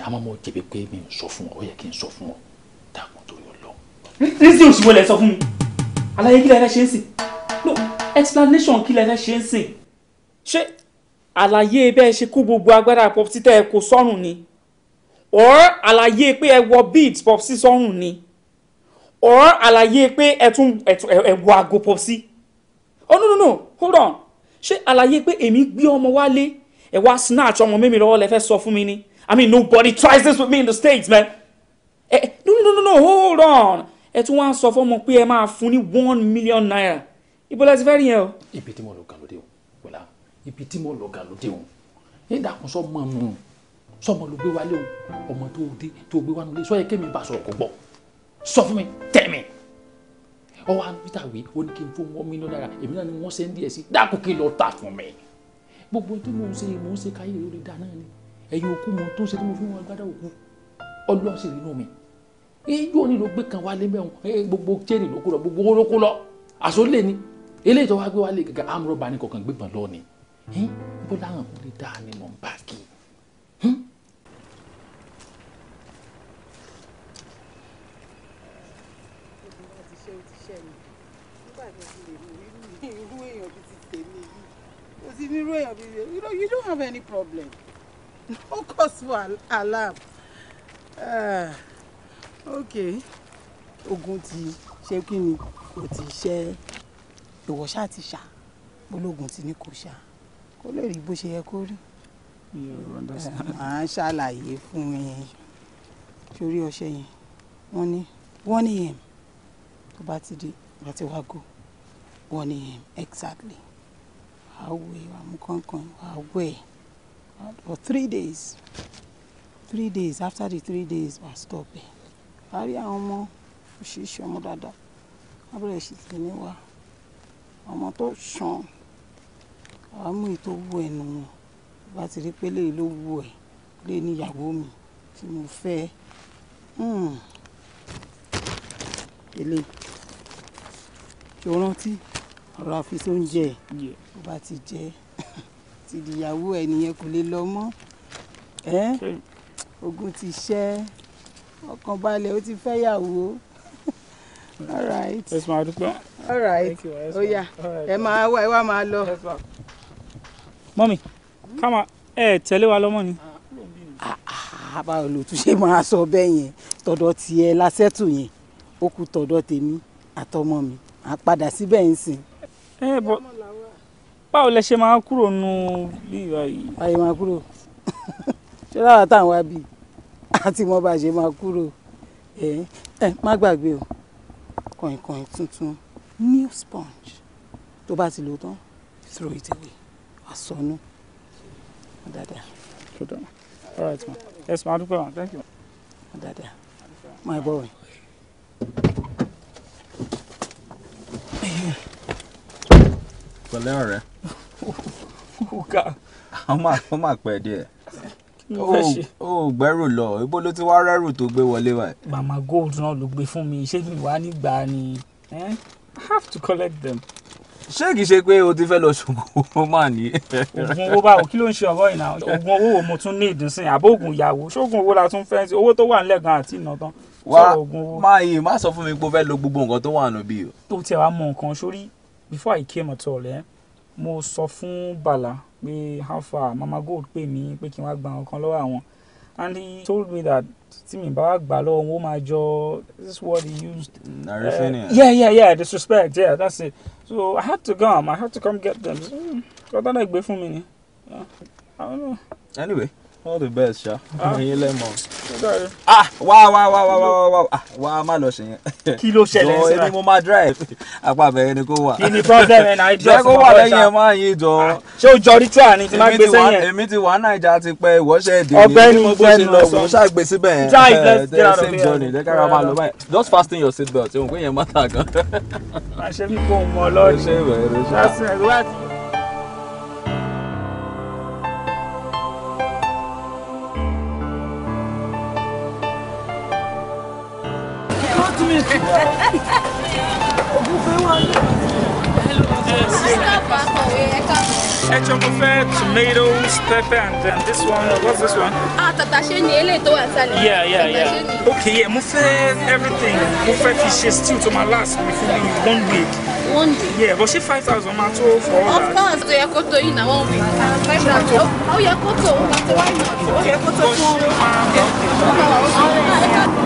ká má mọ jẹ̀bi pé mi ò sọ fún ọ ó yẹ kí n sọ fún ọ dákun torí Ọlọ́run. rísí òsì wọlé sọ fún mi àlàyé kí lẹ́rẹ́ ṣe ń sìn no explanation kí lẹ́rẹ́ ṣe ń sìn. ṣé àlàyé bẹ́ẹ̀ ṣe kó gbogbo agbára pọ̀pítì tẹ́ ẹ kó sọ́rùn ni or àlàyé pé ẹ wọ beads pọ̀pítì sọ́rùn ni or àlàyé pé ẹ tún ẹ wọ àgọ́ pọ̀pítì oh no no no hold on ṣé àlàyé pé èmi gbé ọmọ wálé ẹ wá snatch ọmọ mímì lọ́wọ́ lẹ fẹ́ sọ fún mi ni I mean, nobody tries this with me in the States, man. Eh, no, no, no, no, hold on. Ẹ tún wá ń sọ fọ́mọ pé ẹ máa fún ní one million naira. Ibo la ti fẹ́ rí yẹn o. Ibi tí mo lọ gan ló dé o, Bọ́lá. Ibi tí mo lọ gan ló dé o. Ní ìdàkùn sọ́mọ nù. Sọ́mọ ló gbé wálé o. Ọmọ tó dé tó gbé wá nulẹ̀. Sọ yẹ kémi bá sọ̀rọ̀ kó gbọ́. Sọ fún mi, tẹ̀ mi ọwọ anita wi ó ní kí n fún wọn mílíọnù náírà èmi náà ni wọn ṣe ń díẹ̀ sí dákòókè lọ tà fún mi gbogbo tí mò ń ṣe mò ń ṣe káyé lórí dáná ni ẹ̀yin òkú mo tó ṣe tí mo fi wọn gbádà òkú ọlọ́sìn nínú mi ijó ni ló gbé kan wálé mẹ́wọ̀n gbogbo jẹ́rì ló kó lọ gbogbo owó ló kó lọ àsọlé ni eléyìí tó wá gbé wálé gàgà amúrọ̀bà ni kọ̀ọ̀kan gbégbọ̀n lọ ni bọ́lá hàn kó lè dá a ní nọ́mbà kì í. irú èèyàn bíi ti tèmi yìí kò sí irú èèyàn you don't have any problem no cause for alarm uh, ok ogun ti ṣe kí ni kò ti ṣe ìwọ ṣáà ti ṣá ológun ti ní kò ṣá kó lè rí bó ṣe yẹ kó rí eh, màá ṣàlàyé fún mi sórí ọṣẹ yẹn wọ́n ní wọ́n ní yẹn tó bá ti di bá ti wá go wọ́n ní yẹn exactly àwẹ̀ àmúkànkàn àwẹ̀ for three days three days after the three days wà stop ẹ̀ wá rí àwọn ọmọ oṣiṣẹ́ ọmọ dáadáa wọ́n bẹ̀rẹ̀ sí tẹ̀lé wa ọmọ tó sàn àwọn mú ìtò wú ẹnu wọn bá ti rí pé léyìí ló wú ẹ lé níyàwó mi tí mo fẹ́ ilé tí ó rántí ọ̀rọ̀ àfisóúnjẹ bó ti jẹ́ ẹ́ ti dìyàwó ẹnìyẹn kò lè lọ mọ́ ogun ti ṣẹ́ ọkàn balẹ̀ ó ti fẹ́ yàwó all right yes, all right ó yá ẹ máa wá ẹ wá máa lọ. mọ́mì káma ẹ tẹ̀lé wa lọ́mọ ni. Ah, ah, báwo ló tún ṣe máa sọ bẹ́ẹ̀ yẹn tọ̀dọ̀ tiẹ̀ lásẹ̀tù yẹn ó kù tọ̀dọ̀ tèmi àtọmọ mi à ń padà síbẹ̀ ń sìn. ẹ bọ́ báwo lẹ ṣe máa kúrò nù bí ìwà yìí. àyè máa kúrò ṣé lára táwọn wá bí àti mo bá ṣe máa kúrò ẹ ẹ má gbàgbé o kọ̀ìnkọ̀ìn tuntun new sponge tó bá ti lò tán throw it away àsọnù dáadáa tó dáná all right ma yes ma dúpẹ́ ma thank you dáadáa my boy pẹ̀lẹ́ ọ̀rẹ́. wọ́n máa pẹ́ díẹ̀ o gbẹ́rù lọ ibo ló ti wá rẹ́rù tó gbé wọlé wa. mama gold náà ló gbé fún mi ṣé mi wá nígbà ni i have to collect them. ṣé kìí ṣe pé o ti fẹ́ lọ ṣògùn owó mà ní. oògùn owó báwo kí ló ń ṣe ọ̀rọ̀ yìí náà oògùn owó wo mo tún ní ìdínsìn àbó oògùn ìyàwó ṣoògùn owó la tún fẹ́ owó tó wà nílẹ̀ gan àti ìnà tán. wá máa yìí má sọ fún mi pé o fẹ́ lo gbogbo nǹkan tó wà nù bí o. tó tiẹ̀ wá mọ nǹkan sórí before I came at all eh, mo sọ fún Bala pé how far Mama Gold pè mí pé kí n wá gba nǹkan lọ́wọ́ àwọn and he told me that tí mi bá wá gbà lọ́wọ́ wọn ó máa jọ this is what he used. narration uh, yeah yeah yeah disrespect yeah that's it so I had to come I had to come get them. kọ́ńtà náà gbé fún mi ni. I don't know. anyway all the best ṣá ẹ̀yin lẹ́mọ̀ ah wá wá wá wá wá wá wá wá má lọ ṣèyẹn kí ló ṣẹlẹ̀ ṣẹlẹ̀ jọ èmi mo máa drive apá abẹ́rẹ́ ni kó wà kí ni problem ẹ̀ náà ìjọ kó wà lẹ́yìn ẹ̀ máa yin jọ ah, ṣé o jọ ritual ni ti máa gbé sẹ́yìn èmi ti wà Naija ti pẹ́ ìwọ́ṣẹ́ èdè mi mo gbé ní lọ wò ó ṣàgbé síbẹ̀ yẹn same journey jẹ́ kára máa lọ báyìí just fasten your seat belt ẹ̀ wọ́n pé yẹn má tà gan. àṣẹ mi kò mọ lọ́ọ̀dì Ẹ̀jọ̀ mo fẹ́ tomatoes, pepper and then this one, what's this one? Ah, tàtàṣé ni eléyìí tó wà Yeah, yeah, yeah. Okay, yeah, mo everything. Mo fishes too. to my last before one week. One week? Yeah, but she five thousand máa tó for all that? Of course, ó yẹ kó tó yìí na one week. Five thousand. Ó yẹ kó tó, why not? Ó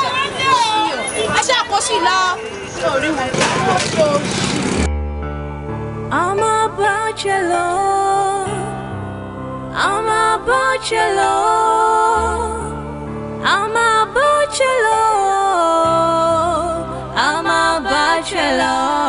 aṣẹ́ àkóṣì lọ. a máa bá jẹ lọ a máa bá jẹ lọ a máa bá jẹ lọ a máa bá jẹ lọ.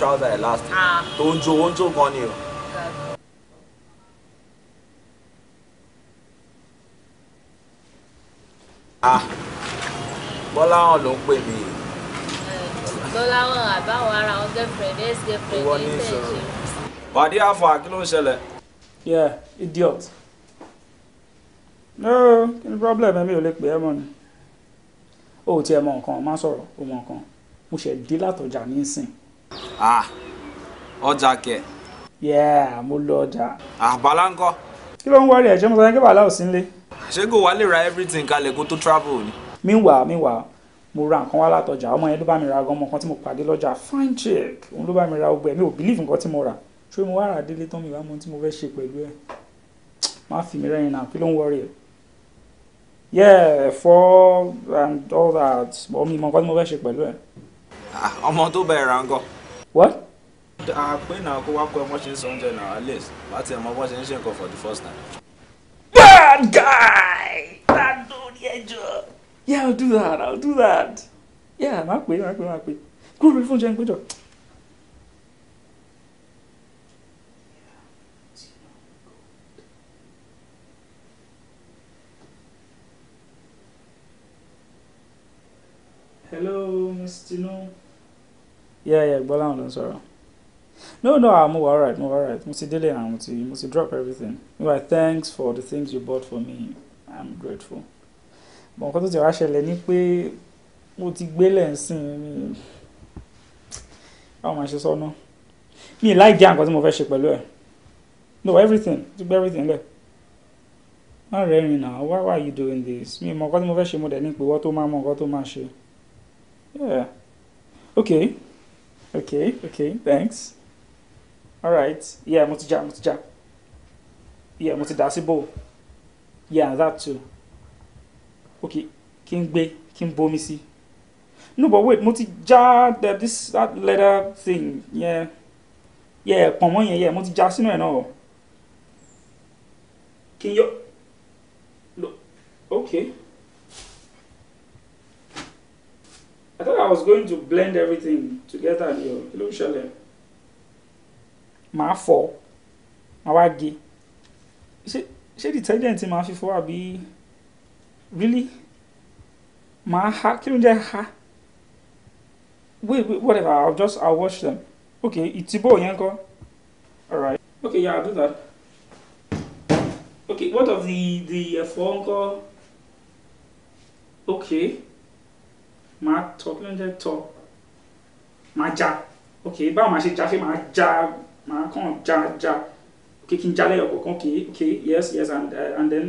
trousers at last. Don't you want to go on you? Ah, ah Bọ́láwọn ló ń pè mí. Bọ́láwọn àbáwọn ara wọn girlfriend ex girlfriend ní ìfẹ̀jì. Wàdí àfọ̀ àkí ló ń ṣẹlẹ̀. Yeah, idiot. No, kí ni problem ẹ̀mí ò lè pè é mọ́ ni? O ò tiẹ̀ mọ nǹkan, má sọ̀rọ̀, o mọ nǹkan. Mo ṣẹ̀ dé látọjà nísìn. ah ọjà kẹ. yeah mo lọ ọjà. abala ah, ńkọ́. kí ló ń wọrí ẹ̀ mo sọ kí ò ṣé kò wá lè ra everything kalẹ̀ kó tó travel ni. meanwhile meanwhile mo ra nǹkan wá látọjà ọmọ yẹn ló bá ọmọ kan tí mo pàdé lọ́jà fine chick òun ló bá mi ra mi ò believe nǹkan tí mo rà ṣé mo wá délé tán mi wá tí mo fẹ́ fi mi rẹ́yìn náà kí ló ń wọrí ẹ̀ what. àpè náà kó wá kọ́ ẹ bọ́ ṣe ń sọ oúnjẹ at least láti ẹ̀mọ́ bọ́ ṣe ń ṣe for the first time. bad guy that lórí ẹjọ́. yeah i'll do that i'll do that. yeah má pè má pè má pè kúrò lórí fóònù jẹ́ ń Hello, Mr. Tino yeah yeah gbọ́lá wọn ló ń sọ̀rọ̀ no no I'm ah, all right, I'm all right. alright mo ti délé ah ti mo ti drop everything mo wà thanks for the things you bought for me i'm grateful bọ̀ nǹkan tó ti wá ṣẹlẹ̀ ni pé mo ti gbélé nsìn mi báwo máa ṣe sọ́nà mi ì láì jẹ́ nǹkan tí mo fẹ́ ṣe pẹ̀lú ẹ̀ no everything ti gbé everything lẹ̀ má rẹ́rìn náà why are you doing this mi mọ nǹkan tí mo fẹ́ ṣe mo dẹ̀ ní ìpè wọ́n tó máa mọ nǹkan tó máa ṣe yeah okay. Okay, okay, thanks. All right. Yeah, mo ti já, mo Yeah, mo ti Yeah, that too. Okay, King n King bomisi. No, but wait, mo ti uh, this that leather thing. Yeah. Yeah, pọ̀nmọ́ Yeah. yeah, mo ti já sínú ẹ̀ náà. Kí Okay. I thought I was going to blend everything together ni o kí ló ń ṣẹlẹ̀. màá fọ màá wá gé ṣé ṣé detergent máa fi fọ àbí really màá ha kí ló ń jẹ́ ha wait wait whatever I'll just I'll wash them okay ìtìbò yẹn kọ́ alright okay yeah I'll do that okay what of the the ẹ̀fọ́ ńkọ́ okay máa tọ kí ló ń jẹ́ tọ máa ja ok báwo máa ṣe ja ṣé máa ja máa kàn ja ja ok kí n ja lẹ́yọ̀ ok ok yes yes and uh, and then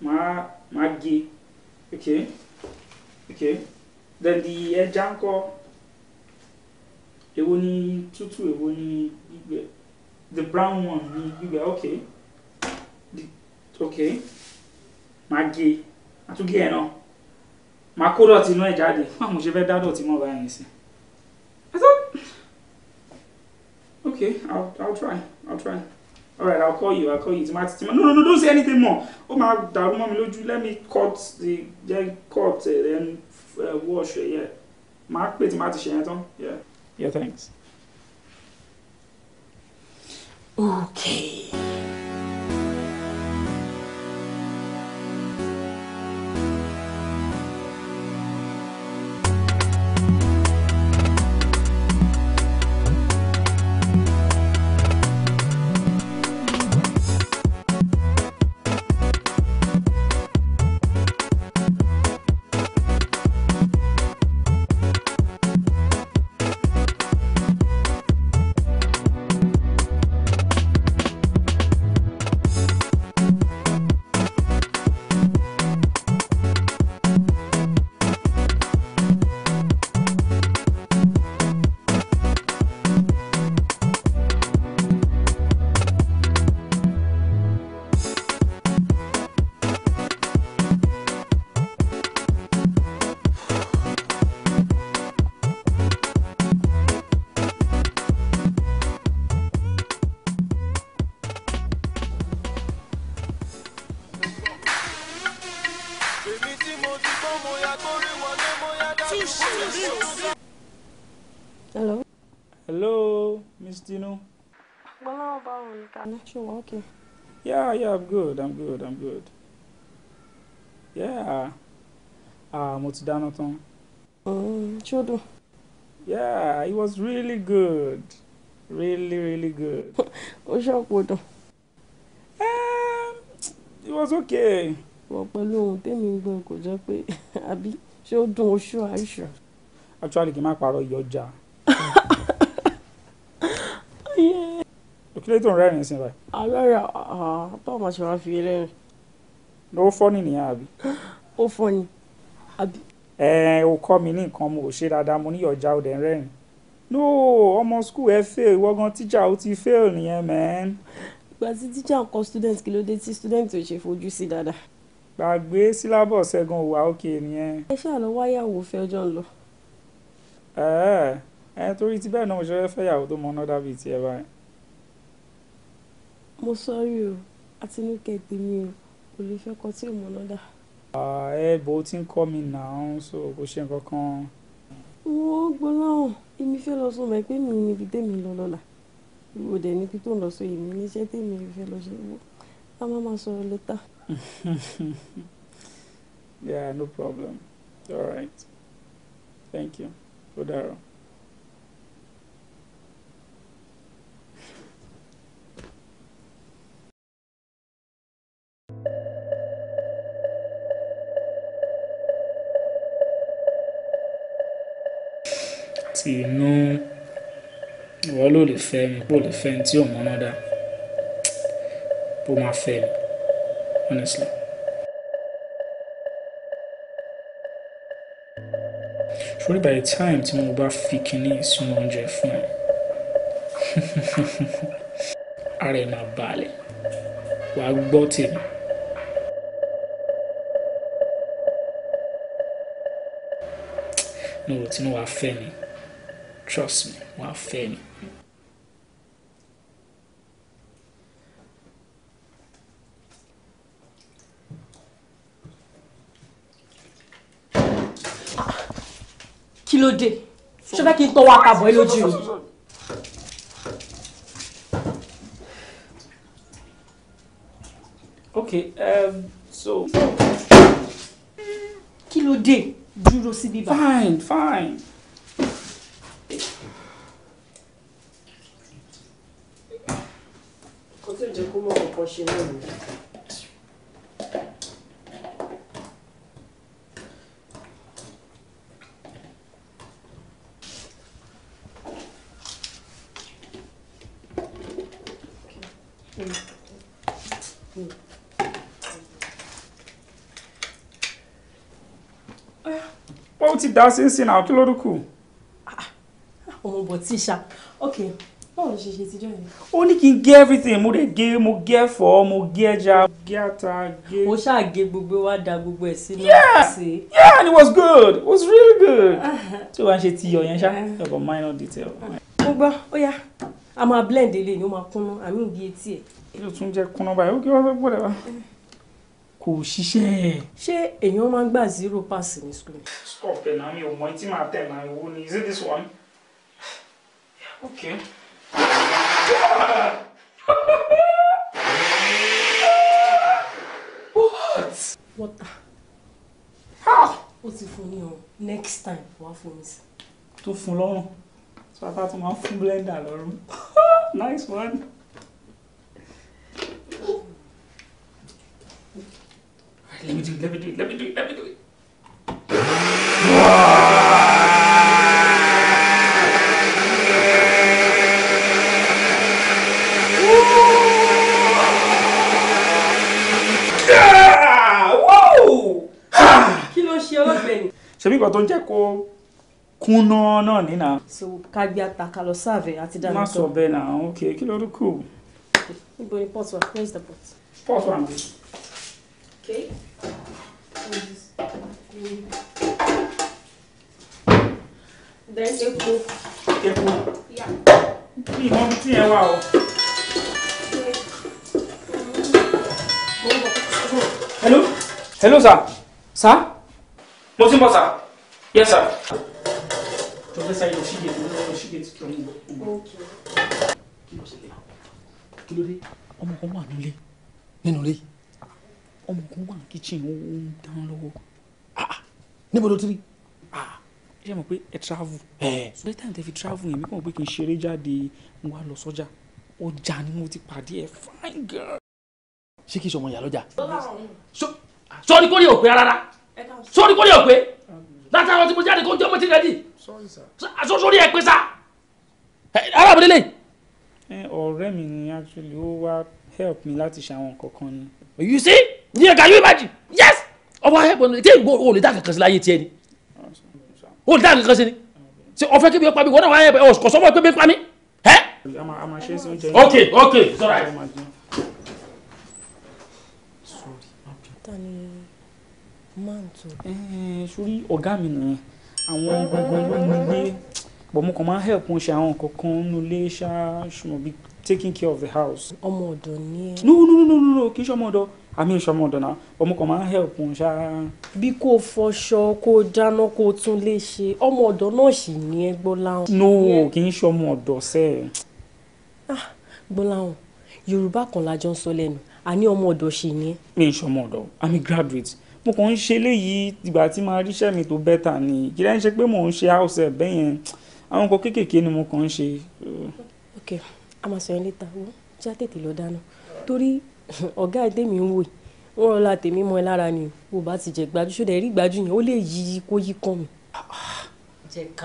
máa máa ge ok ok then di ẹja ń kọ́ èwo ni tútù èwo ni gbígbẹ the brown one ni gbígbẹ ok the ok máa ge àtúgé ẹ̀ náà màá kó dọ̀tí inú ẹ̀ jáde fún àwọn òṣèfẹ́ dá dọ̀tí mọ́ báyìí sí i okay I'll, I'll try I'll try All right, I'll call you I'll call you tomati tomati no no no don't say anything more ó máa dàrú mọ́ mi lójú let me cut the then cut uh, then uh, wash uh, yeah màá pè tomati ṣe yẹn tán yeah. yeah thanks. okay. Anna, sure, okay. Yeah, yeah, I'm good, I'm good, I'm good. Yeah. Ah, mo ti dáná tán. Mm, ṣé ó dùn? Yeah, it was really good. Really, really good. Ó ṣọ̀pọ̀ dùn. Um, it was okay. Wọ́n pẹ̀lú ohun tẹ́mi ń gbọ́n kò jẹ́ pé àbí ṣé ó dùn oṣù àìṣù. Actually, kì í má parọ́ ìyọjà. Oh, yeah òkèlè tó ń rẹ́rìn sí báyìí. alárà ah, báwo máa ṣe wá fi rẹ́rìn. ló fọ́ ni nìyẹn àbí. ó fọ́ ni àbí. ẹ ẹ o kọ́ mi ní nǹkan mo ò ṣe dáadáa mo ní ọjà ò dẹ̀ ń rẹ́rìn. no ọmọ skul ẹ fail ìwọ gan tíjà ó ti fail nìyẹn mẹ́ẹ́n. ìgbà tí tíjà ń kọ student kí ló dé tí student ò ṣe fojú sí dáadáa. gbàgbé sílábọ̀ ṣẹ́gun òwà òkè nìyẹn. ẹ ṣáà lọ wáyàwó fẹ́ ọjọ́ ń lọ. ẹ ẹ torí ti bẹ́ẹ̀ náà mo ṣe fẹ́ fẹ́yàwó tó mọ ọ́nà dàbí tiẹ̀ báyìí mo sọrí o àtinúkẹ́ tèmi o kò lè fẹ́ kọ tí ò mọ̀ náà dà. ẹ bò ti ń kọ́ mi náà so kò ṣe nǹkan kan. wo gbọ́nà èmi fẹ́ lọ sọ mọ̀ pé mi níbi tèmi lọ lọ́la ìwò dẹ̀ níbi tó ń lọ sọ èmi níṣẹ́ tèmi fẹ́ lọ ṣe wò a máa máa sọ̀rọ̀ lẹ́tà. yeah no problem all right thank you ó dára. láti inú ìwọ ló lè fẹ́ mi kó lè fẹ́ ní tí ò mọ́ná dá bó máa fẹ́ mi honestly. surely by the time tí mo bá fi kinní ìsúná oúnjẹ fún ẹ ara ẹ máa balẹ̀ wàá gbọ́ tèmi. ní òrò tí mi trust me wà á fẹ́ mi. kí ló dé ṣé fẹ́ kí n tọwọ́ àkàbọ̀ ẹ lójú o. okay um, so. kí ló dé dúró síbí bá. fine fine. ṣe náà nù. ó ti dá sí ń sin àwọn kí ló dúkù. Ah, ah, ọmọ bọ̀ tíṣà okay báwo ṣe ṣe tíjọ́ yẹn. ó ní kí n gé everything mo dẹ̀ gé mo gé ẹ̀fọ́ mo gé ẹja gé ata gé. mo ṣáà gé gbogbo wa da gbogbo ẹ̀ sínú ọ̀sẹ̀. yeah and it was good it was really good. Ah. tí o bá ń ṣe ti iyọ̀ yẹn ṣá yọ̀bọ̀ ah. minor detail. mo gbọ́ ó yá a máa blend eléyìí ni ó máa kúnná àmì ìdí etí ẹ̀. yóò tún jẹ́ kúnná báyìí ó kí wọ́n fẹ́ gbọ́dọ̀ wá kò ṣiṣẹ́. ṣé èèyàn máa ń gbà zero pass ní school. stop ẹ̀ náà mi ò mọ ẹni tí màá tẹ̀ náà ìwo ni is it this one? okay. What? What? How? What's ti fún mi Next time, wàá fún Too full on. So I thought bàbá tó máa blender lọ́rùn. Nice one. let me do it, let me do it, let me do it, let me do it. ṣebí nǹkan tó ń jẹ́ kó kúnná náà nínà. so ká gbé ata ká lọ má sọ bẹ́ẹ̀ náà ok kí ló kù. níbo ni pot wa where is the pot. pot wa mi. okay. then epo. epo. bí ìmọ̀ bí tí wà o. hello hello sir sir mo ti ń bọ̀ sà yes sà. Professor yìí lọ sí gèètì lọ sí gèètì kí ọmọ ọmọ kí ló ṣẹlẹ̀ kí ló dé ọmọ kan wà nílé nínú ilé ọmọ kan wà kíchìn ó ń dán lọ́wọ́ ah, ah. níbo ló ti rí ah, ṣé mo pé ẹ travel so later tẹ fi travel yẹn mi kàn pé kí n ṣeré jáde n wá lọ sọ́jà ọjà ni mo ti pàdé ẹ fine girl. ṣé kí sọmọ ìyá lọ́jà sọ ni kò ní òpin rárá sórí kò ní ọ̀pẹ látàrọ tí mo jáde kó jẹ́ ọmọ tí rẹ̀ dì sórí ẹ̀ pé sá arábìnrin lè. ọ̀rẹ́ mi ni actually ó wá help mi láti ṣàwọn kankan ni. you see ní ẹ̀ka yóò bá jì yes ọba help me tí ìgbó e olè dá kankan sí láyé tiẹ̀ e ni olè dá kankan sí ni ṣe ọ̀fẹ́ kí mi pa mi wọ́n náà wá help ọ̀ sọ́mọ́ pé mi pa mi. ok ok it's alright. Sorry. Eh, eh, sórí ọ̀gá mi nìyẹn àwọn gbọ̀ngàn ló ń gbé but mo kàn máa ń help wọn ṣe àwọn kankan nínú ilé ṣáá ṣùgbọ́n bíi taking care of the house. ọmọ ọ̀dọ̀ ni ẹ. no no no kì í ṣe ọmọ ọ̀dọ̀ àmì ìṣe ọmọ ọ̀dọ̀ náà ọmọ kan máa ń help wọn ṣá. bí kò fọṣọ kó dáná kó tún lè ṣe ọmọ ọ̀dọ̀ náà sì ní ẹ gbọ́láhùn. no kì í ṣe ọmọ ọ̀dọ̀ sẹ́. ah yorùbá kan la ń sọ lẹ́nu àní ọmọ ọ̀dọ̀ sì ní mi ì ọmọ ọ̀dọ̀ i'm graduate mo kàn ń ṣe léyìí ìgbà tí màá ríṣẹ́ mi tó bẹ́tà ni kí lẹ́yìn ṣe pé mò ń ṣe house ẹ̀ bẹ́ẹ̀ yẹn àwọn nǹkan kéékèèké ni mo kàn ń ṣe. ok a máa sọ yẹn létà wọ́n já tètè lọ dáná torí ọ̀gá ẹ̀dẹ́ mi ń wò wọ́n rọra tèmi mọ́ ẹ lára ni o bá ti jẹ gbájú ṣó dẹ̀ rí gbájú yẹn ó lè yí kó yí kàn mí.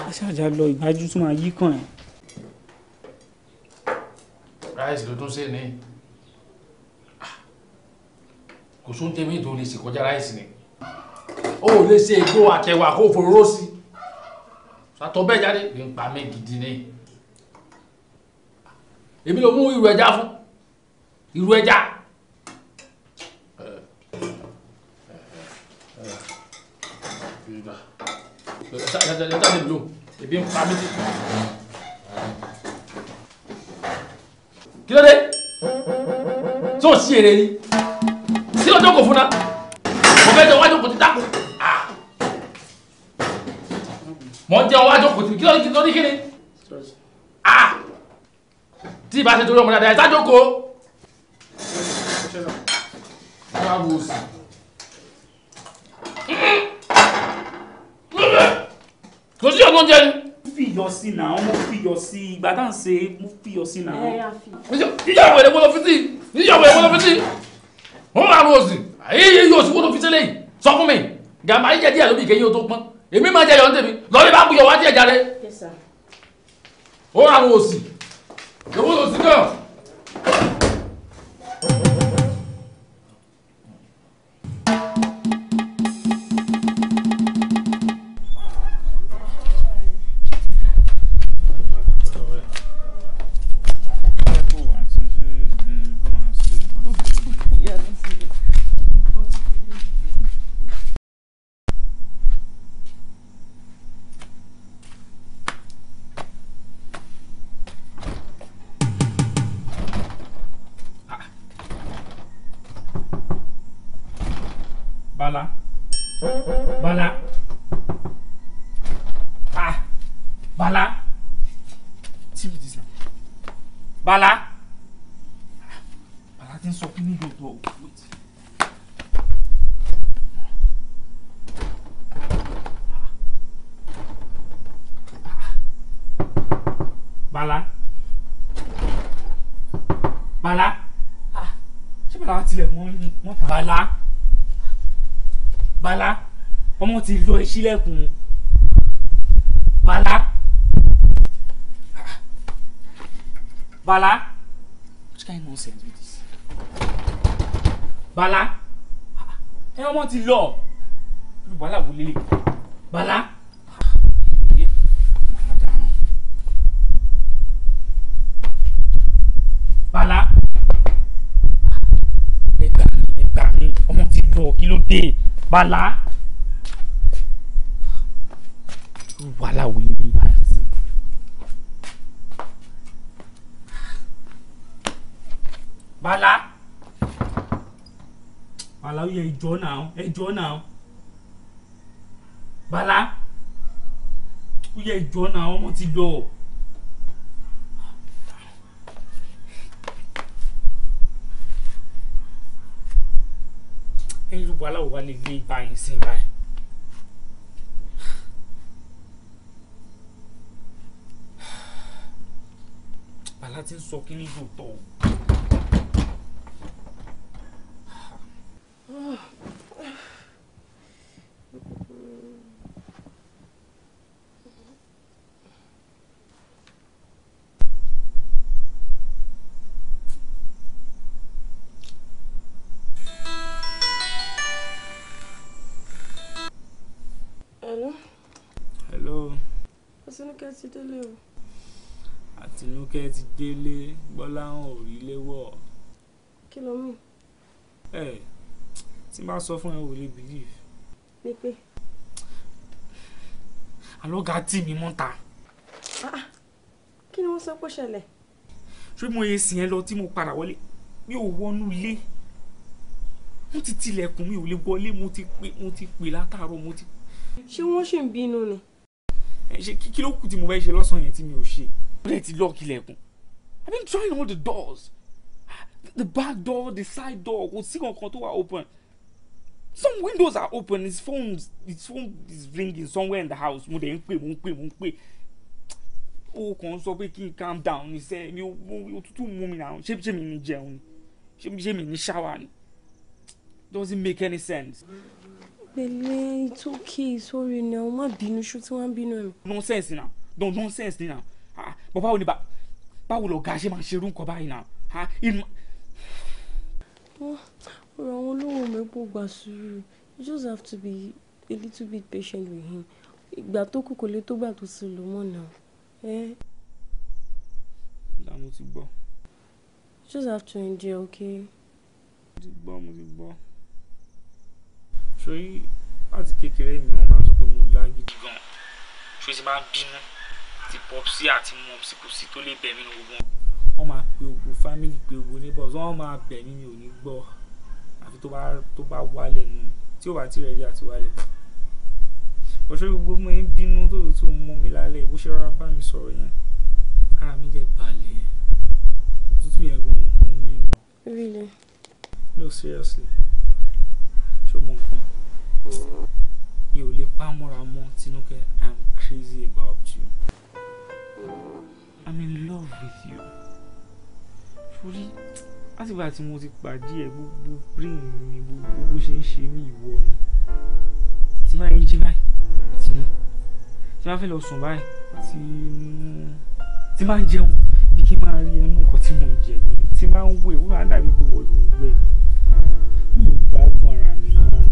aṣáájà lọ ìgbájú tún máa yí kàn ẹ́. rice ló tún ṣe ní kò sóhun tẹ́mi tó lè ṣe kọjá ráìsì ni ó lè ṣe èkó àtẹwà kó fòróró sí i sàtọ bẹ́ẹ̀ jáde lè ń pa mí gidi ni èmi ló mú irú ẹja fún irú ẹja. kí ló dé tó sí èrè ni o jókòó fún náà mo fẹ́ jẹ́ wá jókòó ti dákò ah. mo jẹ́ wá jókòó ti kí ló ní kí ló ní kí ni ah. tí ìbá ṣe torí ọmọ dáadáa ẹ̀ sájókòó. kò sí ọ̀nà oúnjẹ ni fìyọ sí náà ọmọ fìyọ sí ìgbà tá à ń ṣe mú fìyọ sí náà. ìyá ìwé ni mo lọ fi sí ìyá ìwé lọ fi sí ó máa ro òsì ayé yóò sì wó tó fi sílẹ̀ yìí sọ fún mi gàmbá yíjẹ díẹ̀ lóbi ìkéyìn tó pọ́n èmi máa jẹ yọ̀ ń tèmi lọ́ọ́lẹ́ bá buyọ̀ wá díẹ̀ jáde ó máa ro òsì èwo lòsì náà. Bala. Bala. Ah! Bala! See what this now. Bala! wọ́n ti lọ ìṣílẹ̀kùn bàlá bàlá which kind nonsense be this bàlá ẹ wọ́n ti lọ bàlá wò lélẹ̀ bàlá. bàlá. ẹ gbà mí ẹ gbà mí jọ̀ọ́ náà ẹ jọ̀ọ́ bala ó ye jọ̀ọ́ náà ọmọ ti lọ. ẹ̀yin yorùbá aláwọ̀ wa lè lé ibà yìí sí ibà bala ti ń sọ kí ni ti délé o. àtinúkẹ́ ti délé gbọ́láhàn ò rí léwọ̀. kí ló mì. ẹ tí bá sọ fún ẹ ò lè believe. ní pé. àlọ́gà mi mí mọ́ta. Ah, kí ni wọ́n sọ pé ṣẹlẹ̀. ṣé mo yẹ sìn ẹ lọ tí mo padà wọlé mi ò wọnú ilé mo ti tilẹ̀kùn mi ò lè wọlé mo ti pè mo ti pè látàárọ̀ mo ti. ṣé wọ́n ṣì ń bínú ni. Eh, ṣe kí ló kù tí mo fẹ́ ṣe lọ́sàn-án yẹn tí mi ò ṣe. ó ti lọ́ọ̀kì lẹ́kùn i been trying all the doors the back door the side door kò sí kankan tó wà open some windows are open his phone his phone is ringing somewhere in the house mo dẹ̀ ń pè mo ń pè mo ń pè ó kàn sọ pé kí n calm down ní sẹ́ mi òtútù mú mi náà ṣé ṣé mi ní jẹun ni ṣé mi ní ṣáwà ni doesn't make any sense pẹ̀lẹ́ it's okay sorry na o má bínú ṣú tí wọ́n ń mi. nonsense na don nonsense ni na bọ báwo ni báwo lọ̀gá ṣe máa ṣerú nǹkan báyìí na. ọ̀rọ̀ àwọn olówó mi kò gbà sùúrù you just have to be a little bit patient with him ìgbà tó kù kò lè tó gbà tó sì lò mọ́ náà. Eh? ìlànà ti gbọ́. you just have to endure okay. mo ti gbọ́ mo ti gbọ́ sórí láti kékeré mi wọ́n máa sọ pé mo lágídí gan ṣó máa bínú ti pọpsi àti mọpsi kò sí tó lè bẹ̀ mí ní gbogbo wọn máa pe ogun family pe ogun neighbors wọn máa bẹ̀ mí mi ò ní gbọ́ àfi tó bá tó bá wálẹ̀ nù tí ò bá ti rẹ̀ dí àti wálẹ̀ ọ̀ṣọ́ gbogbo mo ń bínú tó tó mú mi lálẹ́ bó ṣe rárá bá mi sọ̀rọ̀ yẹn ara mi dẹ̀ balẹ̀ òtútù yẹn gan mú mi mọ́. really no seriously ṣó mọ nǹkan mi ò lè pa mọ́ra mọ́ Tinúkẹ́ i'm crazy about you i'm in love with you forí látìgbà tí mo ti pàdé ẹ gbogbo brain mi gbogbo bó ṣe ń ṣe mí ìwọ ni tí bá yín jí báyìí tí mo tí bá fẹ́ lọ sùn báyìí tí mo tí bá ń jẹun bí kí n máa rí ẹnu nǹkan tí mo ń jẹ yẹn tí bá ń wẹ̀ wọ́n máa dàbí gbogbo olùwẹ̀ mi ìgbádùn ara mi mọ́.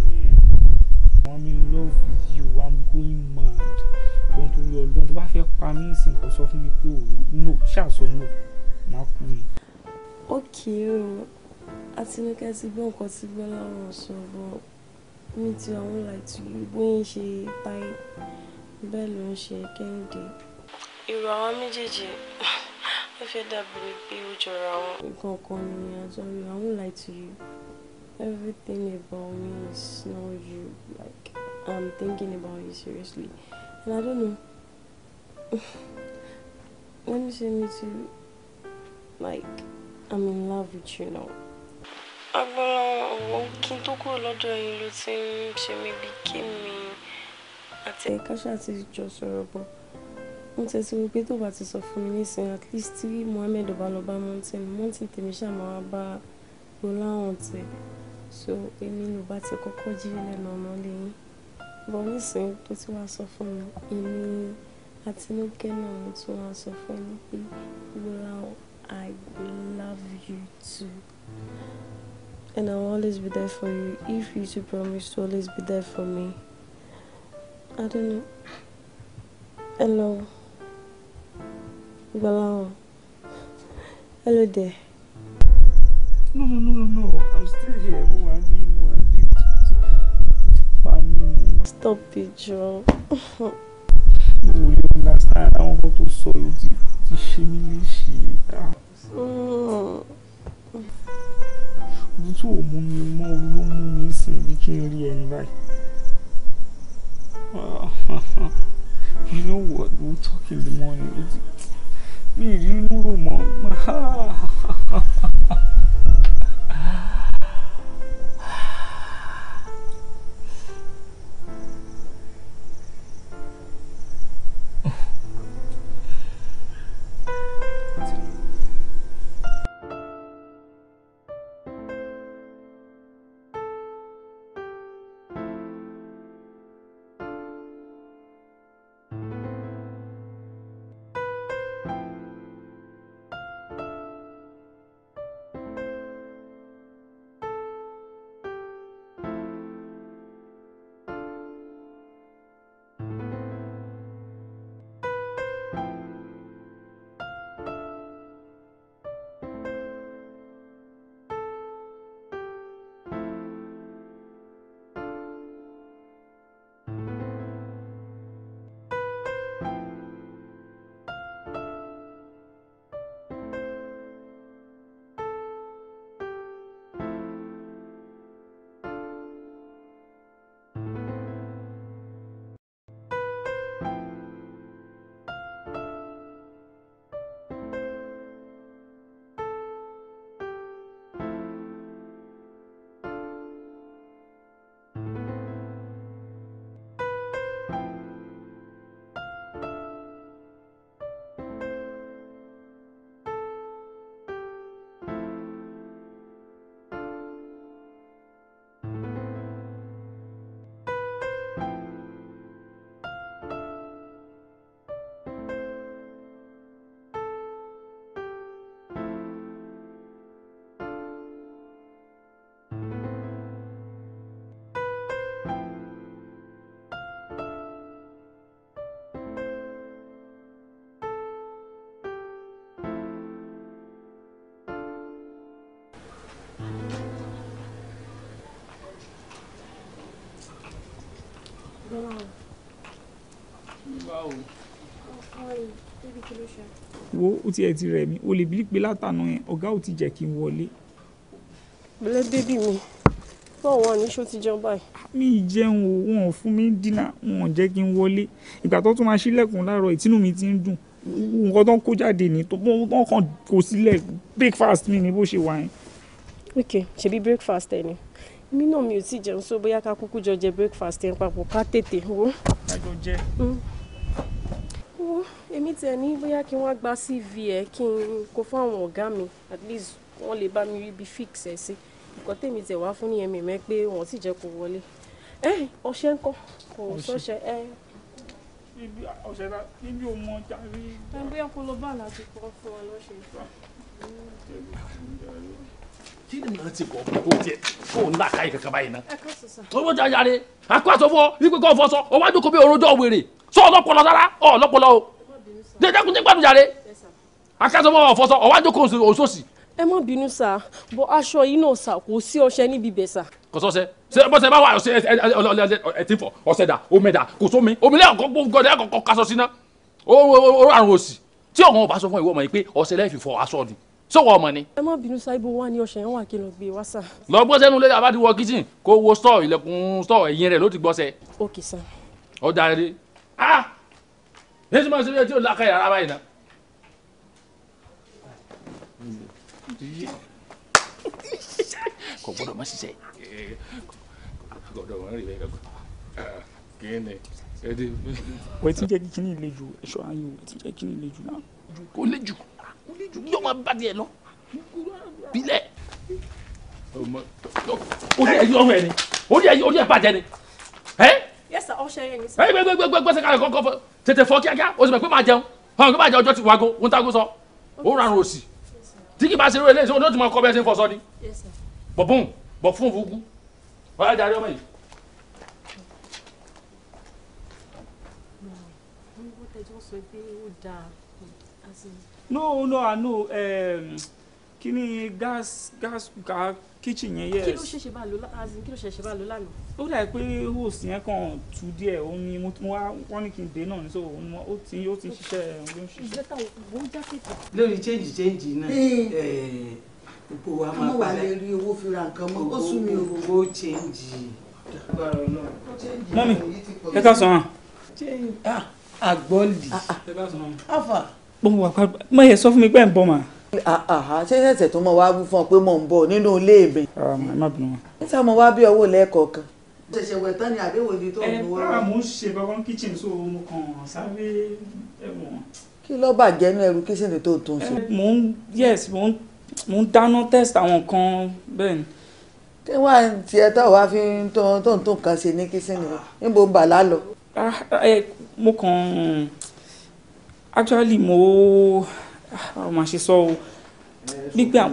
I'm in love with you I'm going mad ṣùgbọ́n torí ọlọ́run tó bá fẹ́ pa mí ìsìn kan sọ fún mi pé o no ṣàṣọ no má kú ni. ó kì í o Àtinúkẹ́ ti gbọ́ nǹkan tí gbọ́lá ọ̀rọ̀ sọ bọ́ mi ti àwọn láti bóyá ṣe táyé bẹ́ẹ̀ ló ń ṣe kẹ́hìndé. ìrò àwọn méjèèjì ó fẹ́ dàbí pé ó jọra wọn. nǹkan kan ni àjọyọ̀ àwọn láti you everything about me is not you like. I'm thinking about you seriously. And I don't know. When you say me to Like, I'm in love with you now. agbára ọ̀wọ́n kí n tó kúrò lọ́dọ̀ yìí ló ti ń ṣe mí bí kí mi àti. ẹ káṣá ti jọ sọ̀rọ̀ bọ̀ mo tẹ̀sí wípé tó bá ti sọ fún mi nísìnyí at least tí Mohammed ọba lọ bá mountain mountain tèmi ṣàmà wá bá gbọ́ láwọn tẹ̀ so èmi ló bá ti kọ́kọ́ jí lẹ́nu ọmọ lẹ́yìn bọ̀ nísìnyí tó ti wá sọ fún mi èmi àtinúkẹ́ náà mo tún wá sọ fún ẹni pé well I love you too and I will always be there for you if you too promise to always be there for me I don't know hello gbalawo hello there. No, no no no no I'm still here. stop the job. mo yọ understand àwọn nǹkan tó sọ yìí ti ti ṣe mí léṣe. Mm. ojú tí ò mú mi mọ́ ló mú mi sìn bí kí n rí ẹni báyìí. you know what we we'll talk in the morning mi ì rí inú rò mọ́. wo ó tiẹ̀ ti rẹ̀ mí o lè bí pé látànà yẹn ọ̀gá ò ti jẹ́ kí n wọlé. bẹ́lẹ́ bébì mi báwo wà ní ṣó ti jẹun báyìí. Ah, mi jẹun o wọn ò fún mi dínà wọn ò jẹ́ kí n wọlé ìgbà tó tún máa ṣílẹ̀kùn láàárọ̀ ìtínú mi ti ń dùn nǹkan tó ń kó jáde ní tó wọ́n kàn kó sílẹ̀ breakfast mi ni bó ṣe wà yẹn. ok ṣebí breakfast ẹ ni mi náà mi ò tí jẹun so bóyá ká kúkú jọ jẹ breakfast yẹn papọ̀ ká tètè wo. kájọ jẹ. Mm. wo èmi tiẹ̀ ní bóyá kí wọ́n gba cv ẹ̀ kí n kó fáwọn ọ̀gá mi at least wọ́n lè bá mi rí ibi fix ẹ̀ sí nǹkan tèmi tẹ̀ wá fún nìyẹn mímẹ́ pé wọ́n sì jẹ́ kó wọlé ọṣẹ ńkọ́ kò sọ́ṣẹ ẹ. ibi ọṣẹ ta ibi ò mọ jàre. ẹ bóyá kó lọ bá àlàjì kan fún wa lọ́ṣẹ̀ kí ni náà ti bọ̀ kó tiẹ̀ kó ń là káyì kankan báyìí náà. owó jaja ni àkó àsọfọ wípé kó fọṣọ ọwọ́ àjòkó bí orojọ́ wèrè sọ ọlọ́pọlọ sára ọ ọlọ́pọlọ o jẹjẹkun ti gbàdúrà rẹ akásọfọ ọfọṣọ ọwọ́ àjòkó òṣòṣì. ẹ má bínú sá bọ aṣọ yìí náà sá kò sí ọṣẹ níbi bẹ sá. kò sọṣẹ ṣe bọ́sẹ̀ bá wà ọṣẹ ẹ ti fọ ọṣẹ dà omi dà kò sómi omi lẹ́yìn kọ́kọ́ kásọ sí ná orun àrùn òsì tí ọ̀hún ọba sọ fún ìwọ ọmọ yìí pé ọṣẹ lẹ́yìn fífọ aṣọ ni sọ̀wọ́ ọmọ ni. ẹ má bínú ṣáìbù wà ní ọ̀sẹ̀ yẹn wà kí n lọ gbé e wá sà. lọ gbọ́ sẹ́nu lẹ́yìn abáti wọ kitchen kó wo store ilẹ̀kùn store ẹ̀yìn rẹ̀ ló ti gbọ́sẹ̀. ok sir. ó dáa dé ah yéésù máa ń ṣe bí ẹ tí ò lákàyè ara báyìí náà. kò gbọ́dọ̀ má ṣiṣẹ́. gbọ́dọ̀ wọn rí bẹ́ẹ̀ kankan kí ni ẹ dé. wọ́n ti jẹ́ kí kíní ìlejò ẹ̀ṣọ́ ayé wọ́n ti jẹ́ kíní ìlejò náà. kò lè jù yóò máa bá tiẹ̀ lọ bílẹ̀ orí ẹ̀ yọ ọ̀rọ̀ ẹ̀ ni orí ẹ̀ orí ẹ̀ bàjẹ́ ni ẹ̀. yes sir ọ̀ṣẹ́ yẹn ni sir. ẹ gbẹgbẹgbẹ gbẹsẹ̀ kalẹ̀ kọ́kọ́ tètè fọ kíákíá o sì mọ̀ pé máa jẹun ọ̀hún kí máa jẹ ọjọ́ ti wago ohun tá a kó sọ ó rárun òsì tí kì bá ṣe eré ilé ìṣòro tó ti máa kọ́ bẹ́ẹ̀ ṣe ń fọ sọ ni. yes sir. bọ̀ bùn bọ̀ fún òfurufú ọ̀yá darí ọmọ yìí. mo mọ̀ ọ́n no no i know um, kí gas gas ga kitchen yẹn yes. kí ló ṣẹ̀ṣẹ̀ bá lò lánàá kí ló ṣẹ̀ṣẹ̀ bá lò lánàá. ó dà pé hose yẹn kàn tú díẹ̀ ó ní mo wá wọ́n ní kí n dé náà ní so ó ti ó ti ṣiṣẹ́ ló ń ṣiṣẹ́. ìjọta ò ń jákèjì. lórí change change náà gbogbo eh. eh, wa máa padà. àwọn wà lè rí owó fi ra nǹkan mọ́ ó sún mi o. owó change. mọ́mí ẹ ká sọ̀rọ̀. change ah, àgbọ̀lì. àfà mo wà pa mo yẹ sọ fún mi pé ẹ̀ ń bọ̀ mà. ṣé ṣẹ̀ṣẹ̀ tó mọ̀ wá wí fún ọ pé mò ń bọ̀ nínú ilé mi. ẹ má bínú wa. ní sáà mo wá bí ọwọ́ lẹ́ẹ̀kọ̀ọ̀kan. ṣẹ̀ṣẹ̀ wẹ̀ tán ni àbẹ̀wò ibi tó ń wọ́n. ẹ bá mo ń ṣe bọ́kọ́ kitchen so mo kàn sáré ẹ̀wọ̀n. kí ló bàjẹ́ nínú ẹrù kitchen tó tó ń ṣe. mo ń yes mo ń dáná test àwọn kan bẹ́ẹ̀ ni tí wọ́n á tiẹ̀ tó wá fi tó tó nǹkan ṣe ní kìsìnì ah. níbo actually mo ọ mà ṣe sọ o gbígbà.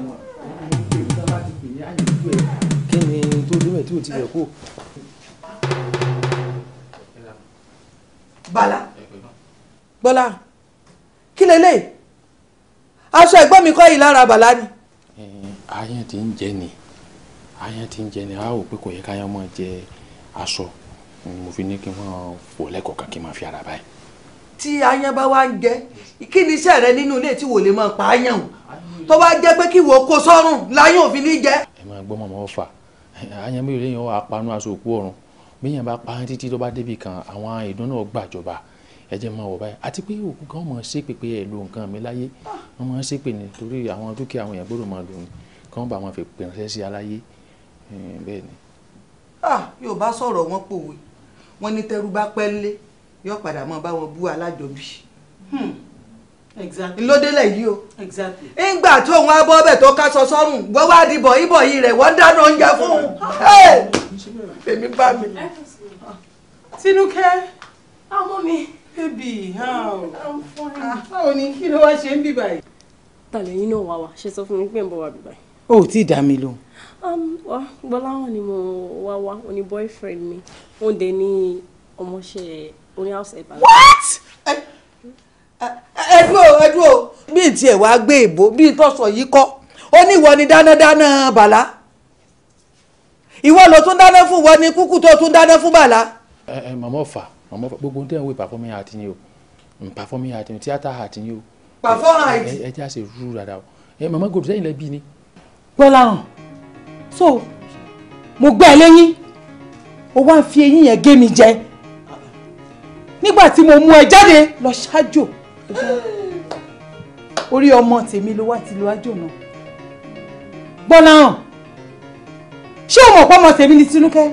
kí ni tó dúró ẹ̀ tí ò ti yẹ kó. bala gbọ́lá kí lélẹ̀ aṣọ ẹ̀gbọ́n mi kọ́ yìí lára bàlá ni. Eh, ayan ti ń jẹ ni ayan ti ń jẹ ni a ò pé kò yẹ káyọ̀ mọ́ jẹ aṣọ mo fi ní kí wọ́n fò lẹ́kọ̀ọ́ kan kí n máa fi ara báyìí tí aáyán bá wá ń jẹ kí ni iṣẹ́ rẹ nínú ilé tí wò lè máa pa aáyán o tó bá jẹ́ pé kí wò ó kó sọ́rùn láyán òfin ní jẹ́. ẹ máa gbọ́ mọ̀mọ́ fà aáyán bí olóyìn wa panu aṣọ òkú ọ̀run bíyàn bá pa títí tó bá débi kan àwọn ìdun gbàjọba ẹ máa wọ̀ báyìí àti pé òkú kan mọ̀ ṣépè pé ẹ lo nǹkan mi láyé wọ́n mọ̀ ṣépè nítorí àwọn dúkìá àwọn èèyàn gbọ́dọ̀ máa lò ní kán bá wọn fi pè ránṣẹ́ sí aláyé bẹ́ẹ̀ ni. ah yóò bá sọ̀rọ̀ wọn pòwe wọn ní tẹrú bá pẹ́ lé yóò padà mọ báwọn bú alájọbí ńlọdẹlẹ hmm. yìí o ńgbà tó òun abọ́ ọbẹ̀ tó ká sọ sọ́rùn gbọ́wọ́ àdìbọ̀ ìbọ̀ yìí rẹ̀ wọ́n dáná oúnjẹ fún un èmi bá mi. Tinúkẹ́ ọmọ ah, mi bébì ah, báwo ni kí ló wá ṣe ń bì báyìí. tàlẹ́ yín náà wá wá ṣe sọ fún mi pé ń bọ̀ wá bì báyìí. o ò tí ì dá mi lóhùn gbọ́láwọn um, ni mo wá wá oní boyfriend mi òun dé ní ọmọọṣẹ́ orin house ẹ̀ bá. what ẹdúró ẹdúró bíi tiẹ̀ wá gbé ìbò bíi tọ́sọ̀ yìí kọ́ ó ní ìwọ ni dánadáná bàlá ìwọ ló tún dáná fún ìwọ ni kúkú tó tún dáná fún bàlá. ẹ ẹ màmá ọ̀fà màmá ọ̀fà gbogbo ohun tí ẹ̀ ń wé performing art ni o mm, performing art ni o theatre art ni o. performing art. ẹ ẹ jẹ́ àṣẹ rúru dáadáa o màmá gòdù sẹ́yìn lẹ́bí ni. gbọ́láhàn so mo gbẹ́ ẹ lẹ́yìn o wá ń fi eyín yẹn gé mi jẹ nígbà tí mo mú ẹ jáde lọ ṣáájò orí ọmọ tèmi ló wá ti lo ájò náà Gbọ́láhàn ṣé o mọ̀ pé ọmọ tèmi ni Tinúkẹ́.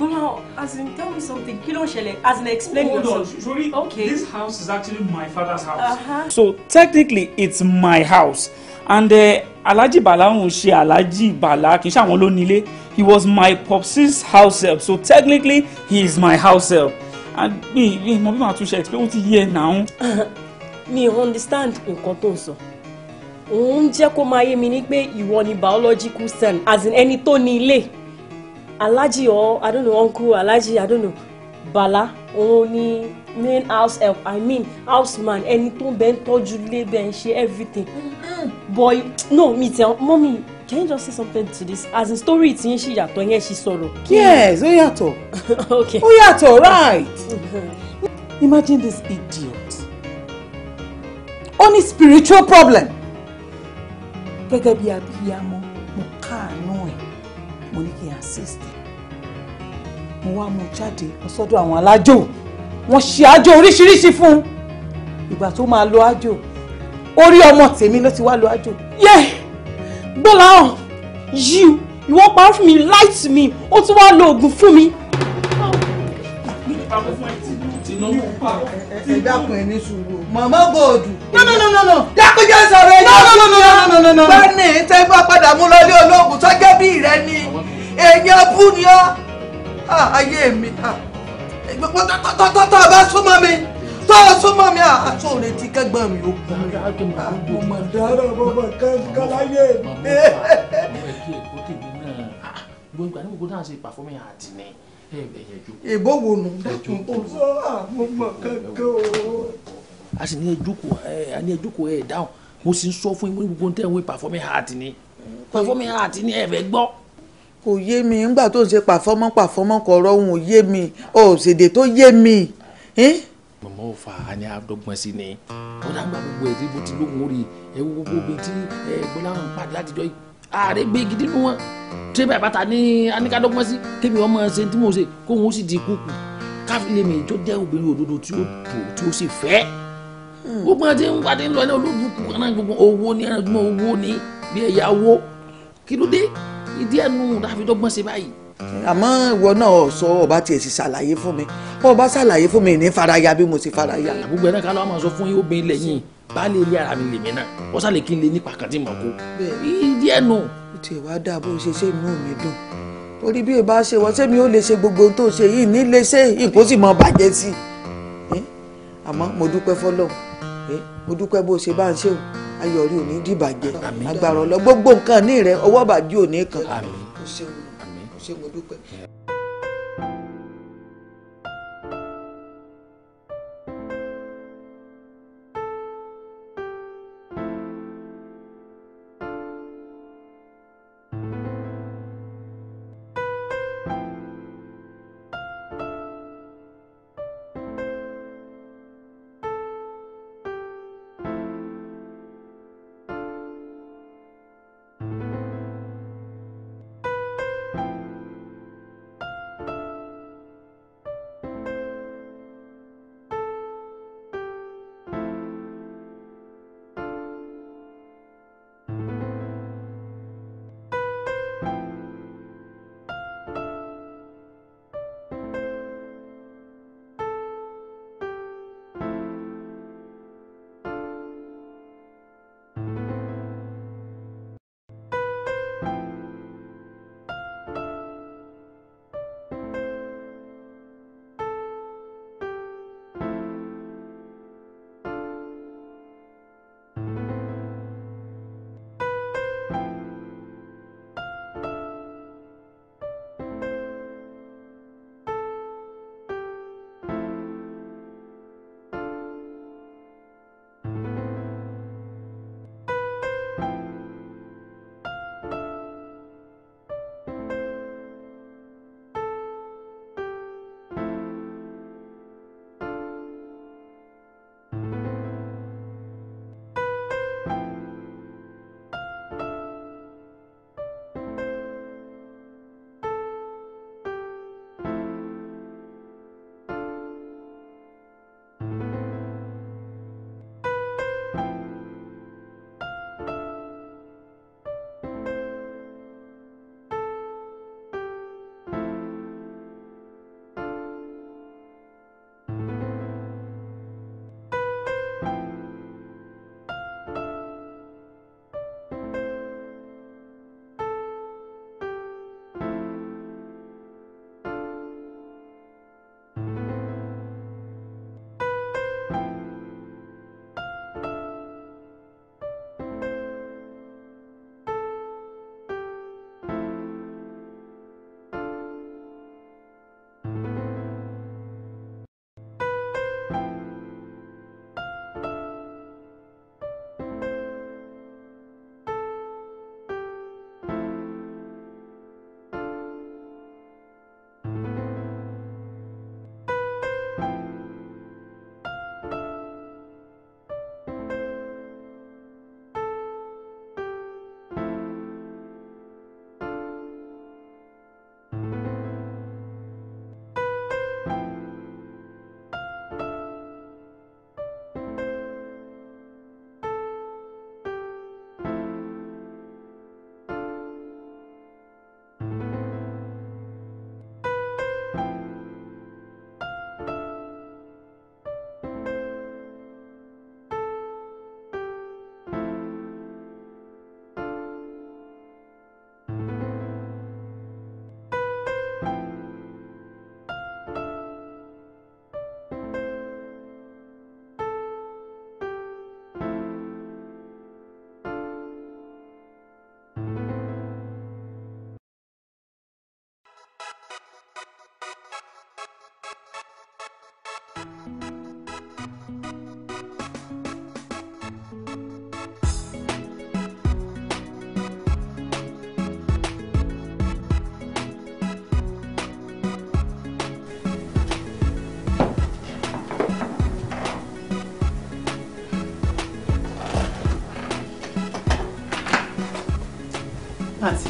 Gbọ́láhàn as in tell me something kí ló ń ṣẹlẹ̀ as in explain hold yourself. hold on sorry okay. this house is actually my father's house. Uh -huh. so technically it's my house and uh, Alhaji Bala ń ṣe Alhaji Bala kì í ṣe àwọn ló nílé he was my popsis house help so technically he is my house help mi mi mọ bí màá tún ṣe explain ó ti yé ẹ nàá. mi ò understand nǹkan tó ń sọ òun ń jẹ́ kó máa yé mi ní pé ìwọ ni biological son as in ẹni tó ní ilé alhaji or i don't know uncle alhaji i don't know bala òun ni main house help i mean houseman ẹni tó ń bẹ ń tọ́jú ilé bẹ́ẹ̀ ń ṣe everything boy no mi tẹ mọ́mí can you just say something to this as in story ti yín ṣì yàtọ̀ yẹn ṣì sọ̀rọ̀. yes ó yàtọ̀ ó yàtọ̀ right imagine this idiot Only spiritual problem gẹ́gẹ́ bí abiyamọ mo káàánú ẹ̀ mo ní kí n assist mo wá mú jáde lọ sọ́dọ̀ àwọn alájò wọ́n ṣe àjò oríṣiríṣi fún un ìgbà tó máa lọ àjò ọmọ tèmi ló ti wá lọ àjò yẹ́ẹ̀. Gbọ́láhàn yíu ìwọ parọ́ fún mi láì tì mí ó tún wá lo oògùn fún mi. ẹ dákun ẹ ní sùúrù màmá bòòdù. nọ́nọ́nọ́nọ́ dákúnjẹ́ sọ̀rọ̀ ẹ̀yìn. nọ́nọ́nọ́nọ́nọ́ tẹ́ bá padà mú lọ ilé olóògùn tó jẹ́ bí rẹ ni èèyàn bú ni ọ́ ayé mi tọ́tọ́tọ́ bá súnmọ́ mi tó o tún mọ̀ mi àtò retí kẹ́gbọ́n mi ó kú mi mo dára bọ́bọ̀ kankan láyé mi. gbogbo ìgbà ní gbogbo náà ṣe pàfọ́mì àti ní ìbò wo nù dákun ó sọ àmúmọ̀ kankan o. a sì ní ẹjọ́kọ̀ ẹ ní ẹjọ́kọ̀ ẹ dáhùn mo sì ń sọ fún yín gbogbo tẹ̀ ń wé pàfọ́mì àti ní pàfọ́mì àti ní ẹ̀fẹ̀ gbọ́ kò yé mi ńgbà tó ń ṣe pàfọ́mọ́ pàfọ́mọ́ kọ̀ọ̀rọ̀ òun ò yé mi ò ṣèdè tó yé mi. Eh? wọn ò fà á ní ni wọn dàgbà gbogbo ẹ̀ tí bó ti lóhùn orí ẹ̀ wo gbogbo ibi tí ẹ̀ gbọ́dọ̀ àwọn pàdé látijọ́ yìí ààrẹ gbé gidi nu wọn tí bẹ́ẹ̀ bàtà ní anikadọ́gbọ́n sí kémi ọmọ ṣe tí mo ṣe kó wọn sì di kúkú káfílẹ̀ mi tó jẹ́ obìnrin òdodo tí ó tò tí ó sì fẹ́ gbogbo àti ń pàdé lọ ní olóògbé kan náà gbogbo owó ní ẹnìyàn owó ní bí ẹ̀yà owó kí ló dé ìdí ẹnu láfi dọ́gbọ́n ṣe báyìí Ah. àmọ́ ìwọ náà sọ ọba tiẹ̀ sì ṣàlàyé fún mi ọba ṣàlàyé fún mi ní faraya bí mo ṣe faraya. àbúgbẹ́ náà kálọ́ máa sọ fún yín obìnrin lẹ́yìn baálé ilé ara mi lèmi náà wọ́n sàlẹ̀ kí n lè nípa kan tí mo kó. ìdí ẹ̀ nù. ó ti wá dáa bó ṣe ṣe inú mi dùn torí bí ìbá ṣe wọ́n sẹ́mi ó lè ṣe gbogbo ohun tó ṣe yìí nílé ṣe nǹkó sì mọ bàjẹ́ sí i eh, àmọ́ mo dúpẹ́ fọlọ́ eh, mo dúpẹ́ bó ṣe bá ń ṣe ṣé mo dúpẹ́.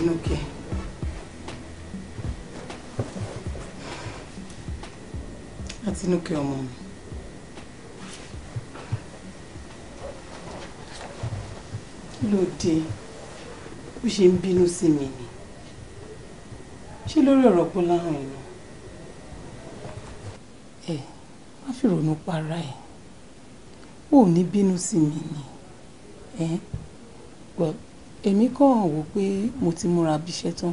Àbínúkẹ́ Àtinúkẹ́ ọmọ mi lóde bó ṣe ń bínú sí mi ni ṣé lórí ọ̀rọ̀ pọ̀ láhùn ìlú ẹ má fi ronú para ẹ ò ní bínú sí mi ni ẹ. Èmi kàn wò pé mo ti múra bí tán.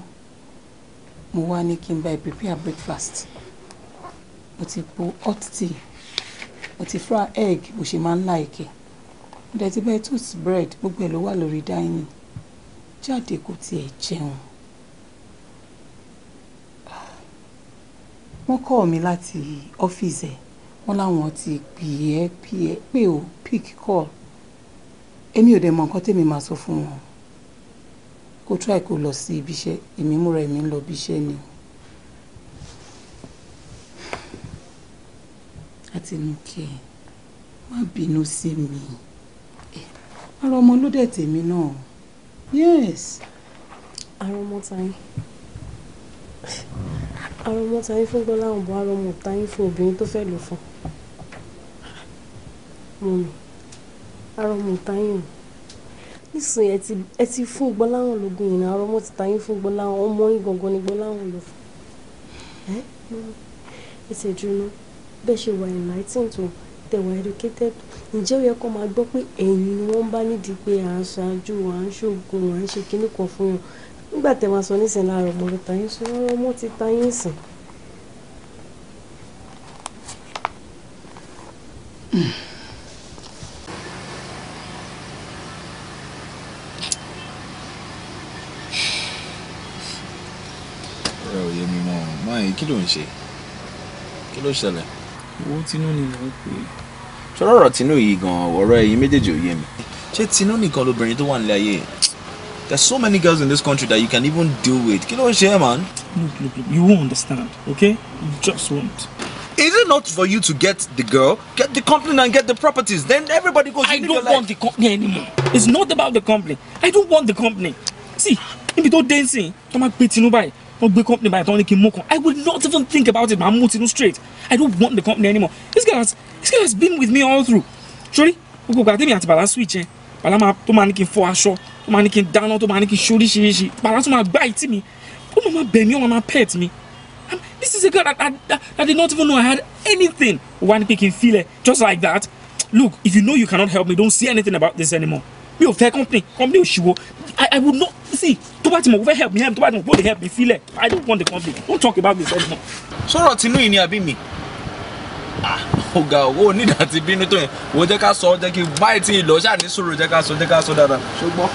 Mo wá ní kí n bá prepare breakfast. Mo ti po hot tea, mo ti fry egg bó ṣe máa ń like. Mo dẹ̀ ti toast bread, gbogbo ẹ ló wà lórí dining. Jáde kó tí ẹ jẹun. Wọ́n call mi láti ọ́fíìsì ẹ. Wọ́n láwọn ti pè ẹ́, pè ó, pick call. Èmi ò dẹ̀ mọ̀ nǹkan tí máa sọ fún wọn kó try kó lọ sí ibi iṣẹ́ èmi múra èmi ń lọ ibi iṣẹ́ ni Àtinúkẹ́ má bínú sí mi ara ọmọ ló dẹ̀ tèmi náà yes. ara ọmọ ta yín ara ọmọ ta yín fún gbọ́lá òǹbọ̀ ara ọmọ ta yín fún obìnrin tó fẹ́ lò fún mọ̀mí ara ọmọ ta yín o nísìnyí ẹ ti ẹ ti fún Gbọ́láhàn lóògùn yìí náà ọmọ ti ta yín fún Gbọ́láhàn ọmọ yín gangan ni Gbọ́láhàn lò fún ẹ ẹ ti dúró bẹ́ẹ̀ ṣe wà enlightened tó tẹ̀wà educated ǹjẹ́ ó yẹ kó máa gbọ́ pé ẹ̀yin ni wọ́n bá nídìí pé à ń ṣáájú à ń ṣoògùn à ń ṣe kinní kan fún yàn nígbà tẹ̀ máa sọ nísìnyí láàárọ̀ ọmọ ti ta yín sọ ọmọ ti ta yín sìn. kí ló ń ṣe kí ló ṣẹlẹ̀. owó tinú ni mò ń pè é. sọ̀rọ̀ ọ̀rọ̀ tinú yìí gan ọ̀rọ̀ ẹ̀yin méjèèjì ò yé mi. ṣé tinú nìkan lobìnrin tó wà nílé ayé there's so many girls in this country that you can even deal with kí ló ń ṣe ẹ man. look look look you won't understand okay you just won't. Is it not for you to get the girl, get the company, and get the properties? Then everybody goes. I don't want the company anymore. It's not about the company. I don't want the company. See, if you don't dance, come and pay Tinubu ó gbé company báyìí tó ní i would not even think about it màá mú tinú straight i don't want the company anymore this guy has this guy has been with me all through Surely, we go ìgbà tèmi àti bàlá switch yẹn bàlá máa tó máa ní kí n fọ aṣọ tó máa ní kí n dáná tó máa ní kí n ṣoríṣiríṣi bàlá tó máa gbá ìtì mi ó máa pet mi this is a girl that, that, that, that did not even know i had anything One picking feeler, just like that look if you know you cannot help me don't say anything about this anymore mi ò fẹ́ company company ò I i would not see tó bá ti mọ̀ kó fẹ́ help me help tó bá ti mọ̀ kó dey help me feel it i don't want the company don't talk about this anymore. sọ̀rọ̀ tinú yìí ni àbí mi ah, ọ̀gá owó onídàá ti bínú tó yẹn wo jẹ́ ká sọ jẹ́ kí báyìí tí ì lọ ṣáà ní sọ̀rọ̀ jẹ́ ká sọ jẹ́ ká sọ dáadáa ṣùgbọ́n.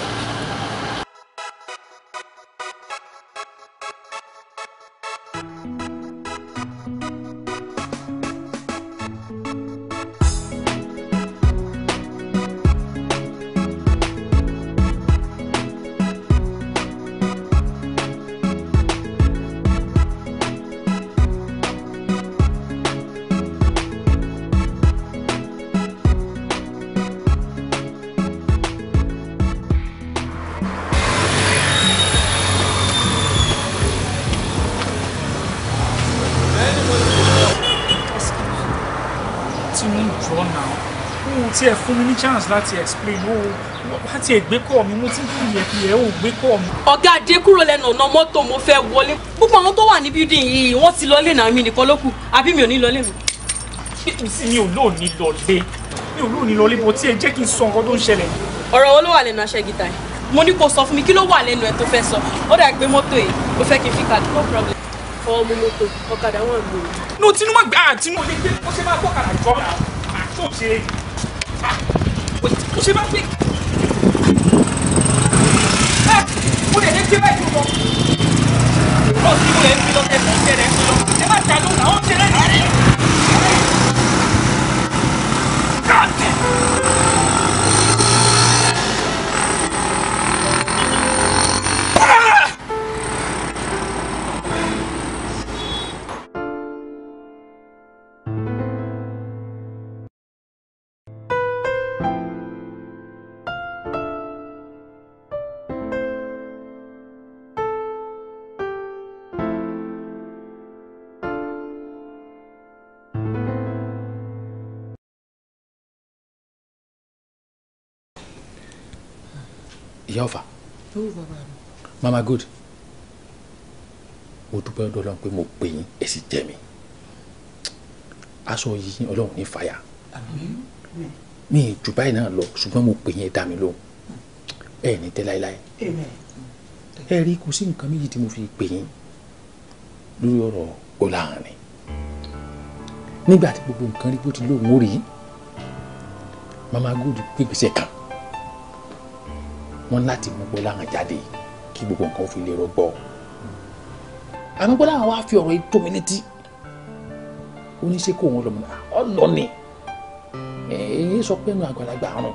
chance láti explain o láti ègbé kọ́ mi mo ti ń bí ìyẹ̀fì ẹ̀ gbé kọ́ mi. ọ̀gá adé kúrò lẹ́nu ọ̀nà mọ́tò mo fẹ́ wọlé púpọ̀ àwọn tó wà ní building yìí wọ́n ti lọ́lé náà mi nìkan ló àbí mi ò ní lọ́lé mi. mi ò lóòní lọ́lé mi ò lóòní lọ́lé bó tiẹ̀ jẹ́ kí n sọ nǹkan tó ń ṣẹlẹ̀. ọ̀rọ̀ wo ló wà lẹ́nu aṣẹ́ gita yìí mo ní kó sọ fún mi kí ló wà lẹ́nu ẹ̀ tó fẹ́ sọ ó no problem ṣe bá pè. Ah, ẹ mo ìyá mama good mo dúpẹ́ lọ́dọ̀ ọlọ́run pé mo pè yín ẹ sì jẹ́ mi aṣọ yìí ọlọ́run ní fàyà mi jù báyìí náà lọ ṣùgbọ́n mo pè yín ẹ dá mi lóhùn ẹ ní tẹ́ láéláé ẹ rí kò sí nǹkan méjì tí mo fi pè yín lórí ọ̀rọ̀ Ọláàrin nígbà tí gbogbo nǹkan rí bó ti lóun ó rí mama good gbégbèsè kan wọ́n láti mú Gbọ́láhàn jáde kí gbogbo nǹkan fi lè rọgbọ àmọ́ Gbọ́láhàn wá fi ọ̀rọ̀ yìí tó mi létí ó ní ṣe kó wọn lọ́mọ náà ọlọ́ni èyí sọ pé ẹnu àgbàlagbà àrùn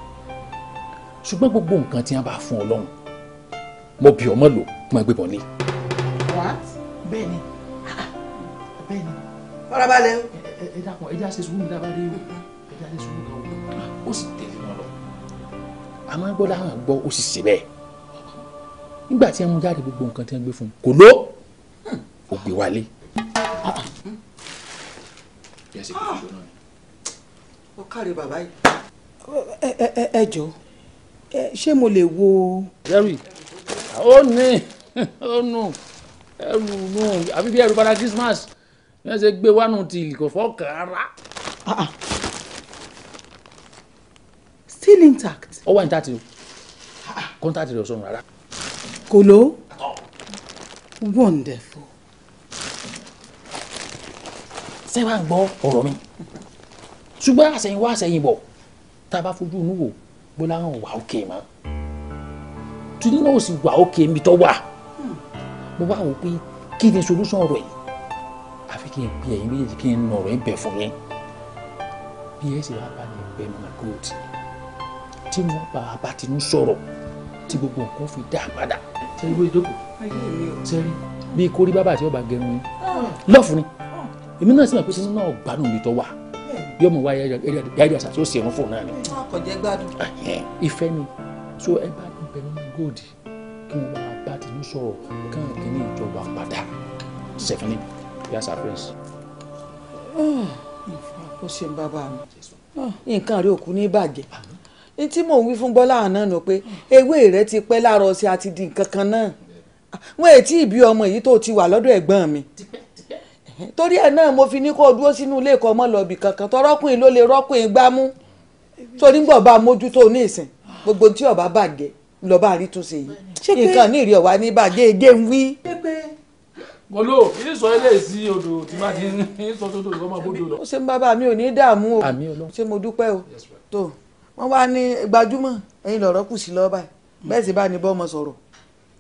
ṣùgbọ́n gbogbo nǹkan tí wọ́n bá fún Ọlọ́run mo bì ọmọ lò kí wọ́n gbé bọ̀ lé. bẹ́ẹ̀ni bẹ́ẹ̀ni. farabalẹ̀. ẹ ẹ dákun ẹ jẹ́ àṣẹ mi dábàá dé o ẹ jẹ́ àṣẹ sùúrù kan o àmọ́ gbọ́ láwọn gbọ́ ó sì ṣe bẹ́ẹ̀ nígbà tí wọ́n mú jáde gbogbo nǹkan tí wọ́n gbé fún un kò ló ò gbé wálé. ó káre bàbá yìí. ẹ jọ ṣé mo lè wo. jerry ó ní ó nù ẹrù nù àbí bí ẹrù padà Christmas yẹn ṣe gbé wánu ti ìlìkọ̀fọ́ kàrà still intact. ó wà intact o kọ́ńtàtì rẹ̀ sọnù rárá. kò wonderful. ṣé wàá gbọ́ ọ̀rọ̀ mi ṣùgbọ́n àṣẹyìn wá àṣẹyìn bọ̀ tá a bá fojú inú wò bọ́lá hàn wà ókè mọ́ tún náà sì wà ókè mi tó wà mo wá wò pé kí ni solution ọ̀rọ̀ yìí àfi kí n pe ẹ̀yin méjèèjì kí n nọ̀rọ̀ ẹ̀ bẹ̀ fún yẹn bí ẹ sì wá bá mi bẹ̀ mọ́ gold tí wọ́n bá a bá tinú sọ̀rọ̀ tí gbogbo nǹkan fi dá padà. sẹ́rí bó ìjókòó sẹ́rí bí kórí bábà àti ọba gẹrun yín ah. lọ́ọ̀fù ni ah. èmi náà sì máa pé sínú náà gbádùn mi tọ́ wà bí ọmọ wa yáyà sàtí ó sì ẹ̀rún fún náà ni. akọ̀jẹ́ gbádùn. ìfẹ́ ni so ẹ bá bẹ̀rù ní góòdì kí wọ́n bá a bá tinú sọ̀rọ̀ káàkiri ní ìjọba padà sẹ́fìnì yàtọ̀ prince. nǹkan àrí òkú ní bàjẹ́ n tí mò ń wí fún Bọ́lá àná nù pé ewé rẹ ti pẹ́ láàárọ̀ ọ̀sẹ̀ àti di nǹkan kan náà wọn ètí ìbí ọmọ yìí tó ti wà lọ́dọ̀ ẹ̀gbọ́n mi torí ẹ̀ náà mo fi ní kó o dúró sínú ilé ẹ̀kọ́ ọmọ lọ́ọ̀bì kankan tọrọkùnrin ló lè rọ́kùnrin gbámú torí ń bọ̀ bá mójútó ní ìsìn gbogbo tí ọba bàjẹ́ lọ́ba àrítúnṣe yìí nǹkan ní ìrì ọ̀wá ní bàjẹ́ èdè ń wí gọlọ kìí sọ ilé sí odò tí bá ti ń sọ tó tó ìwọ́n máa bójú lọ. ó ṣe ń bàbá mi ò ní dààmú o ṣé mo dúpẹ́ o tó wọ́n wá ní gbajúmọ̀ ẹ̀yin lọ̀rọ̀ kù sí lọ́ọ́ báyìí bẹ́ẹ̀ sì bá ní bọ́ọ̀mọ sọ̀rọ̀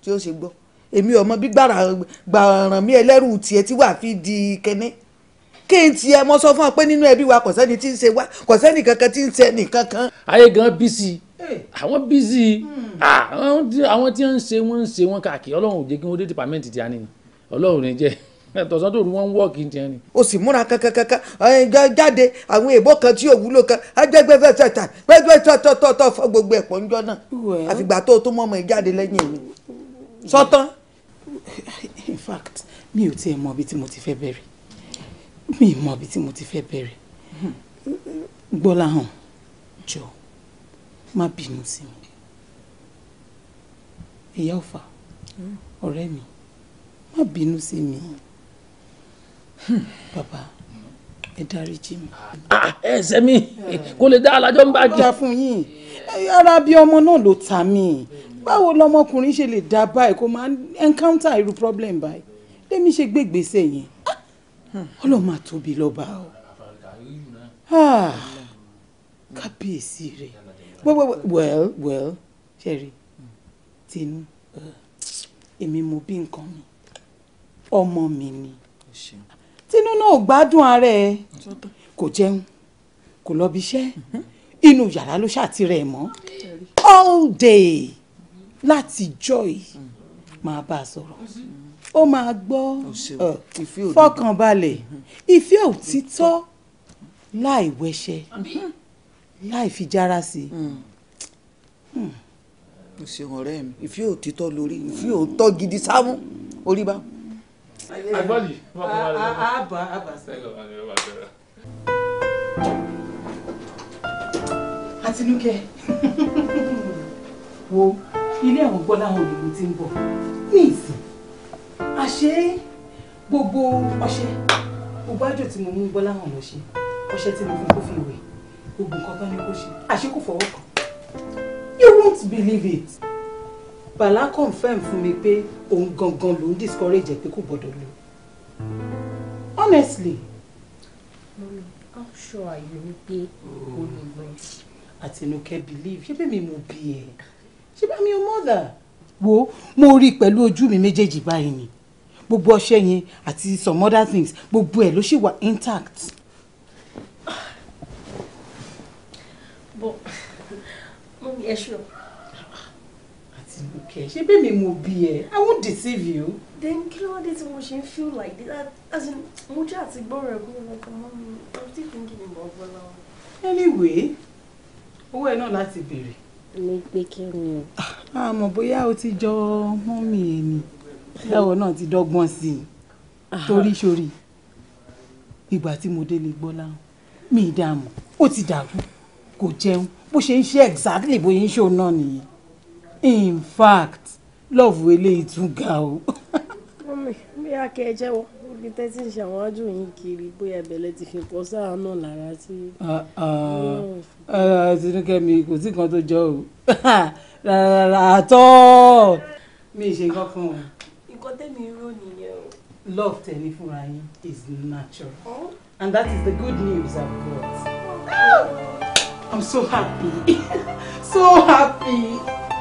tí ó ṣe gbọ́ èmi ọmọ bí gbàràn mi ẹlẹ́rù tiẹ̀ tí wà fi di kẹ́ní kí n tiẹ̀ mọ sọ fún ọ pé nínú ẹbí wa kò sẹ́ni tí ń ṣe wá kò sẹ́ni kankan tí ń ṣe nìkan kan. ayé gan bísí eh. àwọn bísí hmm. ah, àwọn tí wọ́n ń ṣe wọ́n ń ṣe wọ́n káàkiri ọlọ́run ò jẹ́ kí wọ́n dé dìpámẹ́ǹtì tí a ní ọlọ́run ní jẹ́ tọ̀sán tòru wọ́n ń wọ̀ kí n tiẹ̀ ni. o sì múra kankankankan jáde àwọn èèbó kan tí òwúlò kan ẹgbẹ́gbẹ́fẹ́ta gbẹ́gbẹ́tọ̀tọ̀tọ̀ fọ gbogbo ẹ̀pọ̀ ńjọ́ náà àfìgbà tó tó mọ́ ọmọ lẹ́yìn mi sọ́tán. in fact mi ò tiẹ̀ mọ ibi tí mo ti fẹ́ bẹ̀rẹ̀ mi ì mọ ibi tí mo ti fẹ́ bẹ̀rẹ̀ gbọ́lá hàn jọ má bínú sí mi ìyá ọ̀fà hmm. ọ̀rẹ́ mi má bínú sí mi. Mm bàbá hmm, ẹ dáríjì mi. ẹ sẹ́mi kò lè dá alájọ́ ń bá jẹ́. ọjà fún yín ara bíi ọmọ náà ló ta mí báwo lọmọkùnrin ṣe lè dá báyìí kó máa encounter irú problem báyìí lèmi ṣe gbé gbèsè yẹn hmm. ọlọ́run máa tóbi lọ́ba o ah, kábíyèsí rẹ̀ well well Jerry tinú hmm. èmi mo bí nǹkan mi ọmọ mi ni tinú náà ò gbádùn ara ẹ̀ kò jẹun kò lọ bí iṣẹ́ inú yàrá ló ṣàti rẹ̀ mọ́ all day láti joy máa bá a sọ̀rọ̀ ó máa gbọ́ fọkànbalẹ̀ ìfẹ́ òtítọ́ láì wẹṣẹ́ láì fi jára sí i. Hmm. o hmm. ṣeun ọ̀rẹ́ mi ìfẹ́ òtítọ́ lórí ìfẹ́ òótọ́ gidi sámú orí bá agbọ́dì wọ́n kọ́ wá lọ́wọ́. àbá àbá sẹ́yìn. Àtinúkẹ́ wo ilé àwọn gbọ́ láwọn òyìnbó ti ń bọ̀ ní ìsìn àṣé gbogbo ọṣẹ gbogbo àjò tí mo mú gbọ́ láwọn ọ̀nà ṣe ọṣẹ tí mo fi kó fi wẹ̀ gbogbo nǹkan tó ní kó ṣe àṣé kò fọwọ́ kàn you won't believe it bàlá confirm fún mi pé òun gangan ló ń discourage ẹ pé kò gbọdọ̀ lò honestly. mọ́mí how sure are you wípé kò lè lọ. Mm. àtinúkẹ́ believe ṣé bẹ́ẹ̀ mi mo bí ẹ ṣé bá mi ò mother. wo mo rí i pẹ̀lú ojú mi méjèèjì báyìí ni gbogbo ọṣẹ yẹn àti some other things gbogbo ẹ ló ṣì wà intact. but mọ́mí ẹ ṣọ́ okay ṣé bẹ́ẹ̀ mi mo bí ẹ i won't deceive you. then kí ló wá dé tí mo ṣe ń feel like this as in mo jẹ́ àti gbọ́rọ̀ ẹ̀kọ́ ọkọ mọ́ mi i'm still thinking about bọ́lá. anyway owó ẹ náà láti béèrè. mi pé kí ni. àmọ́ ah, bóyá o ti jọ mọ́mì ẹ ni ẹ̀wọ̀n náà ti dọ́gbọ́n sí i ah. torí sori ìgbà tí mo délé gbọ́ láwọn mi ì dààmú ó ti dààmú kò jẹun bó ṣe ń ṣe exactly bó ṣe ń ṣe òun náà nìyẹn in fact love eléyìí tún ga o. mọ́mí bí akẹ́ jẹ́wọ́ orí tẹ́tí ń ṣe àwọn ájú yín kiri bóyá ìbẹ̀lẹ̀ ti fi pọ̀ sáà náà lára tí. Uh, uh, uh, tinúkẹ́mi kò sí nǹkan tó jọ o rárá àtọ́ mi ì ṣe nǹkan fún ọ. nǹkan tẹ́mi rò nìyẹn o. love tẹ̀lé fúnra yín is natural oh? and that is the good news I've got. Oh! I'm so happy so happy.